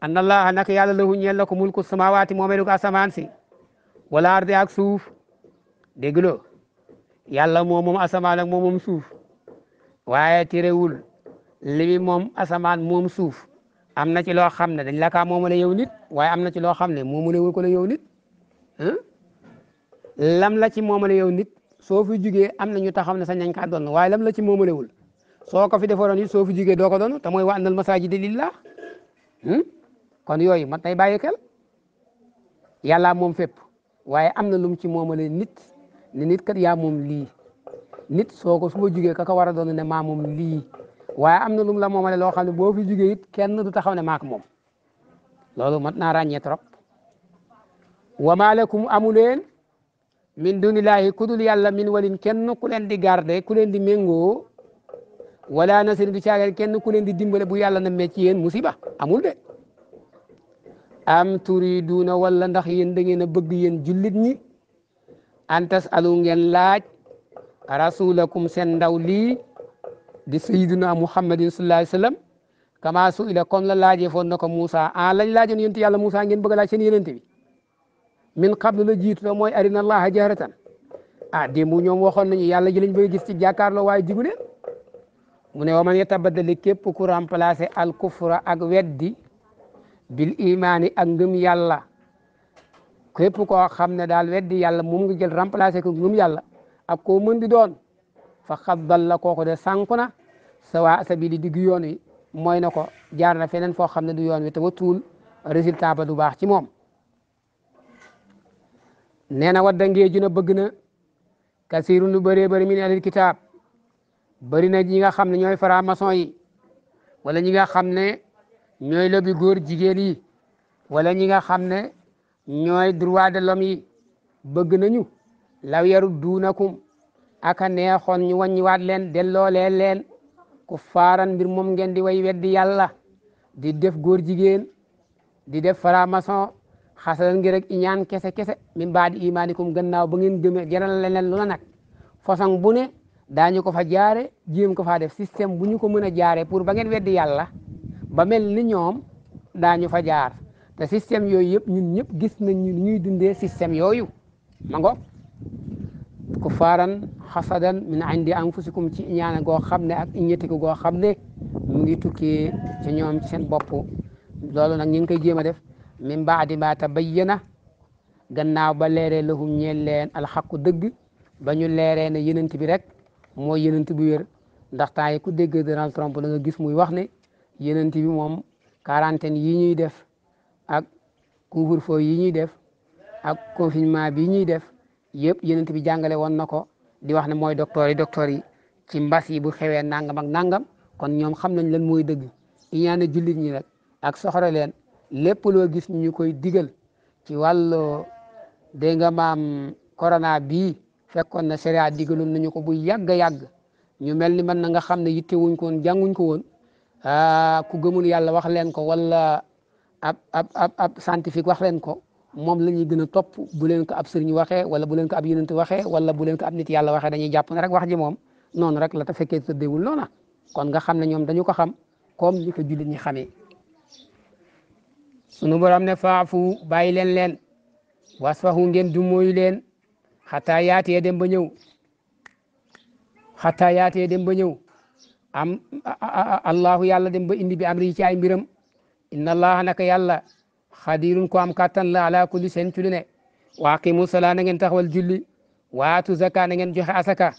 anna allaha naka yàlla lahu ñeel la ko mulku samawaati moomeelu ko asamaan si wala ardi ak suuf dégloo yàlla moom moom asamaan ak moom moom suuf waaye terewul li moom asamaan moom suuf am na ci loo xam ne dañ la kaa moomale yow nit waaye am na ci loo xam ne moomale wul ko la yow nit lam la ci moomale yow nit soo fi jugee am na ñu taxaw ne sañ nañ kaa doon waaye lam la ci moomalewul soo ko fi defaroon it soo fi jugee doo doon te mooy wa annal masaajida lillah hmm? kon yooyu mat nay bàyyi xel yàllaa moom fépp waaye am na lum ci moomale nit ne nit kat yaa moom lii nit soo ko su ma jugee war a doon ne maa moom lii waaye am na lum la moomale loo xam ne boo fi jugee it kenn du taxaw ne maak moom loolu mat naa ràññee trop wa maalakum amu leen min dunillahi kudul yàlla min walin kenn ku leen di garde ku leen di méngoo wala nasir du caagan kenn ku leen di dimbale bu yàlla na mecc yéen musiba amul de am turiduna wala ndax yéen da ngeen a bëgg yéen jullit ñi an tasalu ngeen laaj rasulakum seen ndaw lii di sayyiduna muhammadin sallallahu alayhi wasallam kama su ila comme la laajee foon na ko Moussa ah lañ laajoon yonent yàlla Moussa ngeen bëgg a laaj seen yonent bi min qablu la jiitu la mooy arina allaha jahratan ah démb ñoom waxoon nañu yàlla ji lañ bëgg gis ci jàkkaarloo waaye jigu mu ne wa man yatabaddali képp ku remplacer al ak weddi bil imaani ak ngëm yàlla képp koo xam ne daal weddi yàlla moom nga jël remplacer ko ngëm yàlla ak koo mën di doon fa xad dalla kooku de sànku na sawa sabili digg yoon wi mooy na ko jaar na feneen foo xam ne du yoon wi te ba tuul résultat ba du baax ci moom nee na wadda ngeeju na bëgg na kasirun lu bëree bëri min alil kitaab bëri na ñi nga xam ne ñooy franc-maçon yi wala ñi nga xam ne ñooy lobby góor jigéen yi wala ñi nga xam ne ñooy droit de l'homme yi bëgg nañu law yaru duunakum aka neexoon ñu wàññiwaat leen delloolee leen ku faaran mbir moom ngeen di way weddi yàlla di def góor jigéen di def franc-maçon xasalan ngir rek iñaan kese kese min baadi kum gannaaw ba ngeen gëmee jaral leneen lu la nag façon bu ne daa ñu ko fa jaare jéem ko faa def système bu ñu ko mën a jaaree pour ba ngeen weddi yàlla ba mel ni ñoom daañu fa jaar te système yooyu yëpp ñun ñëpp gis nañ ñu ñuy dundee système yooyu ma ngo kufaaran xasadan min indi anfusikum ci iñaana goo xam ne ak iñettiku goo xam ne mu ngi tukkee ci ñoom ci seen bopp loolu nag ñu ngi koy jéem a def min baadi ma tabayyana gannaaw ba leeree lahum ñeen leen alxaqu dëgg ba ñu leeree na yenant bi rek mooy yenant bu wér ndax yi ku dégg Donald Trump da nga gis muy wax ne yenant bi moom quarantaine yi ñuy def ak couvre-feu yi ñuy def ak confinement bi ñuy def yëpp yenant bi jàngale woon na ko di wax ne mooy docteur yi docteur yi ci mbas yi bu xewee nangam ak nangam kon ñoom xam nañ lan mooy dëgg iñaane jullit ñi rek ak soxore leen lépp loo gis ñu koy diggal ci wàllu dégg nga maam corona bii fekkoon na séria digaloon nañu ko bu yàgg yàgg ñu mel ni man na nga xam ne yitte wuñ ko woon jànguñ ko woon ah, ku gëmul yàlla wax leen ko wala ab ab ab ab scientifique wax leen ko moom la ñuy gën a topp bu leen ko ab sëriñ waxee wala buleen ko ab yonent waxee wala bu leen ko ab nit yàlla waxee dañuy jàpp ne rek wax ji moom noonu rek la ta fekkee tëddeewul noona kon nga xam na ñoom dañu ko xam comme ni ko ñi xamee sunu borom ne faafu bàyyi leen leen wasfahu ngeen dummoyu leen xataa yaatee dem ba ñëw xataa yaatee dem ba ñëw am allahu yàlla dem ba indi bi amri ci ay mbiram inna allaha naka yàlla dirum ko am kattan la ala kulli seen ci lu ne waaqimu salaa na ngeen taxawal julli waatu zaka na ngeen joxe asaka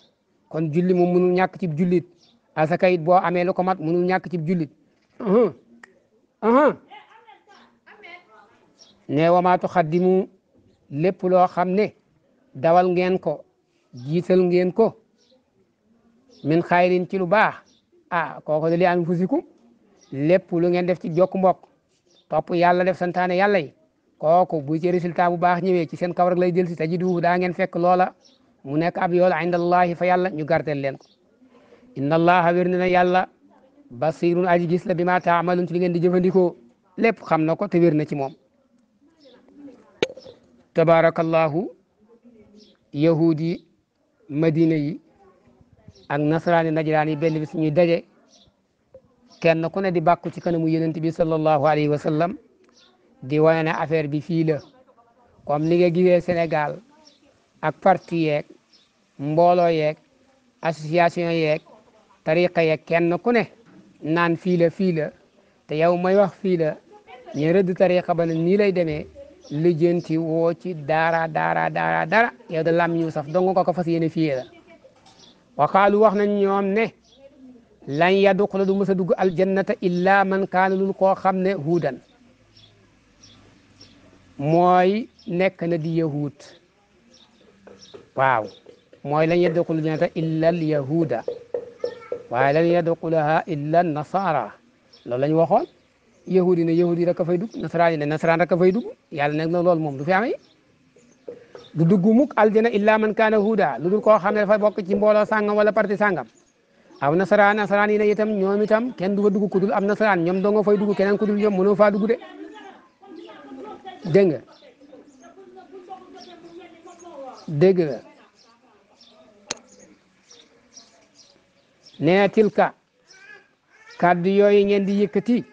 kon julli moom mënul ñàkk ci jullit asaka it boo amee lu ko mat mënul ñàkk ci jullit ne wamaatu xaddimu lépp loo xam ne dawal ngeen ko jiital ngeen ko min xayrin ci lu baax ah kooku de li am fusikum lépp lu ngeen def ci jokk mbokk topp yàlla def santaane yàlla yi kooku bu ci résultat bu baax ñëwee ci seen kawar lay jël si tajidu daa ngeen fekk loola mu nekk ab yool inda allahi fa yàlla ñu garteel leen ko inna allaha wér na yàlla basirun aji gis la bi ma taamalun ci li ngeen di jëfandikoo lépp xam na ko te wér na ci moom tabaarakallahu yahud yi madina yi ak nasaraani najraan yi benn bis ñuy daje kenn ku ne di bàkku ci kanamu yonent bi sallallahu alayhi wa di wane ne affaire bi fii la comme ni nga gisee ak parti yeeg mbooloo yeeg association yeeg tariqa yeeg kenn ku ne naan fii la fii la te yow may wax fii la ñu rëdd ba ne nii lay lijjanti woo ci dara dara dara dara lam ñu saf dong ko ko fas la wa qaalu wax nañ ñoom ne lan yadxula du mës dugg aljannata illa man kaana lul koo xam ne huudan mooy nekk na di yahud waaw mooy lan yadxula jannata illa al yahuda waaye lan yadxulaha illa nasara loolu lañ waxoon yahudi ne yahudi rek a fay dugg nasaraan yi ne nasaraan rek a fay dugg yàlla na loolu moom du fi amee du dugg mukk aljana illa man kaana huuda lu dul koo xam ne dafa bokk ci mbooloo sàngam wala parti sàngam aw nasaraan nasaraan yi ne itam ñoom itam du fa dugg ku dul am nasaraan ñoom dong fay dugg keneen ku dul ñoom mënoo faa dugg de dégg nga nee na tilka kàddu yooyu ngeen di yëkkati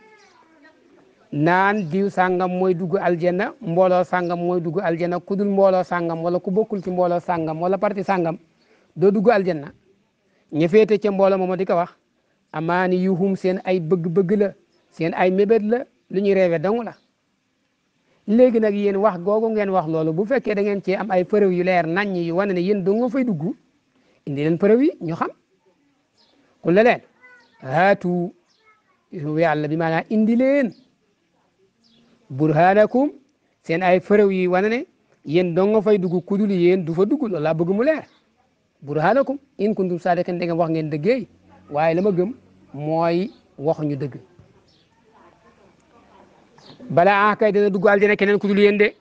naan diw sàngam mooy dugg aljanna mbooloo sàngam mooy dugg aljanna ku dul mbooloo sàngam wala ku bokkul ci mbooloo sàngam wala parti sangam doo dugg aljanna ña féete ca mbooloo mooma di ko wax amaani yuhum seen ay bëgg-bëgg la seen ay mébét la lu ñuy reewe dong la léegi nag yéen wax googu ngeen wax loolu bu fekkee da ngeen cee am ay preuve yu leer naññ yu wane na yéen dong nga fay dugg indi leen preuve yi ñu xam ku la leen haatu yàlla bi maanaam indi leen burhanakum seen ay fërëw yi wane ne yéen dongo fay dugg kudul yéen du fa dugg loolu laa bëgg mu leer burhanakum in kuntum sadiqin da ngeen wax ngeen dëggeey waaye la ma gëm mooy wax ñu dëgg balaa ah kay dana dugg aljana keneen kudul yéen de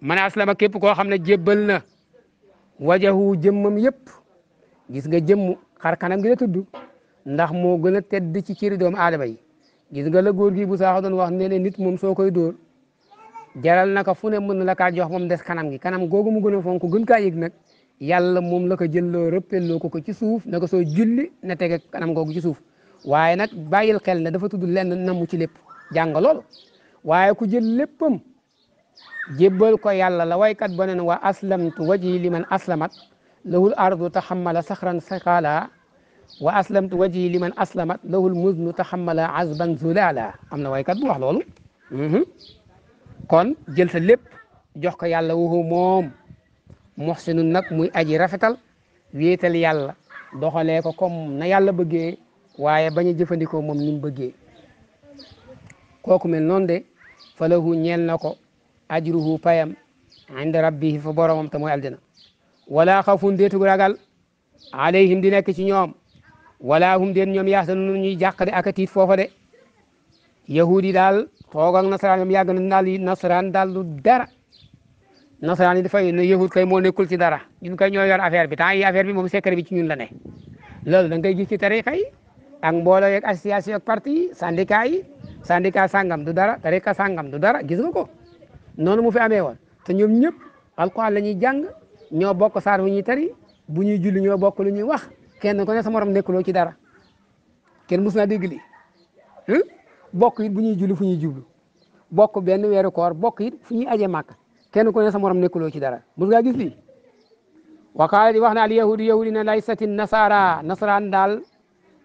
man aslama képp koo xam ne jébbal na wajahu jëmmam yëpp gis nga jëmm xar kanam gi la tudd ndax moo gën a tedd ci ciri doomu aadama yi gis nga la góor gi bu saaxa doon wax ne ne moom soo koy dóor jaral na fu ne mën na la kaa jox moom des kanam gi kanam googu mu gën a fonk gën kaa yëg moom la ko jëlloo rëppelloo ko ko ci suuf naka soo julli na tege kanam googu ci suuf waaye nag bàyyil xel ne dafa tudd lenn na ci lépp jàng loolu waaye ku jël léppam jébbal ko yàlla la waykat ba neen wa aslamtu waji liman aslamat lahul ardu taxamala saxran saqala wa aslamtu wajhi liman aslamat lahul muznu taxamala azban zulala am na waykat bu wax loolu mhm. kon jël sa lépp jox ko yàlla wuhu moom muxsinun nag muy aji rafetal wéetal yàlla doxalee ko comme na yàlla bëggee waaye bañ a jëfandikoo moom ni mu bëggee kooku mel noonu de falahu ñeel na ko ajruhu payam inda rabbihi fa boromam te mooy aljana wala xawfun déetug ragal alayhim di nekk ci ñoom wala hum den ñoom yahzanun ñuy jàq de ak a tiit foofa de yahud daal toog ak nasaraan ñoom yàgg nañ daal yi nasaraan daal du dara nasaraan yi dafay ne yahud kay moo nekkul ci dara ñun kay ñoo yor affaire bi temps yi affaire bi moom secret bi ci ñun la ne loolu da ngay gis ci tariqa yi ak mbooloo yeeg association parti yi syndicat sangam du dara tariqa sangam du dara gis ko noonu mu fi amee woon te ñoom ñëpp alquran la ñuy jàng ñoo bokk saar wu ñuy tari bu ñuy julli bokk lu ñuy wax kenn ku ne sa morom nekkuloo ci dara kenn mus naa dégg lii bokk bu ñuy julli fu ñuy jublu bokk benn weeru koor bokk it fu ñuy aje màkk kenn ku ne sa morom nekkuloo ci dara mus ngaa gis lii wa qaala di wax na al yahudu yahudi ne nasaraan daal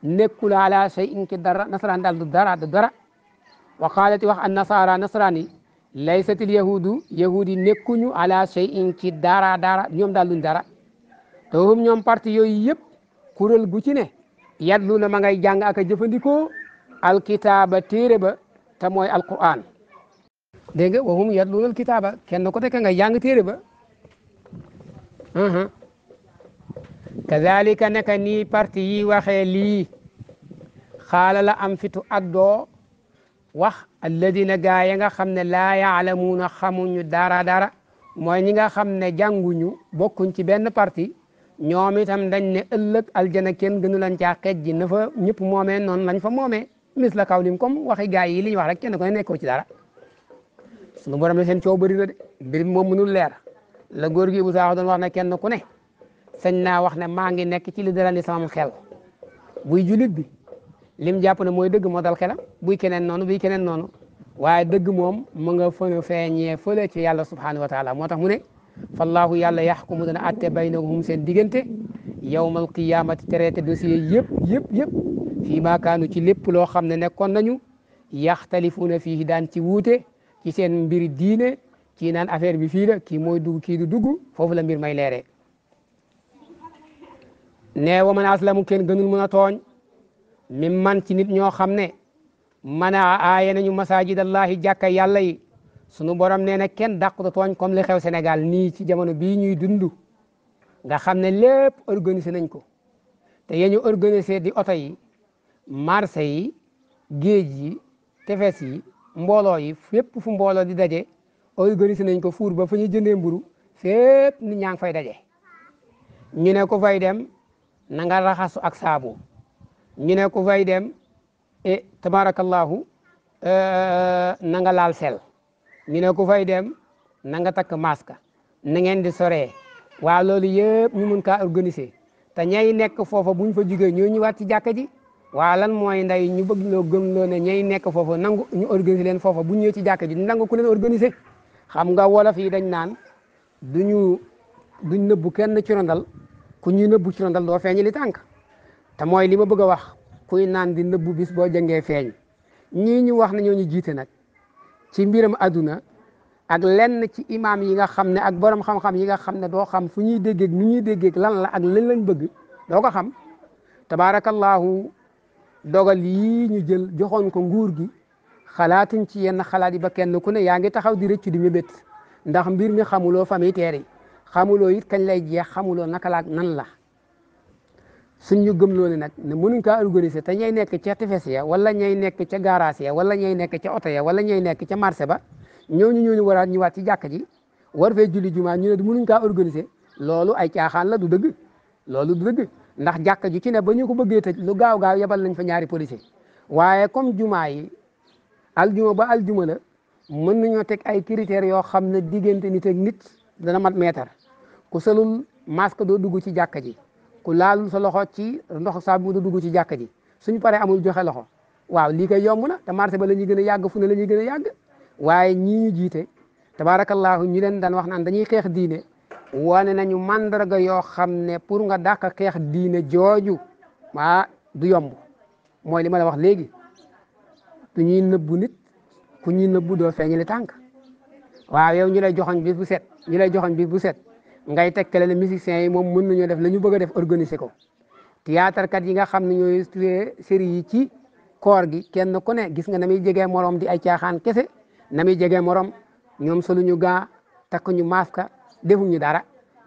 nekkul ala shay'in ki dara nasaraan daal dara du dara di wax an nasara yi laysati al yahudu yahudi nekkuñu ala shay'in ki dara dara ñoom daal duñ dara te hum ñoom parti yooyu yëpp kuréel gu ci ne yadlu na ma ngay jàng ak a jëfandikoo alkitaaba téere ba te mooy alquran dégg nga waxum yadluuna alkitaaba kenn ko te ka nga jàng téere ba kazalika naka nii parti yi waxee lii xaala la am fitu addoo wax alladina gaa ya nga xam ne laa yaalamuuna xamuñu dara dara mooy ñi nga xam ne jànguñu bokkuñ ci benn parti ñoom itam dañ ne ëllëg aljana kenn gënu lañ caa xeej ji na fa ñëpp moome noonu lañ fa moome mis la kaw lim comme waxi gaay yi li ñu wax rek kenn ko ne nekkoo ci dara suñu borom ne seen coow bëri na de mbir moom mënul leer la góor gi bu saax doon wax ne kenn ku ne sañ naa wax ne maa ngi nekk ci li dara ni sama xel bu julit bi lim jàpp ne mooy dëgg moo dal xelam buy keneen noonu buy keneen noonu waaye dëgg moom mu nga fën a feeñee fële ci yàlla subhanahu wa taala moo tax mu ne fallaahu yàlla yaxkumu dana atte baynahum seen diggante yawmal qiyaamati traité dossier yëpp yëpp yëpp fii maa kaanu ci lépp loo xam ne nekkoon nañu yaxtalifuuna fii daan ci wuute ci seen mbiri diine ci naan affaire bi fii la kii mooy dugg kii du dugg foofu la mbir may leeree ne wa man aslamu kenn gënul mën a tooñ mi man ci nit ñoo xam ne man a aaye nañu masajid allahi jàkka sunu borom nee na kenn dàquta tooñ comme li xew senegal nii ci jamono bii ñuy dund nga xam ne lépp organisé nañ ko te yéen ñu organisé di oto yi marché yi géej yi tefes yi mbooloo yi fépp fu mbooloo di daje organisé nañ ko fuur ba fu ñuy jëndee mburu fépp nit ñaa ngi fay daje ñu ne ko fay dem nanga nga ak saabu ñu ne ko fay dem e eh, tabarakallahu euh, na nga laal sel ñu ne ku fay dem nanga nga takk masque na ngeen di soree waa loolu yëpp ñu mun ka organiser te ñay nekk foofa bu ñu fa jigee ñoo ñëwaat ci jàkka ji waa lan mooy nday ñu bëgg loo gëm loo ne ñay nekk foofa nangu ñu organiser leen foofa bu ñëw ci jàkka ji nangu ku leen organiser xam nga wolof yi dañ naan duñu duñ nëbbu kenn ci rondal ku ñu nëbbu ci rondal doo feeñ li tànk te mooy li ma bëgg a wax kuy naan di nëbbu bis boo jëngee feeñ ñu ñu wax na ñoo ñu jiite nag ci mbiram àdduna ak lenn ci imaam yi nga xam ne ak borom xam-xam yi nga xam ne doo xam fu ñuy déggeeg nu ñuy déggeeg lan la ak lan lañ bëgg doo ko xam tabaarakallaahu dogal yii ñu jël joxoon ko nguur gi xalaatuñ ci yenn xalaat yi ba kenn ku ne yaa ngi taxaw di ci di mébét ndax mbir mi xamuloo fa muy teere xamuloo it kañ lay jeex xamuloo naka la ak nan la suñ ñu gëm loole nag ne mënuñ kaa organiser te ñay nekk ca tefes ya wala ñay nekk ca garage ya wala ñay nekk ca oto ya wala ñay nekk ca marché ba ñooñu ñooñu waraat ñëwaat ci jàkka ji war fee julli jumaa ñu ne mënuñ kaa organiser loolu ay caaxaan la du dëgg loolu du dëgg ndax jàkka ji ci ne ba ñu ko bëggee tëj lu gaaw gaaw yebal nañ fa ñaari policier waaye comme jumaa yi aljuma ba aljuma la mën nañoo teg ay critères yoo xam ne diggante nit ak nit dana mat meetar ku solul masque doo dugg ci jàkka ji ku laalul sa loxo ci ndox saabu mu dugg ci jàkka ji suñu paree amul joxe loxo waaw lii koy yomb na te marché ba la ñuy gën a yàgg fu la ñuy gën a yàgg waaye ñii ñu jiite tabaarakallaahu ñu leen daan wax naan dañuy xeex diine wane nañu mandarga yoo xam ne pour nga dàq xeex diine jooju ah du yomb mooy li ma la wax léegi ku ñuy nëbbu nit ku ñuy nëbbu doo feeñali tànk waaw yow ñu lay joxoñ bis bu set ñu lay joxoñ bis bu set ngay tekkale ne musiciens yi moom mën nañoo def la ñu bëgg def organiser ko théâtre kat yi nga xam ne ñooy tué série yi ci koor gi kenn ku ne gis nga na muy jegee morom di ay caaxaan kese na muy jegee morom ñoom soluñu gaa takk ñu maaska defuñu dara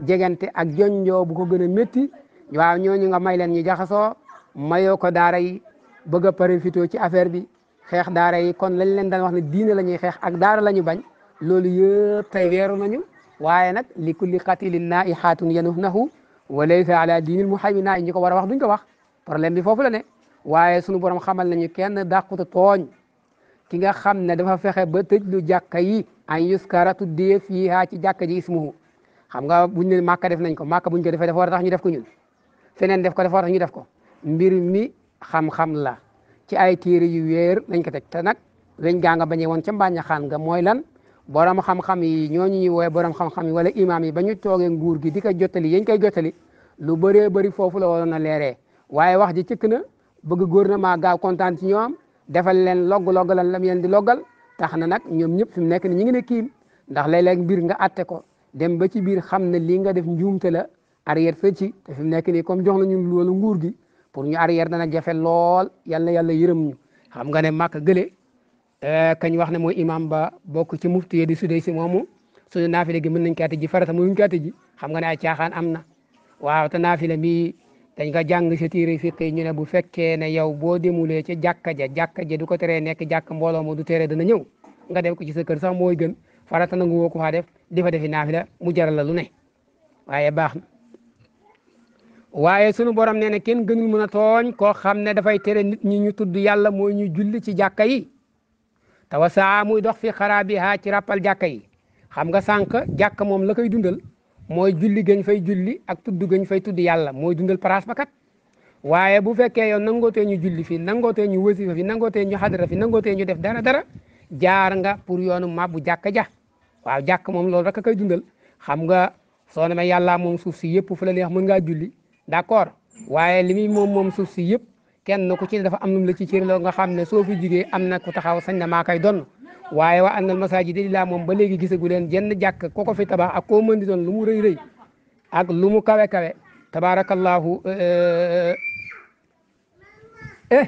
jegante ak jonjoo bu ko gën a métti waaw ñu nga may leen ñu jaxasoo mayoo ko daara yi bëgg a profité ci affaire bi xeex daara yi kon lañ leen daan wax ne diine la ñuy xeex ak daara la ñu bañ loolu yëpp tey weeru nañu waaye nag li kulli qatilin naihatun yanuhnahu wa laysa ala diinil muhaymi naa ñi ko war a wax duñ ko wax problème bi foofu la ne waaye sunu borom xamal nañu kenn dàquta tooñ ki nga xam ne dafa fexe ba tëj lu jàkka yi an yuskara tuddee fiihaa ci jàkka ji ismuhu xam nga buñ ne màkka def nañ ko màkka buñ ko defee dafa war a ñu def ko ñun feneen def ko dafa a ñu def ko mbir mi xam-xam la ci ay téere yu weer nañ ko teg te nag lañ gaa nga bañee woon ca mbàññaxaan nga mooy lan borom xam-xam yi ñooñu ñuy woowee borom xam-xam yi wala imaam yi ba ñu toogee nguur gi di ko jottali yañ koy jottali lu baree bëri foofu la waroon a leeree waaye wax ji cëkk na bëgg gouvernement gaaw kontaan ci ñoom defal leen logg-logg lam leen di loggal tax na nag ñoom ñëpp fi mu nekk ni ñu ngi ne kiim ndax léeg-léeg mbir nga atte ko dem ba ci biir xam ne lii nga def njuumte la arrière fa ci te fi mu nekk nii comme jox nañu loolu nguur gi pour ñu arrière dana jafe lool yal na yàlla yërëm ñu xam Eh, kañ wax na mooy imam ba bokk ci mufti yi di si moomu suñu naafile gi mën nañ kaati ji farata mënuñ kaati ji xam nga ne ay caaxaan am na waaw te naafile mi dañ ko jàng si tiiri fiq yi ñu ne bu fekkee ne yow boo demulee ci jàkka ja jàkka ja du ko teree nekk jàkk mbooloo mo du teree dana ñëw nga def ko ci sa kër sax mooy gën farata nangu woo ko faa def di defi naafila mu jaral la lu ne waaye baax na waaye sunu borom nee na kenn gënul mën a tooñ ko xam ne dafay tere nit ñu tudd yàlla mooy ñu julli ci jàkka yi tawa saa muy dox fi xaraabiha ci rappal jàkka yi xam nga sànq jàkka moom la koy dundal mooy julli gëñ fay julli ak tudd gëñ fay tudd yàlla mooy dundal place ba kat waaye bu fekkee yoon nangootee ñu julli fii nangootee ñu wasifa fi nangootee ñu xadara fi nangootee ñu def dara dara jaar nga pour yoonu mabbu jàkka ja waaw jàkk moom loolu rek a koy dundal xam nga soo ma yàlla moom suuf si yëpp fu la neex mën ngaa julli d'accord waaye li muy moom moom suuf si yëpp kenn ku ci dafa am num la ci cir loo nga xam ne soo fi jugee am na ku taxaw sañ na maa kay donn waaye wa am na annal masaajida lillaahi moom ba léegi gisagu leen jenn jàkk ko ko fi tabax ak koo mën di doon lu mu rëy rëy ak lu mu kawe kawe tabaarakallaahu eh, eh, eh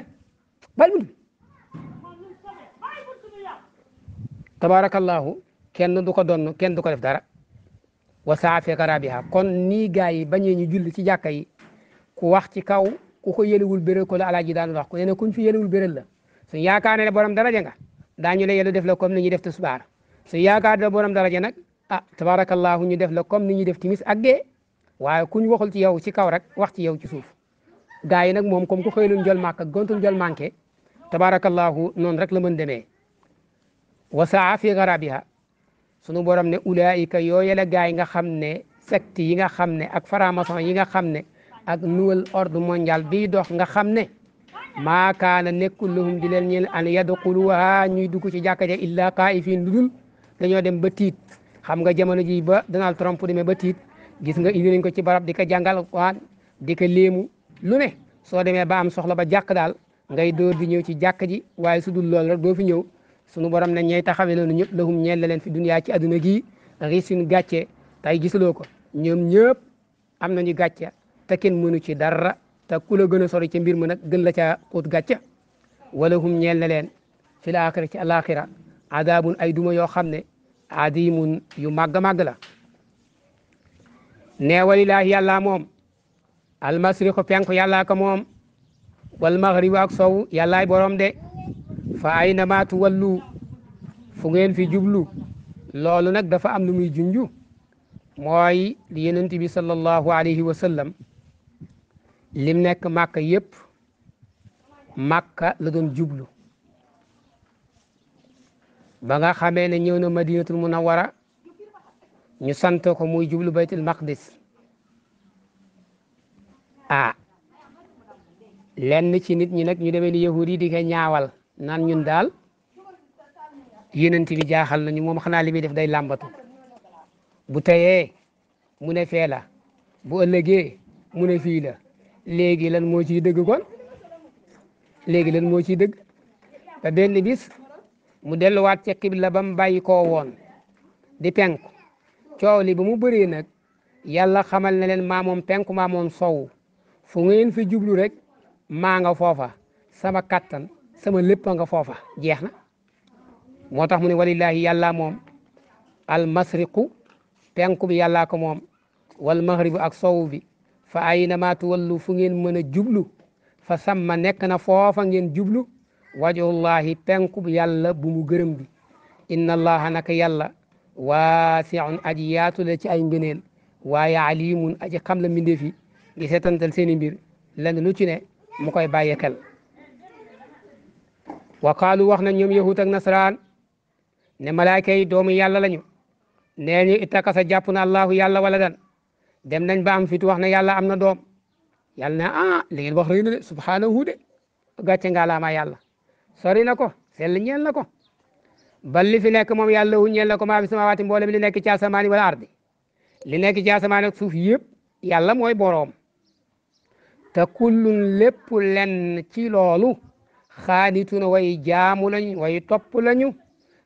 bal bunt kenn du ko donn kenn du ko def dara wa saa fekk rabiha kon nii gaa yi bañee ñu julli ci jàkka yi ku wax ci kaw ku ko yëliwul bérél ko la alaaji daan wax ku ne ne kuñ fi yëliwul bérél la suñu yaakaar ne borom daraja nga daañu la yelu def la comme ni ñuy def tisbaar suñu yaakaar ne borom daraja nag ah tabaarakallaahu ñu def la comme ni ñuy def timis ak gee waaye kuñ waxul ci yow ci kaw rek wax ci yow ci suuf gaa yi nag moom comme ku xëylul jol màkk ak gontul jol manqué tabaarakallaahu noonu rek la mën demee wa saa fi sunu borom ne ulaayika yooyale gaa yi nga xam ne secte yi nga xam ne ak faramason yi nga xam ne ak nouvel ordre mondial bii dox nga xam ne maakaana nekkul lahum di leen ñeel an yadxuluha ñuy dugg ci jàkka ja illa xaifin lu dul dañoo dem ba tiit xam nga jamono ji ba Donald Trump me ba tiit gis nga indi nañ ko ci barab di ko jàngal waan di ko léemu lu ne soo demee ba am soxla ba jàkk daal ngay door di ñëw ci jàkk ji waaye su lool loolu rek doo fi ñëw sunu borom ne ñey taxawee loolu ñëpp lahum ñeel leen fi duniyaa ci adduna gii risin gàcce tey gisuloo ko te mënu ci dara te kula la gën a sori ci mbir mu nag gën la caa xóot gàcce wala hum ñeel na leen fil aaxira ci alaaxira adaabun ay duma yoo xam ne adimun yu màgg màgg la nee walilaahi yàlla moom almasriqu penku yàllaa ko moom wal maxribu ak sow yàllaay borom de fa ay namaatu wallu fu ngeen fi jublu loolu nag dafa am lu muy junju mooy li yonent bi sallallahu alayhi wa lim nekk màkka yépp màkka la doon jublu ba nga xamee ne ñëw na madinatul munawara ñu sant ko muy jublu baytul maqdis ah lenn ci nit ñi nag ñu demee ni yahud di ko ñaawal naan ñun daal yonent bi jaaxal nañu moom xanaa li muy def day làmbatu bu teye mu ne fee bu ëllëgee mu ne fii léegi lan moo ciy dëgg kon léegi lan moo ciy dëgg te benn bis mu delluwaat ca xibla ba mu bàyyi koo woon di penku coow li ba mu bëree nag yàlla xamal na leen maa moom penku maa moom sow fu ngeen fi jublu rek maa nga foofa sama kattan sama lépp nga foofa jeex na moo tax mu ne walillaahi yàlla moom al masriqu penku bi yàllaa ko moom wal maghribu ak sow bi fa aynama tuwallu fu ngeen mën a jublu fa samma nekk na foofa ngeen jublu wajullahi penku yàlla bu mu gërëm bi inna allaha naka yàlla waasiun aji yaatu la ci ay ngëneel waaye alimun aji xam la mbindeef yi di seetantal seen mbir lenn lu ci ne mu koy bàyyi xel wa qaalu wax na ñoom yahut ak nasaraan ne malaayka yi doomu yàlla lañu nee ñu itakasa jàpp na allahu yàlla wala dan dem nañ ba am fit wax na yàlla am na doom yàlla na ah li ngeen wax rëy na de subhaanahu de gàcce ngaalaama yàlla sori na ko sell ñeel na ko ba li fi nekk moom yàlla wu ñeel na ko maa fi samaawaati mboolem li nekk ci asamaani wala ardi li nekk ci asamaan ak suuf yëpp yàlla mooy boroom te kullun lépp lenn ci loolu xaanituna way jaamu lañ way topp lañu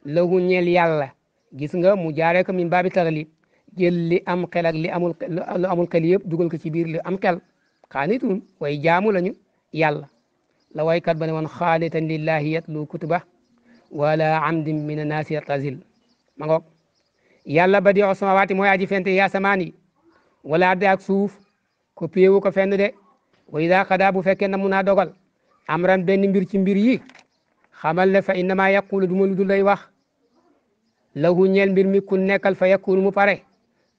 lahu ñeel yàlla gis nga mu jaaree ko min baabi taxlib jël li am xel li amul lu amul xel yëpp dugal ko ci biir li am xel xaanitun way jaamu lañu yàlla la waykat ba ne woon xaanitan lillahi yatlu kutuba wala amdin min annaasi yatazil ma ngoog yàlla ba di o samawaati mooy aji fente yi asamaan yi wala arde ak suuf ko péewu ko fenn de wa ida xadaa bu na mun naa dogal amran benn mbir ci mbir yi xamal ne fa innama yaqulu du ma lay wax lahu ñeel mbir mi ku fa yakunu mu pare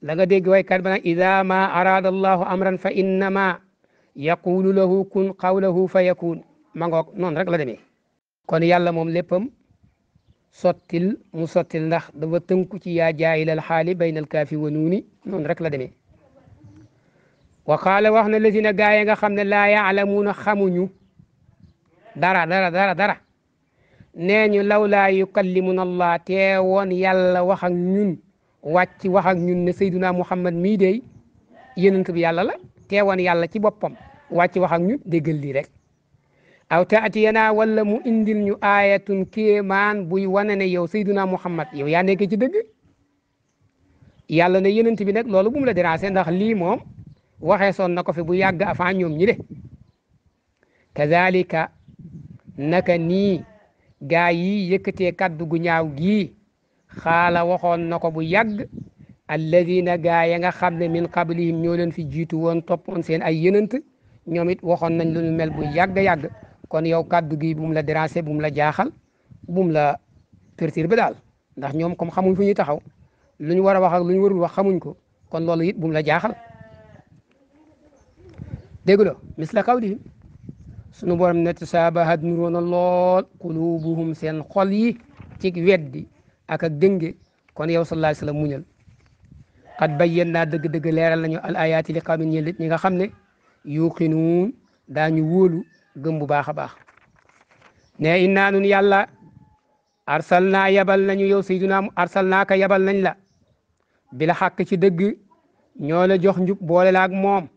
da nga dégg waykat ba nag ida ma arada allahu amran fa innama yaqulu lahu kun qawlahu fa yakun ma ngoog rek la demee kon yàlla moom léppam sottil mu sottil ndax dafa tënku ci ya jaayilal xaali bayna al wa nuuni noonu rek la demee wa qaala wax na lazina gaay nga xam ne laa yaalamuuna xamuñu dara dara dara dara nee ñu law laa yukallimuna allah teewoon yàlla wax ak ñun wàcc wax ak ñun ne Seydina Muhammad mii dey yonent bi yàlla la teewoon yàlla ci boppam wàcc wax ak ñun déggal lii rek aw taatiyanaa wala mu indil ñu aayatun kéemaan buy wane ne yow Seydina Muhammad yow yaa nekk ci dëgg yàlla ne yonent bi nag loolu bu mu la déranger ndax lii moom waxee soon na ko fi bu yàgg avant ñoom ñi de kazalika naka nii gaa yi yëkkatee kaddu gu ñaaw gi xaala waxoon na ko bu yàgg alladina gaa ya nga xam ne min qablihim ñoo leen fi jiitu woon toppoon seen ay yenant ñoom it waxoon nañ lu mel bu yàgg-yàgg kon yow kàddu gi bu la déranger bu mu la jaaxal bu la la bi daal ndax ñoom comme xamuñ fu ñuy taxaw lu ñu war a wax ak lu ñu warul wax xamuñ ko kon loolu it bu la jaaxal dégg nga misla qawlihim sunu borom saaba tasaabahat nuróona lool qulubuhum seen xol yi ci weddi ak ak dénge kon yow sallallahu alayhi wa sallam muñal xat bayyan naa dëgg-dëgg leeral nañu al ayaati li qawmin ñi nit nga xam ne yuqinuun daañu wóolu gëm bu baax a baax ne innaa nun yàlla arsal naa yabal nañu yow sayyiduna arsal naa ka yabal nañ la bila xàq ci dëgg ñoo jox njub boole la moom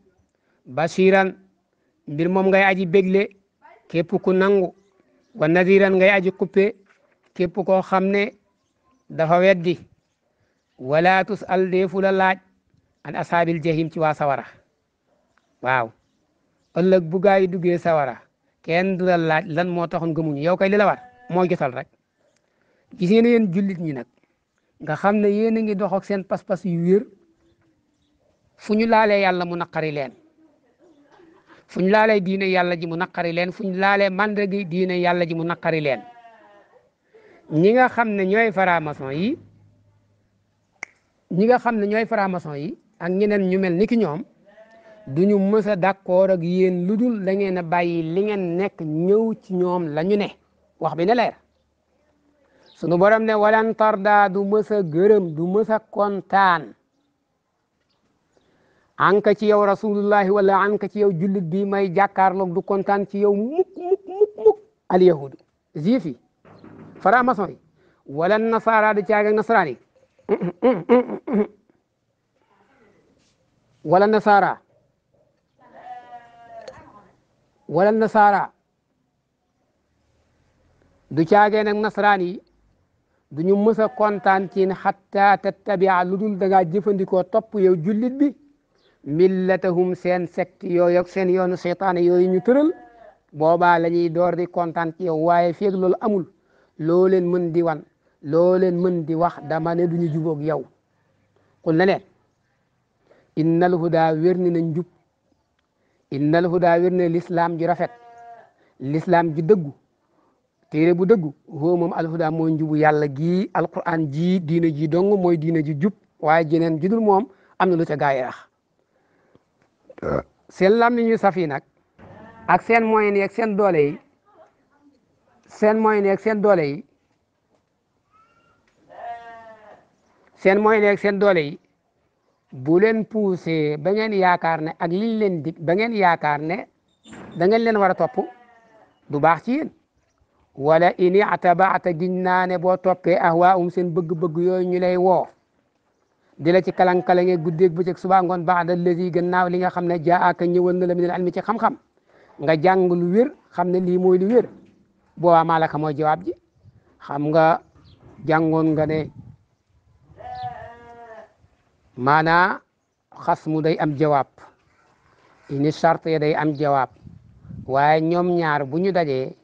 basiran mbir moom ngay aji bégle képp ku nangu wa nadiran ngay aji kuppe képp koo xam ne dafa weddi wala tusal deefu la laaj an asaabil jahim ci waa sawara waaw ëllëg bu gaa yi duggee sawara kenn du la laaj lan moo taxoon gëmuñu yow kay li la war moo jotal rek gis ngeen yéen jullit ñi nag nga xam ne yéen ngi dox ak seen pas-pas yu wér fu ñu laale yàlla mu naqari leen fu ñu laalee diine yàlla ji mu naqari leen fu ñu laalee gi diine yàlla ji mu naqari leen ñi nga xam ne ñooy faramason yi ñi nga xam ne ñooy faramason yi ak ñeneen ñu mel ni ki ñoom duñu mës a d'accord ak yéen lu dul da ngeen a bàyyi li ngeen nekk ñëw ci ñoom la ñu ne wax bi ne leer sunu borom ne walan tarda du mës a gërëm du mës a kontaan anka ci yow rasulullahi wala anka ci yow jullit bi may jàkkaarloog du kontaan ci yow mukk mukk mukk mukk al yahudu juif franc-maçon yi wala nasaara du caag ak wala nasaara wala du caagee nag nasaraan yi du ñu mës a kontaan ci ne tattabia lu dul da ngaa jëfandikoo topp yow jullit bi millatahum seen secte yooyu ak seen yoonu seytaane yooyu ñu tëral boobaa la ñuy door di kontaan ci yow waaye feeg loolu amul loo leen mën di wan loo leen mën di wax dama ne duñu jubóog yow xul na leen innal huda wér ni jub njub innal huda wér ne lislaam ju rafet lislaam ju dëggu tere bu dëggu hoo alhuda mooy njubu yàlla gii alquran ji diina ji dong mooy diina ji jub waaye jeneen judul moom am na lu ca gaa yi rax ah. seen lam ni ñuy safi nag ak seen moyen seen doole seen moyen yeeg seen doole yi seen moyen yeeg seen doole yi bu leen poussé ba ngeen yaakaar ne ak liñ leen dig ba ngeen yaakaar ne da ngeen leen war a topp du baax ci yéen wala ini atabaata giñ naa ne boo toppee ahwaahum seen bëgg-bëgg yooyu ñu lay woo di la ci kalang-kalange guddeeg bëccëg subaa ngoon baada lazi gannaaw li nga xam ne jaa aka ñëwal na la min al ilmi ci xam nga jàng lu wér xam ne lii lu wér boobaa malaka mooy jawaab ji xam nga jàngoon nga ne maanaa mu day am jawaab ini charte ya day am jawaab waaye ñoom ñaar bu ñu dajee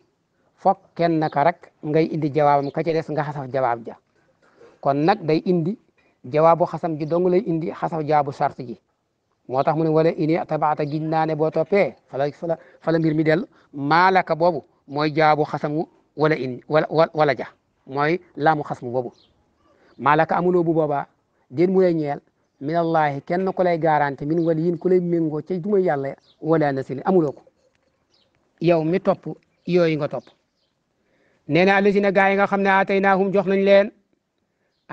foog kenn naka rek ngay indi jawaabam ka ci des nga xasaf jawaab ja kon nag day indi jawaabu xasam ji dong lay indi xasaf jawaabu charte ji moo tax mu ne wala ini tabaata giñ naa ne boo toppee fala fala fala mbir mi boobu mooy jaabu xasamu wala in wala wala ja mooy laamu xasmu boobu maalaka amuloo bu boobaa déet mu lay ñeel minallahi kenn ku lay garanti min waliyin ku lay méngoo ca du may yàlla wala nasili amuloo ko yow mi topp yooyu nga topp nee na allasina gaa yi nga xam ne aataynaahum jox nañ leen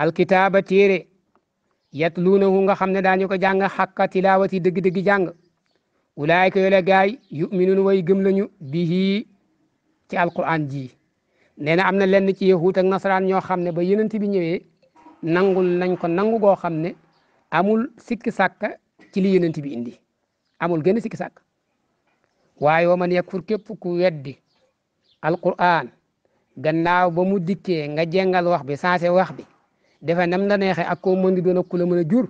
alkitaaba téere yatluunahu nga xam ne daañu ko jàng xàkka tilaawati dëgg-dëgg jàng ulaayka yoola gaay yuminuun way gëm bihi ci alquran ji nee na am na lenn ci yahut ak nasaraan yoo xam ne ba yonent bi ñëwee nangul nañ ko nangu goo xam ne amul sikki sàkka ci li yonent bi indi amul gën sikki sàkk waaye wa man yakfur képp ku weddi alquran gannaaw ba mu dikkee nga jengal wax bi saase wax bi defe nam la neexe ak koo mën di doon ak mën a jur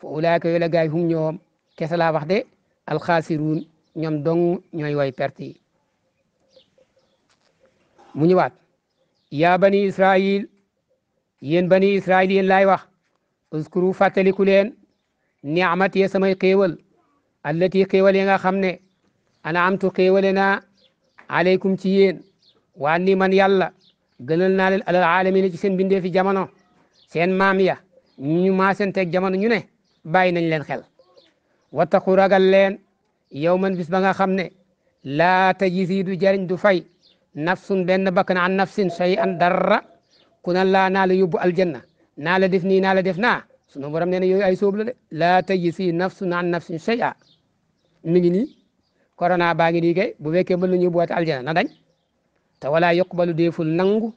fa ulaayka yooyu la gaay hum ñoom kese laa wax de alxaasiruun ñoom dong ñooy way perte yi mu ñëwaat yaa bani israil yéen bani israil yéen laay wax uskuru fàttaliku leen niamat ya samay xéewal allati xéewal ya nga xam ne ana am amtu xéewale naa aleykum ci yéen waan ni man yàlla gënal naa leen alal aalamin ci seen bindee fi jamono seen maam ya ñu maa seen teg jamono ñu ne bàyyi nañ leen xel wattaqu ragal leen yow man bis ba nga xam ne laa tajisi jariñ du fay nafsun benn bakkan an nafsin shay an dara ku ne laa naa la yóbbu aljanna naa la def nii naa la def naa sunu borom nee yooyu ay sóob la de laa tajisi nafsun an nafsin shay a mi ngi nii corona baa ngi nii bu fekkee mën nañu yóbbuwaat aljanna na dañ te wala yuqbalu deeful nangu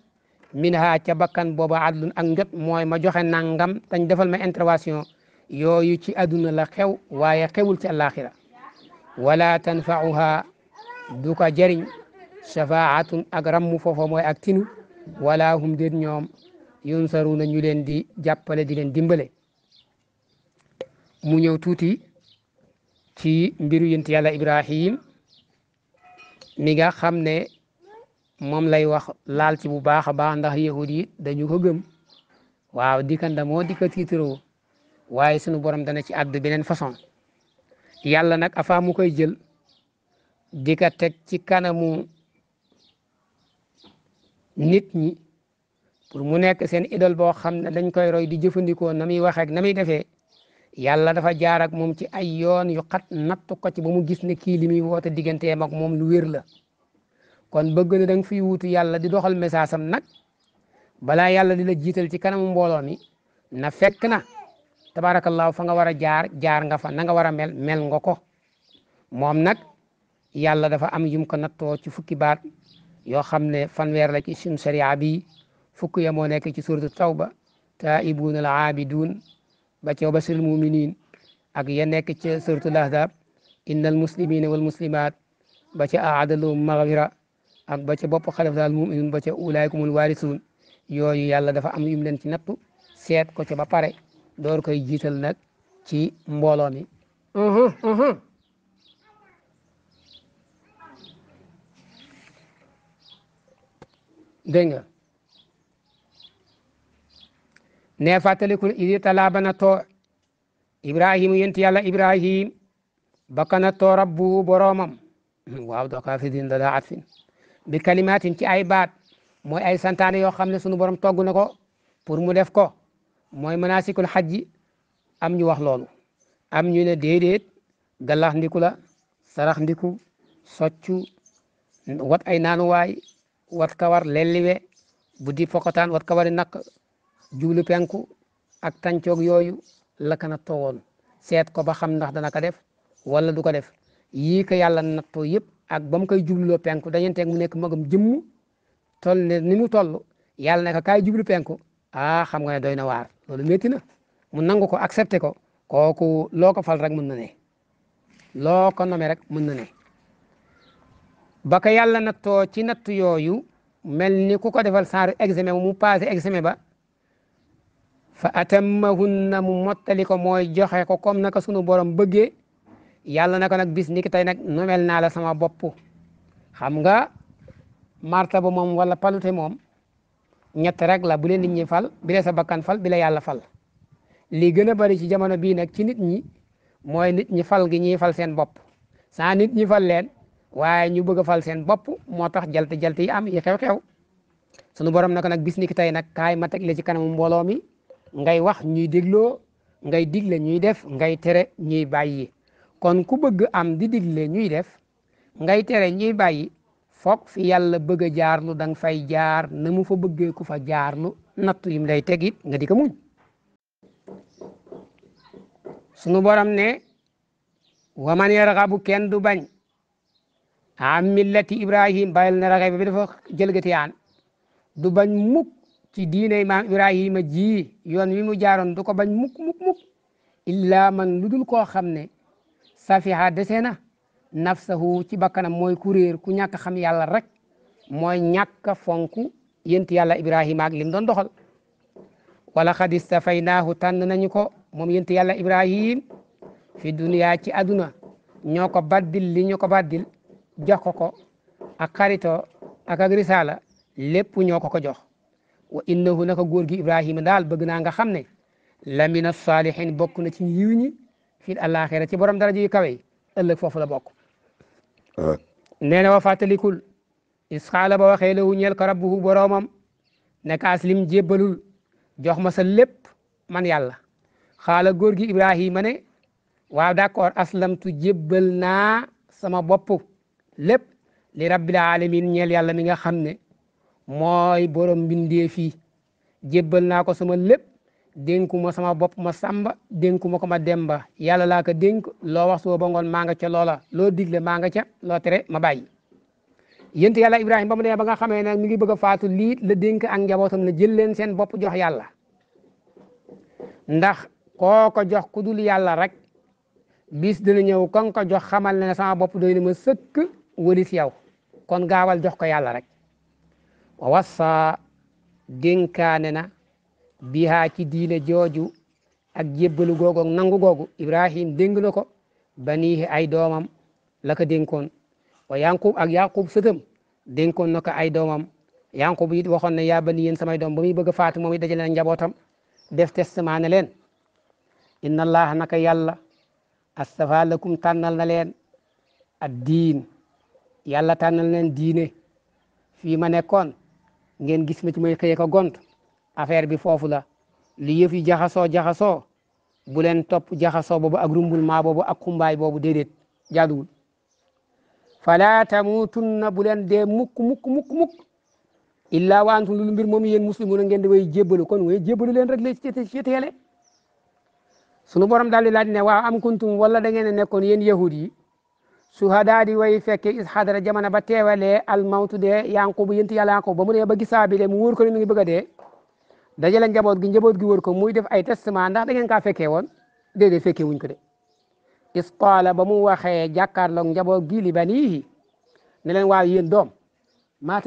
min ha ca bakkan booba adlun ak njot mooy ma joxe nangam dañ defal ma intervention yooyu ci adduna la xew waaye xewul ci àllaaxira wala tanfauha du ko jëriñ shafaatun ak rammu foofa mooy ak tinu wala hum déet ñoom yunsaruna ñu leen di jàppale di leen dimbale mu ñëw tuuti ci mbiru yent yàlla ibrahim mi nga xam ne moom lay wax laal ci bu baax a baax ndax yahud yi dañu ko gëm waaw dikkanda moo dikka tiitaroo waaye sunu borom dana ci àddu beneen façon yàlla nag afa mu koy jël di ka teg ci kanamu nit ñi pour mu nekk seen idole boo xam ne dañ koy roy di jëfandikoo na muy waxee ak na muy defee yàlla dafa jaar moom ci ay yoon yu xat natt ko ci ba mu gis ne kii li muy woote digganteem ak moom lu wér la kon bëgg na da nga fiy wuutu yàlla di doxal message sam nag balaa yàlla di la jiital ci kanamu mbooloo mi na fekk na tabaarakallaahu fa nga war a jaar jaar nga fa na nga war a mel mel nga ko moom nag yàlla dafa am yum ko nattoo ci fukki baat. yoo xam ne fanweer la ci suñu sariya bi fukk ya moo nekke ci suratu tawba taa'ibuun al aabiduun ba ce ca basiril muminin ak ya nekk ci suratu al innal muslimina wal muslimat ba ca aadalum maghfira ak ba ca bopp xalaf daal muminun ba ca ulaikumul warisuun yooyu yàlla dafa am yum leen ci nattu seet ko ca ba pare door koy jiital nag ci mbooloo mi dégg nga ne fàttalikul idi talaa ba na too ibrahima yent yàlla ibrahim baka na too rabbu boroomam (clears throat) waaw dokaa fi din dala at fin bi kalimaatin ci ay baat mooy ay santaane yoo xam ne sunu borom togg na ko pour mu def ko mooy manasikul xajji am ñu wax loolu am ñu ne déedéet galax ndiku la sarax ndiku soccu wat ay naanuwaay wat ka war lelliwe buddi pokotaan wat ka wari nak jublu penku ak tàncoog yooyu la ka nattoo woon seet ko ba xam ndax dana ko def wala du ko def yii ko yàlla nattoo yëpp ak ba mu koy jubluloo penku dañeenteeg mu nekk magam jëmm toll ne ni mu toll yàlla ne ko kaay jublu penku ah xam nga ne doy na waar loolu métti na mu nangu ko accepté ko kooku loo ko fal rek mun na ne loo ko nomee rek mun na ne ba ko yàlla too ci natt yooyu mel ni ku ko defal saaru examen mu paase examen ba fa atammahunna mu mottali ko mooy joxe ko comme naka sunu borom bëggee yàlla na ko nag bis ni ki tey nag nu mel naa la sama bopp xam nga martaba moom wala palute moom ñett rek la bu leen nit ñi fal bi la sa bakkan fal bi la yàlla fal li gën a bari ci jamono bii nak ci nit ñi mooy nit ñi fal gi ñuy fal seen bopp saa nit ñi fal leen waaye ñu bëgg a fal seen bopp moo tax jalte jalte yi am yi xew-xew sunu borom nag nag bis ni ki tey nag kaay ma teg la ci kanamu mbooloo mi ngay wax ñuy dégloo ngay digle ñuy def ngay tere ñuy bàyyi kon ku bëgg am di digle ñuy def ngay tere ñuy bàyyi foog fi yàlla bëgg jaar jaarlu dang fay jaar na mu fa bëggee ku fa jaar jaarlu nattu yim day teg it nga di ko muñ sunu borom ne waman yarxabu kenn du bañ an millati Ibrahim bàyyil na raxe bi dafa jëlgati aan du bañ mukk ci diine maam Ibrahima ji yoon wi mu jaaroon du ko bañ mukk mukk mukk man lu dul koo xam ne safiha dese na nafsahu ci bakkanam mooy kuréer ku ñàkk xam yàlla rek mooy ñàkk fonk yent yàlla Ibrahima ak lim doon doxal wala xad istafaynaahu tànn nañu ko moom yent yàlla Ibrahim fi duniya ci aduna ñoo ko li ñu ko jox ko ko ak a ak risaala lépp ñoo ko ko jox wa innahu naka góor gi Ibrahima daal bëgg naa nga xam ne lamina saalihin bokk na ci yiw ñi fii àllaaxira ci borom daraja yu kawe yi ëllëg foofu la bokk. nee na wa fàttalikul isxaala ba waxee la wu ñeel ko rabbuhu boromam ne ka aslim jébbalul jox ma sa lépp man yàlla xaala góor Ibrahima ne waaw d' accord aslamtu jébbal naa sama bopp. lépp li rabbil alamin ñeel yàlla mi nga xam ne mooy borom mbindee fii jébbal naa ko sama lépp dénku ma sama bopp ma sàmba dénku ma ko ma demba yàlla laa ko dénk loo wax soo ba ngoon maa nga ca loola loo digle maa nga ca loo tere ma bàyyi yént yàlla ibrahima ba mu demee ba nga xamee nag mi ngi bëgg a faatu lii la dénk ak njabootam la jël leen seen bopp jox yàlla ndax koo ko jox ku dul yàlla rek bis dina ñëw kon ko jox xamal ne sama bopp doy na ma sëkk wëris yow kon gaawal jox ko yàlla rek wa wassa dénkaane na bihaa ci diine jooju ak jébbalu googu nangu googu Ibrahim dénk na ko banihi ay doomam la ko dénkoon wa Yaaqub ak Yaaqub sëtam dénkoon na ay doomam Yaaqub it waxoon ne yaa bani yéen samay doom ba muy bëgg a moom it dajale na njabootam def testament ne leen inna allaha naka yàlla astafa lakum tànnal na leen ad diin yàlla tànnal leen diine fii ma nekkoon ngeen gis ma ci may xëye ko gont affaire bi foofu la li yëf yi jaxasoo jaxasoo bu leen topp jaxasoo boobu ak rumbul maa boobu ak xumbaay boobu déedéet jaaduwul fala tamutunna bu leen dee mukk muk mukk mukk illaa wa antum lulu mbir moom yéen muslimuna ngeen di way jébbalu kon way jébbalu leen rek la ci teele sunu borom daal di laaj ne waaw am kuntum wala da ngeen nekkoon yéen yahud yi su di way fekke is xadara jamono ba teewalee de dee bu yénti yàlla yanqubu ba mu ne ba gisaa bi de mu wóor ko ne mi ngi bëgg a dee dajale njaboot gi njaboot gi wóor ko muy def ay testament ndax da ngeen fekke fekkee woon déedéet fekkee wuñ ko de is qaala ba mu waxee jàkkaarloog njaboot gi li baniihi ne leen waaw yéen doom maa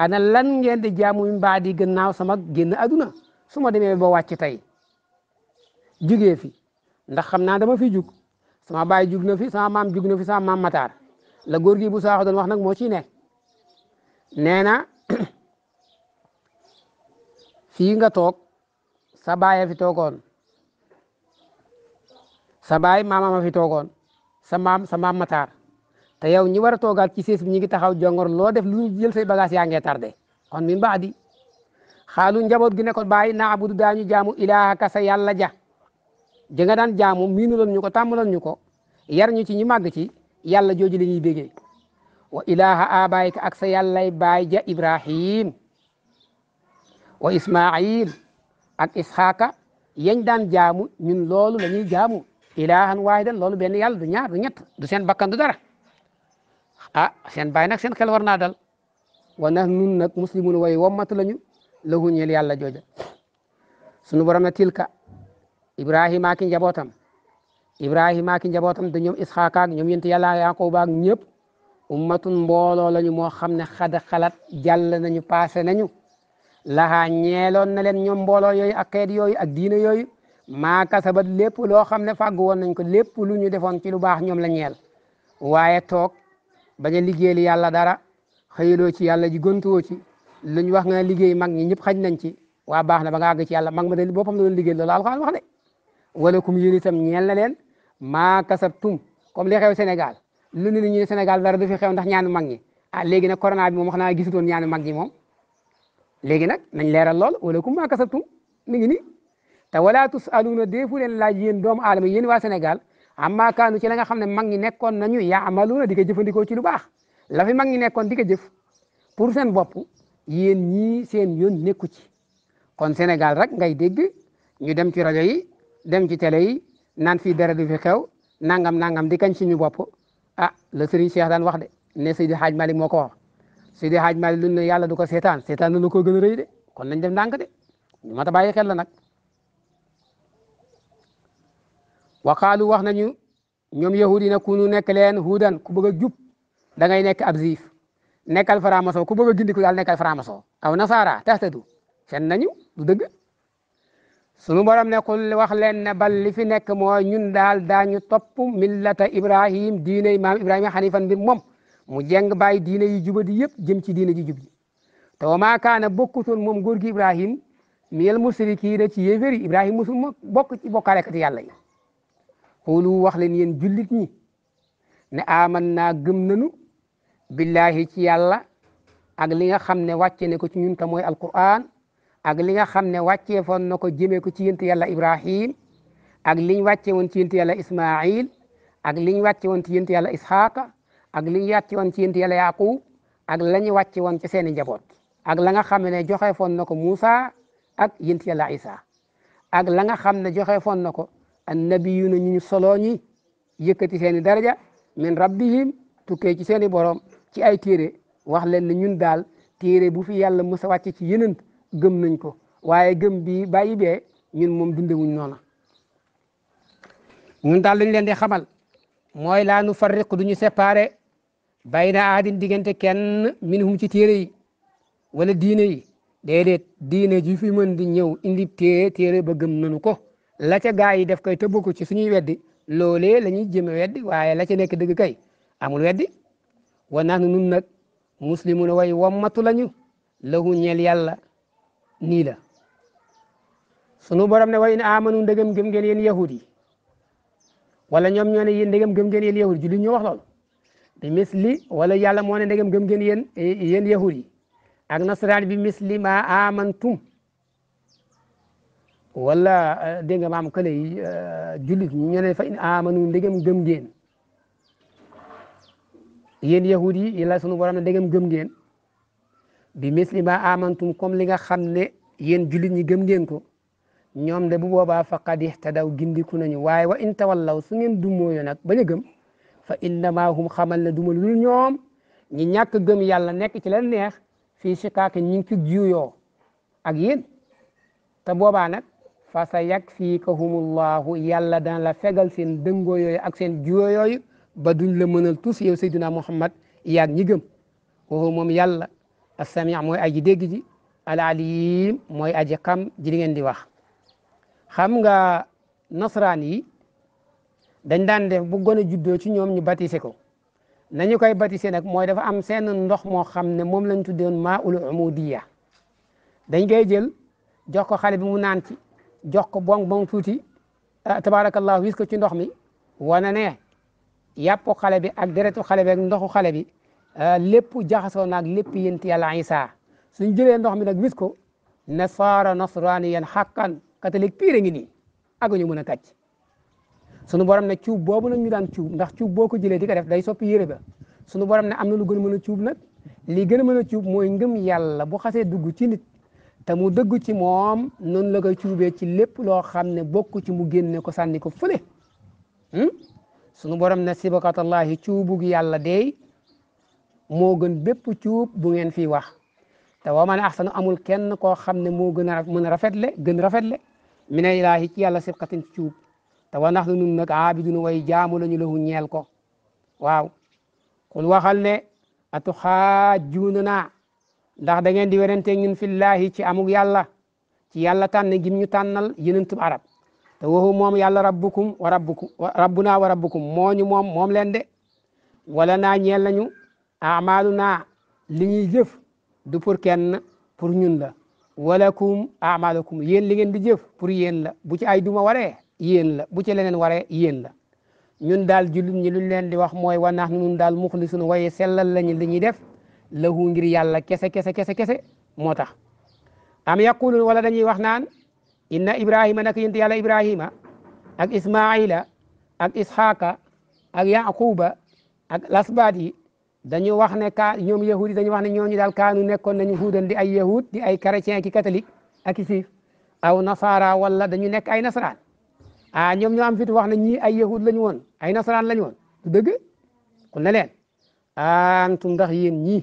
a na lan ngeen di jaamu min baadi gannaaw sama génn aduna su ma demee ba wàcc tey jugee fi ndax xam naa dama fi jug sama baay jug na fi sama maam jug na fi sama maam Matar la góor gi bu saaxo doon wax nag moo ci ne nee na (clears throat) fii nga toog sa baay a fi toogoon sa baay maama ma fi toogoon sa maam sa maam Matar te yow ñi war a toogaat ci sées bi ñu ngi taxaw jongor loo def lu ñu jël say bagage yaa ngee kon min baax di xaalu njaboot gi ne ko bàyyi na abudu daañu jaamu ilaahaka sa yàlla ja ja nga daan jaamu miinaloon ñu ko tàmmaloon ñu ko yar ñu ci ñi màgg ci yàlla jooju la ñuy bégee wa ilaha abayka ak sa yàllay baay ja ibrahim wa ismail ak isxaqa yañ daan jaamu ñun loolu la ñuy jaamu ilahan waahidan loolu benn yàlla du ñaar du ñett du seen bakkan du dara ah seen baay nag seen xel war naa dal wa nax nun nag muslimun way wommatu lañu lahu ñeel yàlla jooja sunu borom na tilka Ibrahima ak i njabootam Ibrahima ak i njabootam da ñoom Isxaaka ak ñoom yent yàlla Yaquba ak ñëpp ummatun mbooloo lañu moo xam ne xada xalaat jàll nañu passé nañu laxaa ñeeloon na leen ñoom mbooloo yooyu ak xeet yooyu ak diina yooyu maa ba lépp loo xam ne fàggu woon nañ ko lépp lu ñu defoon ci lu baax ñoom la ñeel waaye toog bañ a liggéeyal yàlla dara xëyaloo ci yàlla ji gontuwoo ci luñ wax nga liggéey mag ñi ñëpp xaj nañ ci na ba nga àgg ci yàlla mag ma de boppam la doon walakum yéen itam ñeel na leen maa kasabtum comme li xew Sénégal lu ne ñu ne Sénégal dara du fi xew nda ñaanu mag ñi ah léegi nag corona bi moom wax naa gisutoon ñaanu mag ñi moom léegi nag nañ leeral lool wala walakum maa kasabtum mi ngi ni te wala tusaluuna deefu leen laaj yéen doomu aadama yéen waa senegal amma kaanu ci la nga xam ne mag ñi nekkoon nañu yaamaluuna di ko jëfandikoo ci lu baax la fi mag ñi nekkoon di ko jëf pour seen bopp yéen ñii seen yoon nekku ci kon Sénégal rek ngay dégg ñu dem ci rajo yi dem ci télé yi naan fii dara du fi xew nangam nangam di kañ suñu bopp a ah, la Serigne Cheikh daan wax de ne Seydi Hadj Malick moo ko wax Seydi Hadj Malick lu ne yàlla du ko seetaan seetaan na ko gën a rëy de kon nañ dem de ñu ma a bàyyi xel la nag waqaalu wax nañu ñoom yahudi na ku nu nekk leen huudan ku bëgg a jub da ngay nekk ab ziif nekkal faramaso ku bëgg a gindiku daal nekkal faramaso aw nasaara taxtadu fen nañu du dëgg sunu borom nekkul wax leen ne bal li fi nekk mooy ñun daal daañu topp millata Ibrahim diine maam Ibrahima xanifan bi moom mu jeng bàyyi diine yi juba yëpp jëm ci diine ji jub to te wa kaana bokkutoon moom góor gi Ibrahim minal musrikiina ci yéeféri Ibrahim musul ma bokk ci bokkaalekati yàlla yi xoolu wax leen yéen jullit ñi ne aman naa gëm billahi ci yàlla ak li nga xam ne wàcce ne ko ci ñun te mooy alquran ak li nga xam ne wàccee foon na ko jëmee ko ci yonent yàlla Ibrahim ak liñ wàcce woon ci yonent yàlla Ismail ak liñ wàcce woon ci yonent yàlla Isxaqa ak liñ wàcce woon ci yonent yàlla Yaqub ak la ñu wàcce woon ci seeni njaboot ak la nga xam ne joxe foon na ko Moussa ak yonent yàlla Isa ak la nga xam ne joxe foon na ko annabiyuna ñu ñi soloo ñi yëkkati seeni daraja min rabbihim tukke ci seeni borom ci ay téere wax leen ne ñun daal téere bu fi yàlla mës a ci yeneen gëm nañ ko waaye gëm bi bàyyi be ñun moom dundewuñ noona ñun daal lañ leen di xamal mooy laa nu farriq du ñu séparé bayna ahadin diggante kenn minhum ci téere yi wala diine yi déedéet diine ji fi mën di ñëw indi téere téere ba gëm nañu ko la ca gaa yi def kay tëbb ko ci suñuy weddi loolee la ñuy jëm weddi waaye la ca nekk dëgg kay amul weddi wa nun nag muslimuna way wommatu lañu lahu ñeel yàlla nii la sunu borom ne way in amanu ndegam gëm ngeen yéen yahudi wala ñoom ñoo ne yéen ndegam gëm yahudi jullit ñoo wax bi misli wala yàlla moo ne ndegam gëm ngeen yéen yéen yahudi ak nasaraan bi misli ma amantum wala eh, dégg nga maam kële yi eh, jullit ñu ne fa in amanu ndegam gëm ngeen yahudi yi sunu borom ne ndegam gëm bi misli ma amantum comme li nga xam ne yéen jullit ñi gëm ngeen ko ñoom de bu boobaa faqad ihtadaw gindiku nañu waaye wa in tawallaw su ngeen dummóoyo nag bañ a gëm fa innama hum xamal ne duma lul ñoom ñi ñàkk gëm yàlla nekk ci leen neex fii shikaak ñu ngi ci juyoo ak yéen te boobaa nag fa sa yakfikahumullahu yàlla dana la fegal seen dëngoo yooyu ak seen juyoo yooyu ba duñ la mënal tous yow sayyidina Muhammad yaag ñi gëm woowu moom yàlla assami mooy aji dégg ji alalim mooy aji xam ji li ngeen di wax xam nga nasaraan yi dañ daan def bu gën a juddoo ci ñoom ñu batise ko nañu koy batise nag mooy dafa am seen ndox moo xam ne moom lañ tuddoon maa ul umudiya dañ koy jël jox ko xale bi mu naan ci jox ko bong bong tuuti ah, tabaarakallah wis ko ci ndox mi wana ne yàppu xale bi ak deretu xale bi ak ndoxu xale bi Euh, lépp jaxasoo naag lépp yénti yàlla Isa suñ jëlee ndox mi nag wis ko nasaara nasraani yan xàkkan catholique pire ngi nii ak ñu mën a tàcc sunu borom na cuub boobu nag ñu daan cuub ndax cuub boo ko jëlee di ko def day soppi yére ba sunu borom ne am na lu gën mën a cuub nag li gën a mën a cuub mooy ngëm yàlla bu xasee dugg ci nit te mu dëgg ci moom noonu la koy cuubee ci lépp loo xam ne bokk ci mu génne ko sànni ko fële hmm? sunu borom ne sibakatallahi cuubu gi yàlla dey moo gën bépp cuub bu ngeen fii wax te wa man axsanu amul kenn koo xam ne moo gën a mën a rafetle gën rafetle mina ilaahi ci yàlla sibqatin ci cuub te wa nax nu nun nag aabiduna way jaamu lañu lahu ñeel ko waaw kul waxal ne atu xaajuuna naa ndax da ngeen di werante ñun fillaahi ci amuk yàlla ci yàlla tànn gim ñu tànnal yonentub arab te waxu moom yàlla rabbukum wa rabbukum rabbunaa wa rabbukum moo ñu moom moom leen de wala naa amaluna li ñuy jëf du pour kenn pour ñun la wala walakum amalukum yéen li ngeen di jëf pour yéen la bu ci ay duma waree yéen la bu ci leneen waree yéen la ñun daal jullit ñi luñ leen di wax mooy wa nax ñun daal muxlisuna waaye sellal lañu li ñuy def lahu ngir yàlla kese kese kese kese moo tax am yaqulun wala dañuy wax naan inna ibrahima nak yent yàlla ibrahima ak ismaila ak ishaqa ak yaquba ak lasbaat dañu wax ne ka ñoom yahudi dañu wax ne ñooñu daal kaanu nekkoon nañu huudan di ay yahud di ay chrétien ki catholique ak i aw nasara wala dañu nekk ay nasaraan ah ñoom ñoo am fit wax ne ñii ay yahud lañu woon ay nasaraan lañu woon du dëgg ku ne leen antum ndax ñi ñii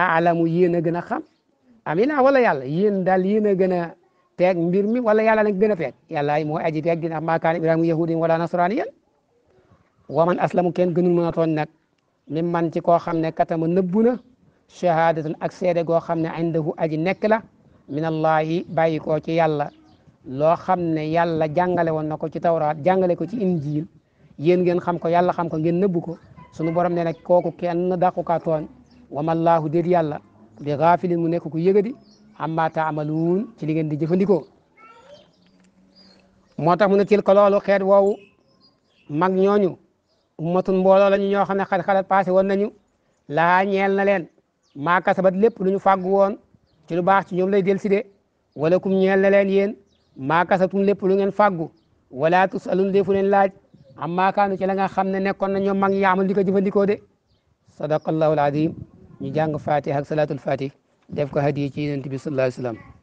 aalamu yéen a gën a xam amina wala yàlla yéen daal yéen a gën a peeg mbir mi wala yàlla nag gën a peeg yàlla moo aji peeg dina maa kaana ibrahima yahudin wala nasraniyan wa man aslamu kenn gënul mën a tooñ nag mi man ci koo xam ne katama nëbbu na shahadatun ak seede goo xam ne indahu aji nekk la minallahi bàyyi koo ci yàlla loo xam ne yàlla jàngale woon na ko ci tawraat jàngale ko ci injiil yéen ngeen xam ko yàlla xam ko ngeen nëbbu ko sunu borom ne nag kooku kenn dàqu kaa tooñ wamallaahu déet yàlla bi gaafilin mu nekk ku yëgadi amma taamaluun ci li ngeen di jëfandikoo moo tax mu ne til ko loolu xeet woowu mag ñooñu ummatun mbooloo ñu ñoo xam ne xat xalat passé woon nañu laa ñeel na leen maa kasabat lépp lu ñu fàggu woon ci lu baax ci ñoom lay del si de wala kum ñeel na leen yéen maa kasatum lépp lu ngeen fàggu wala tusalun defu leen laaj amma kaanu ci la nga xam ne nekkoon na ñoom mag yaamal di ko jëfandikoo de sadaqallahu alazim ñu jàng fatih ak salatul fatih def ko hadiya ci yonent bi sallallahu alayhi wasallam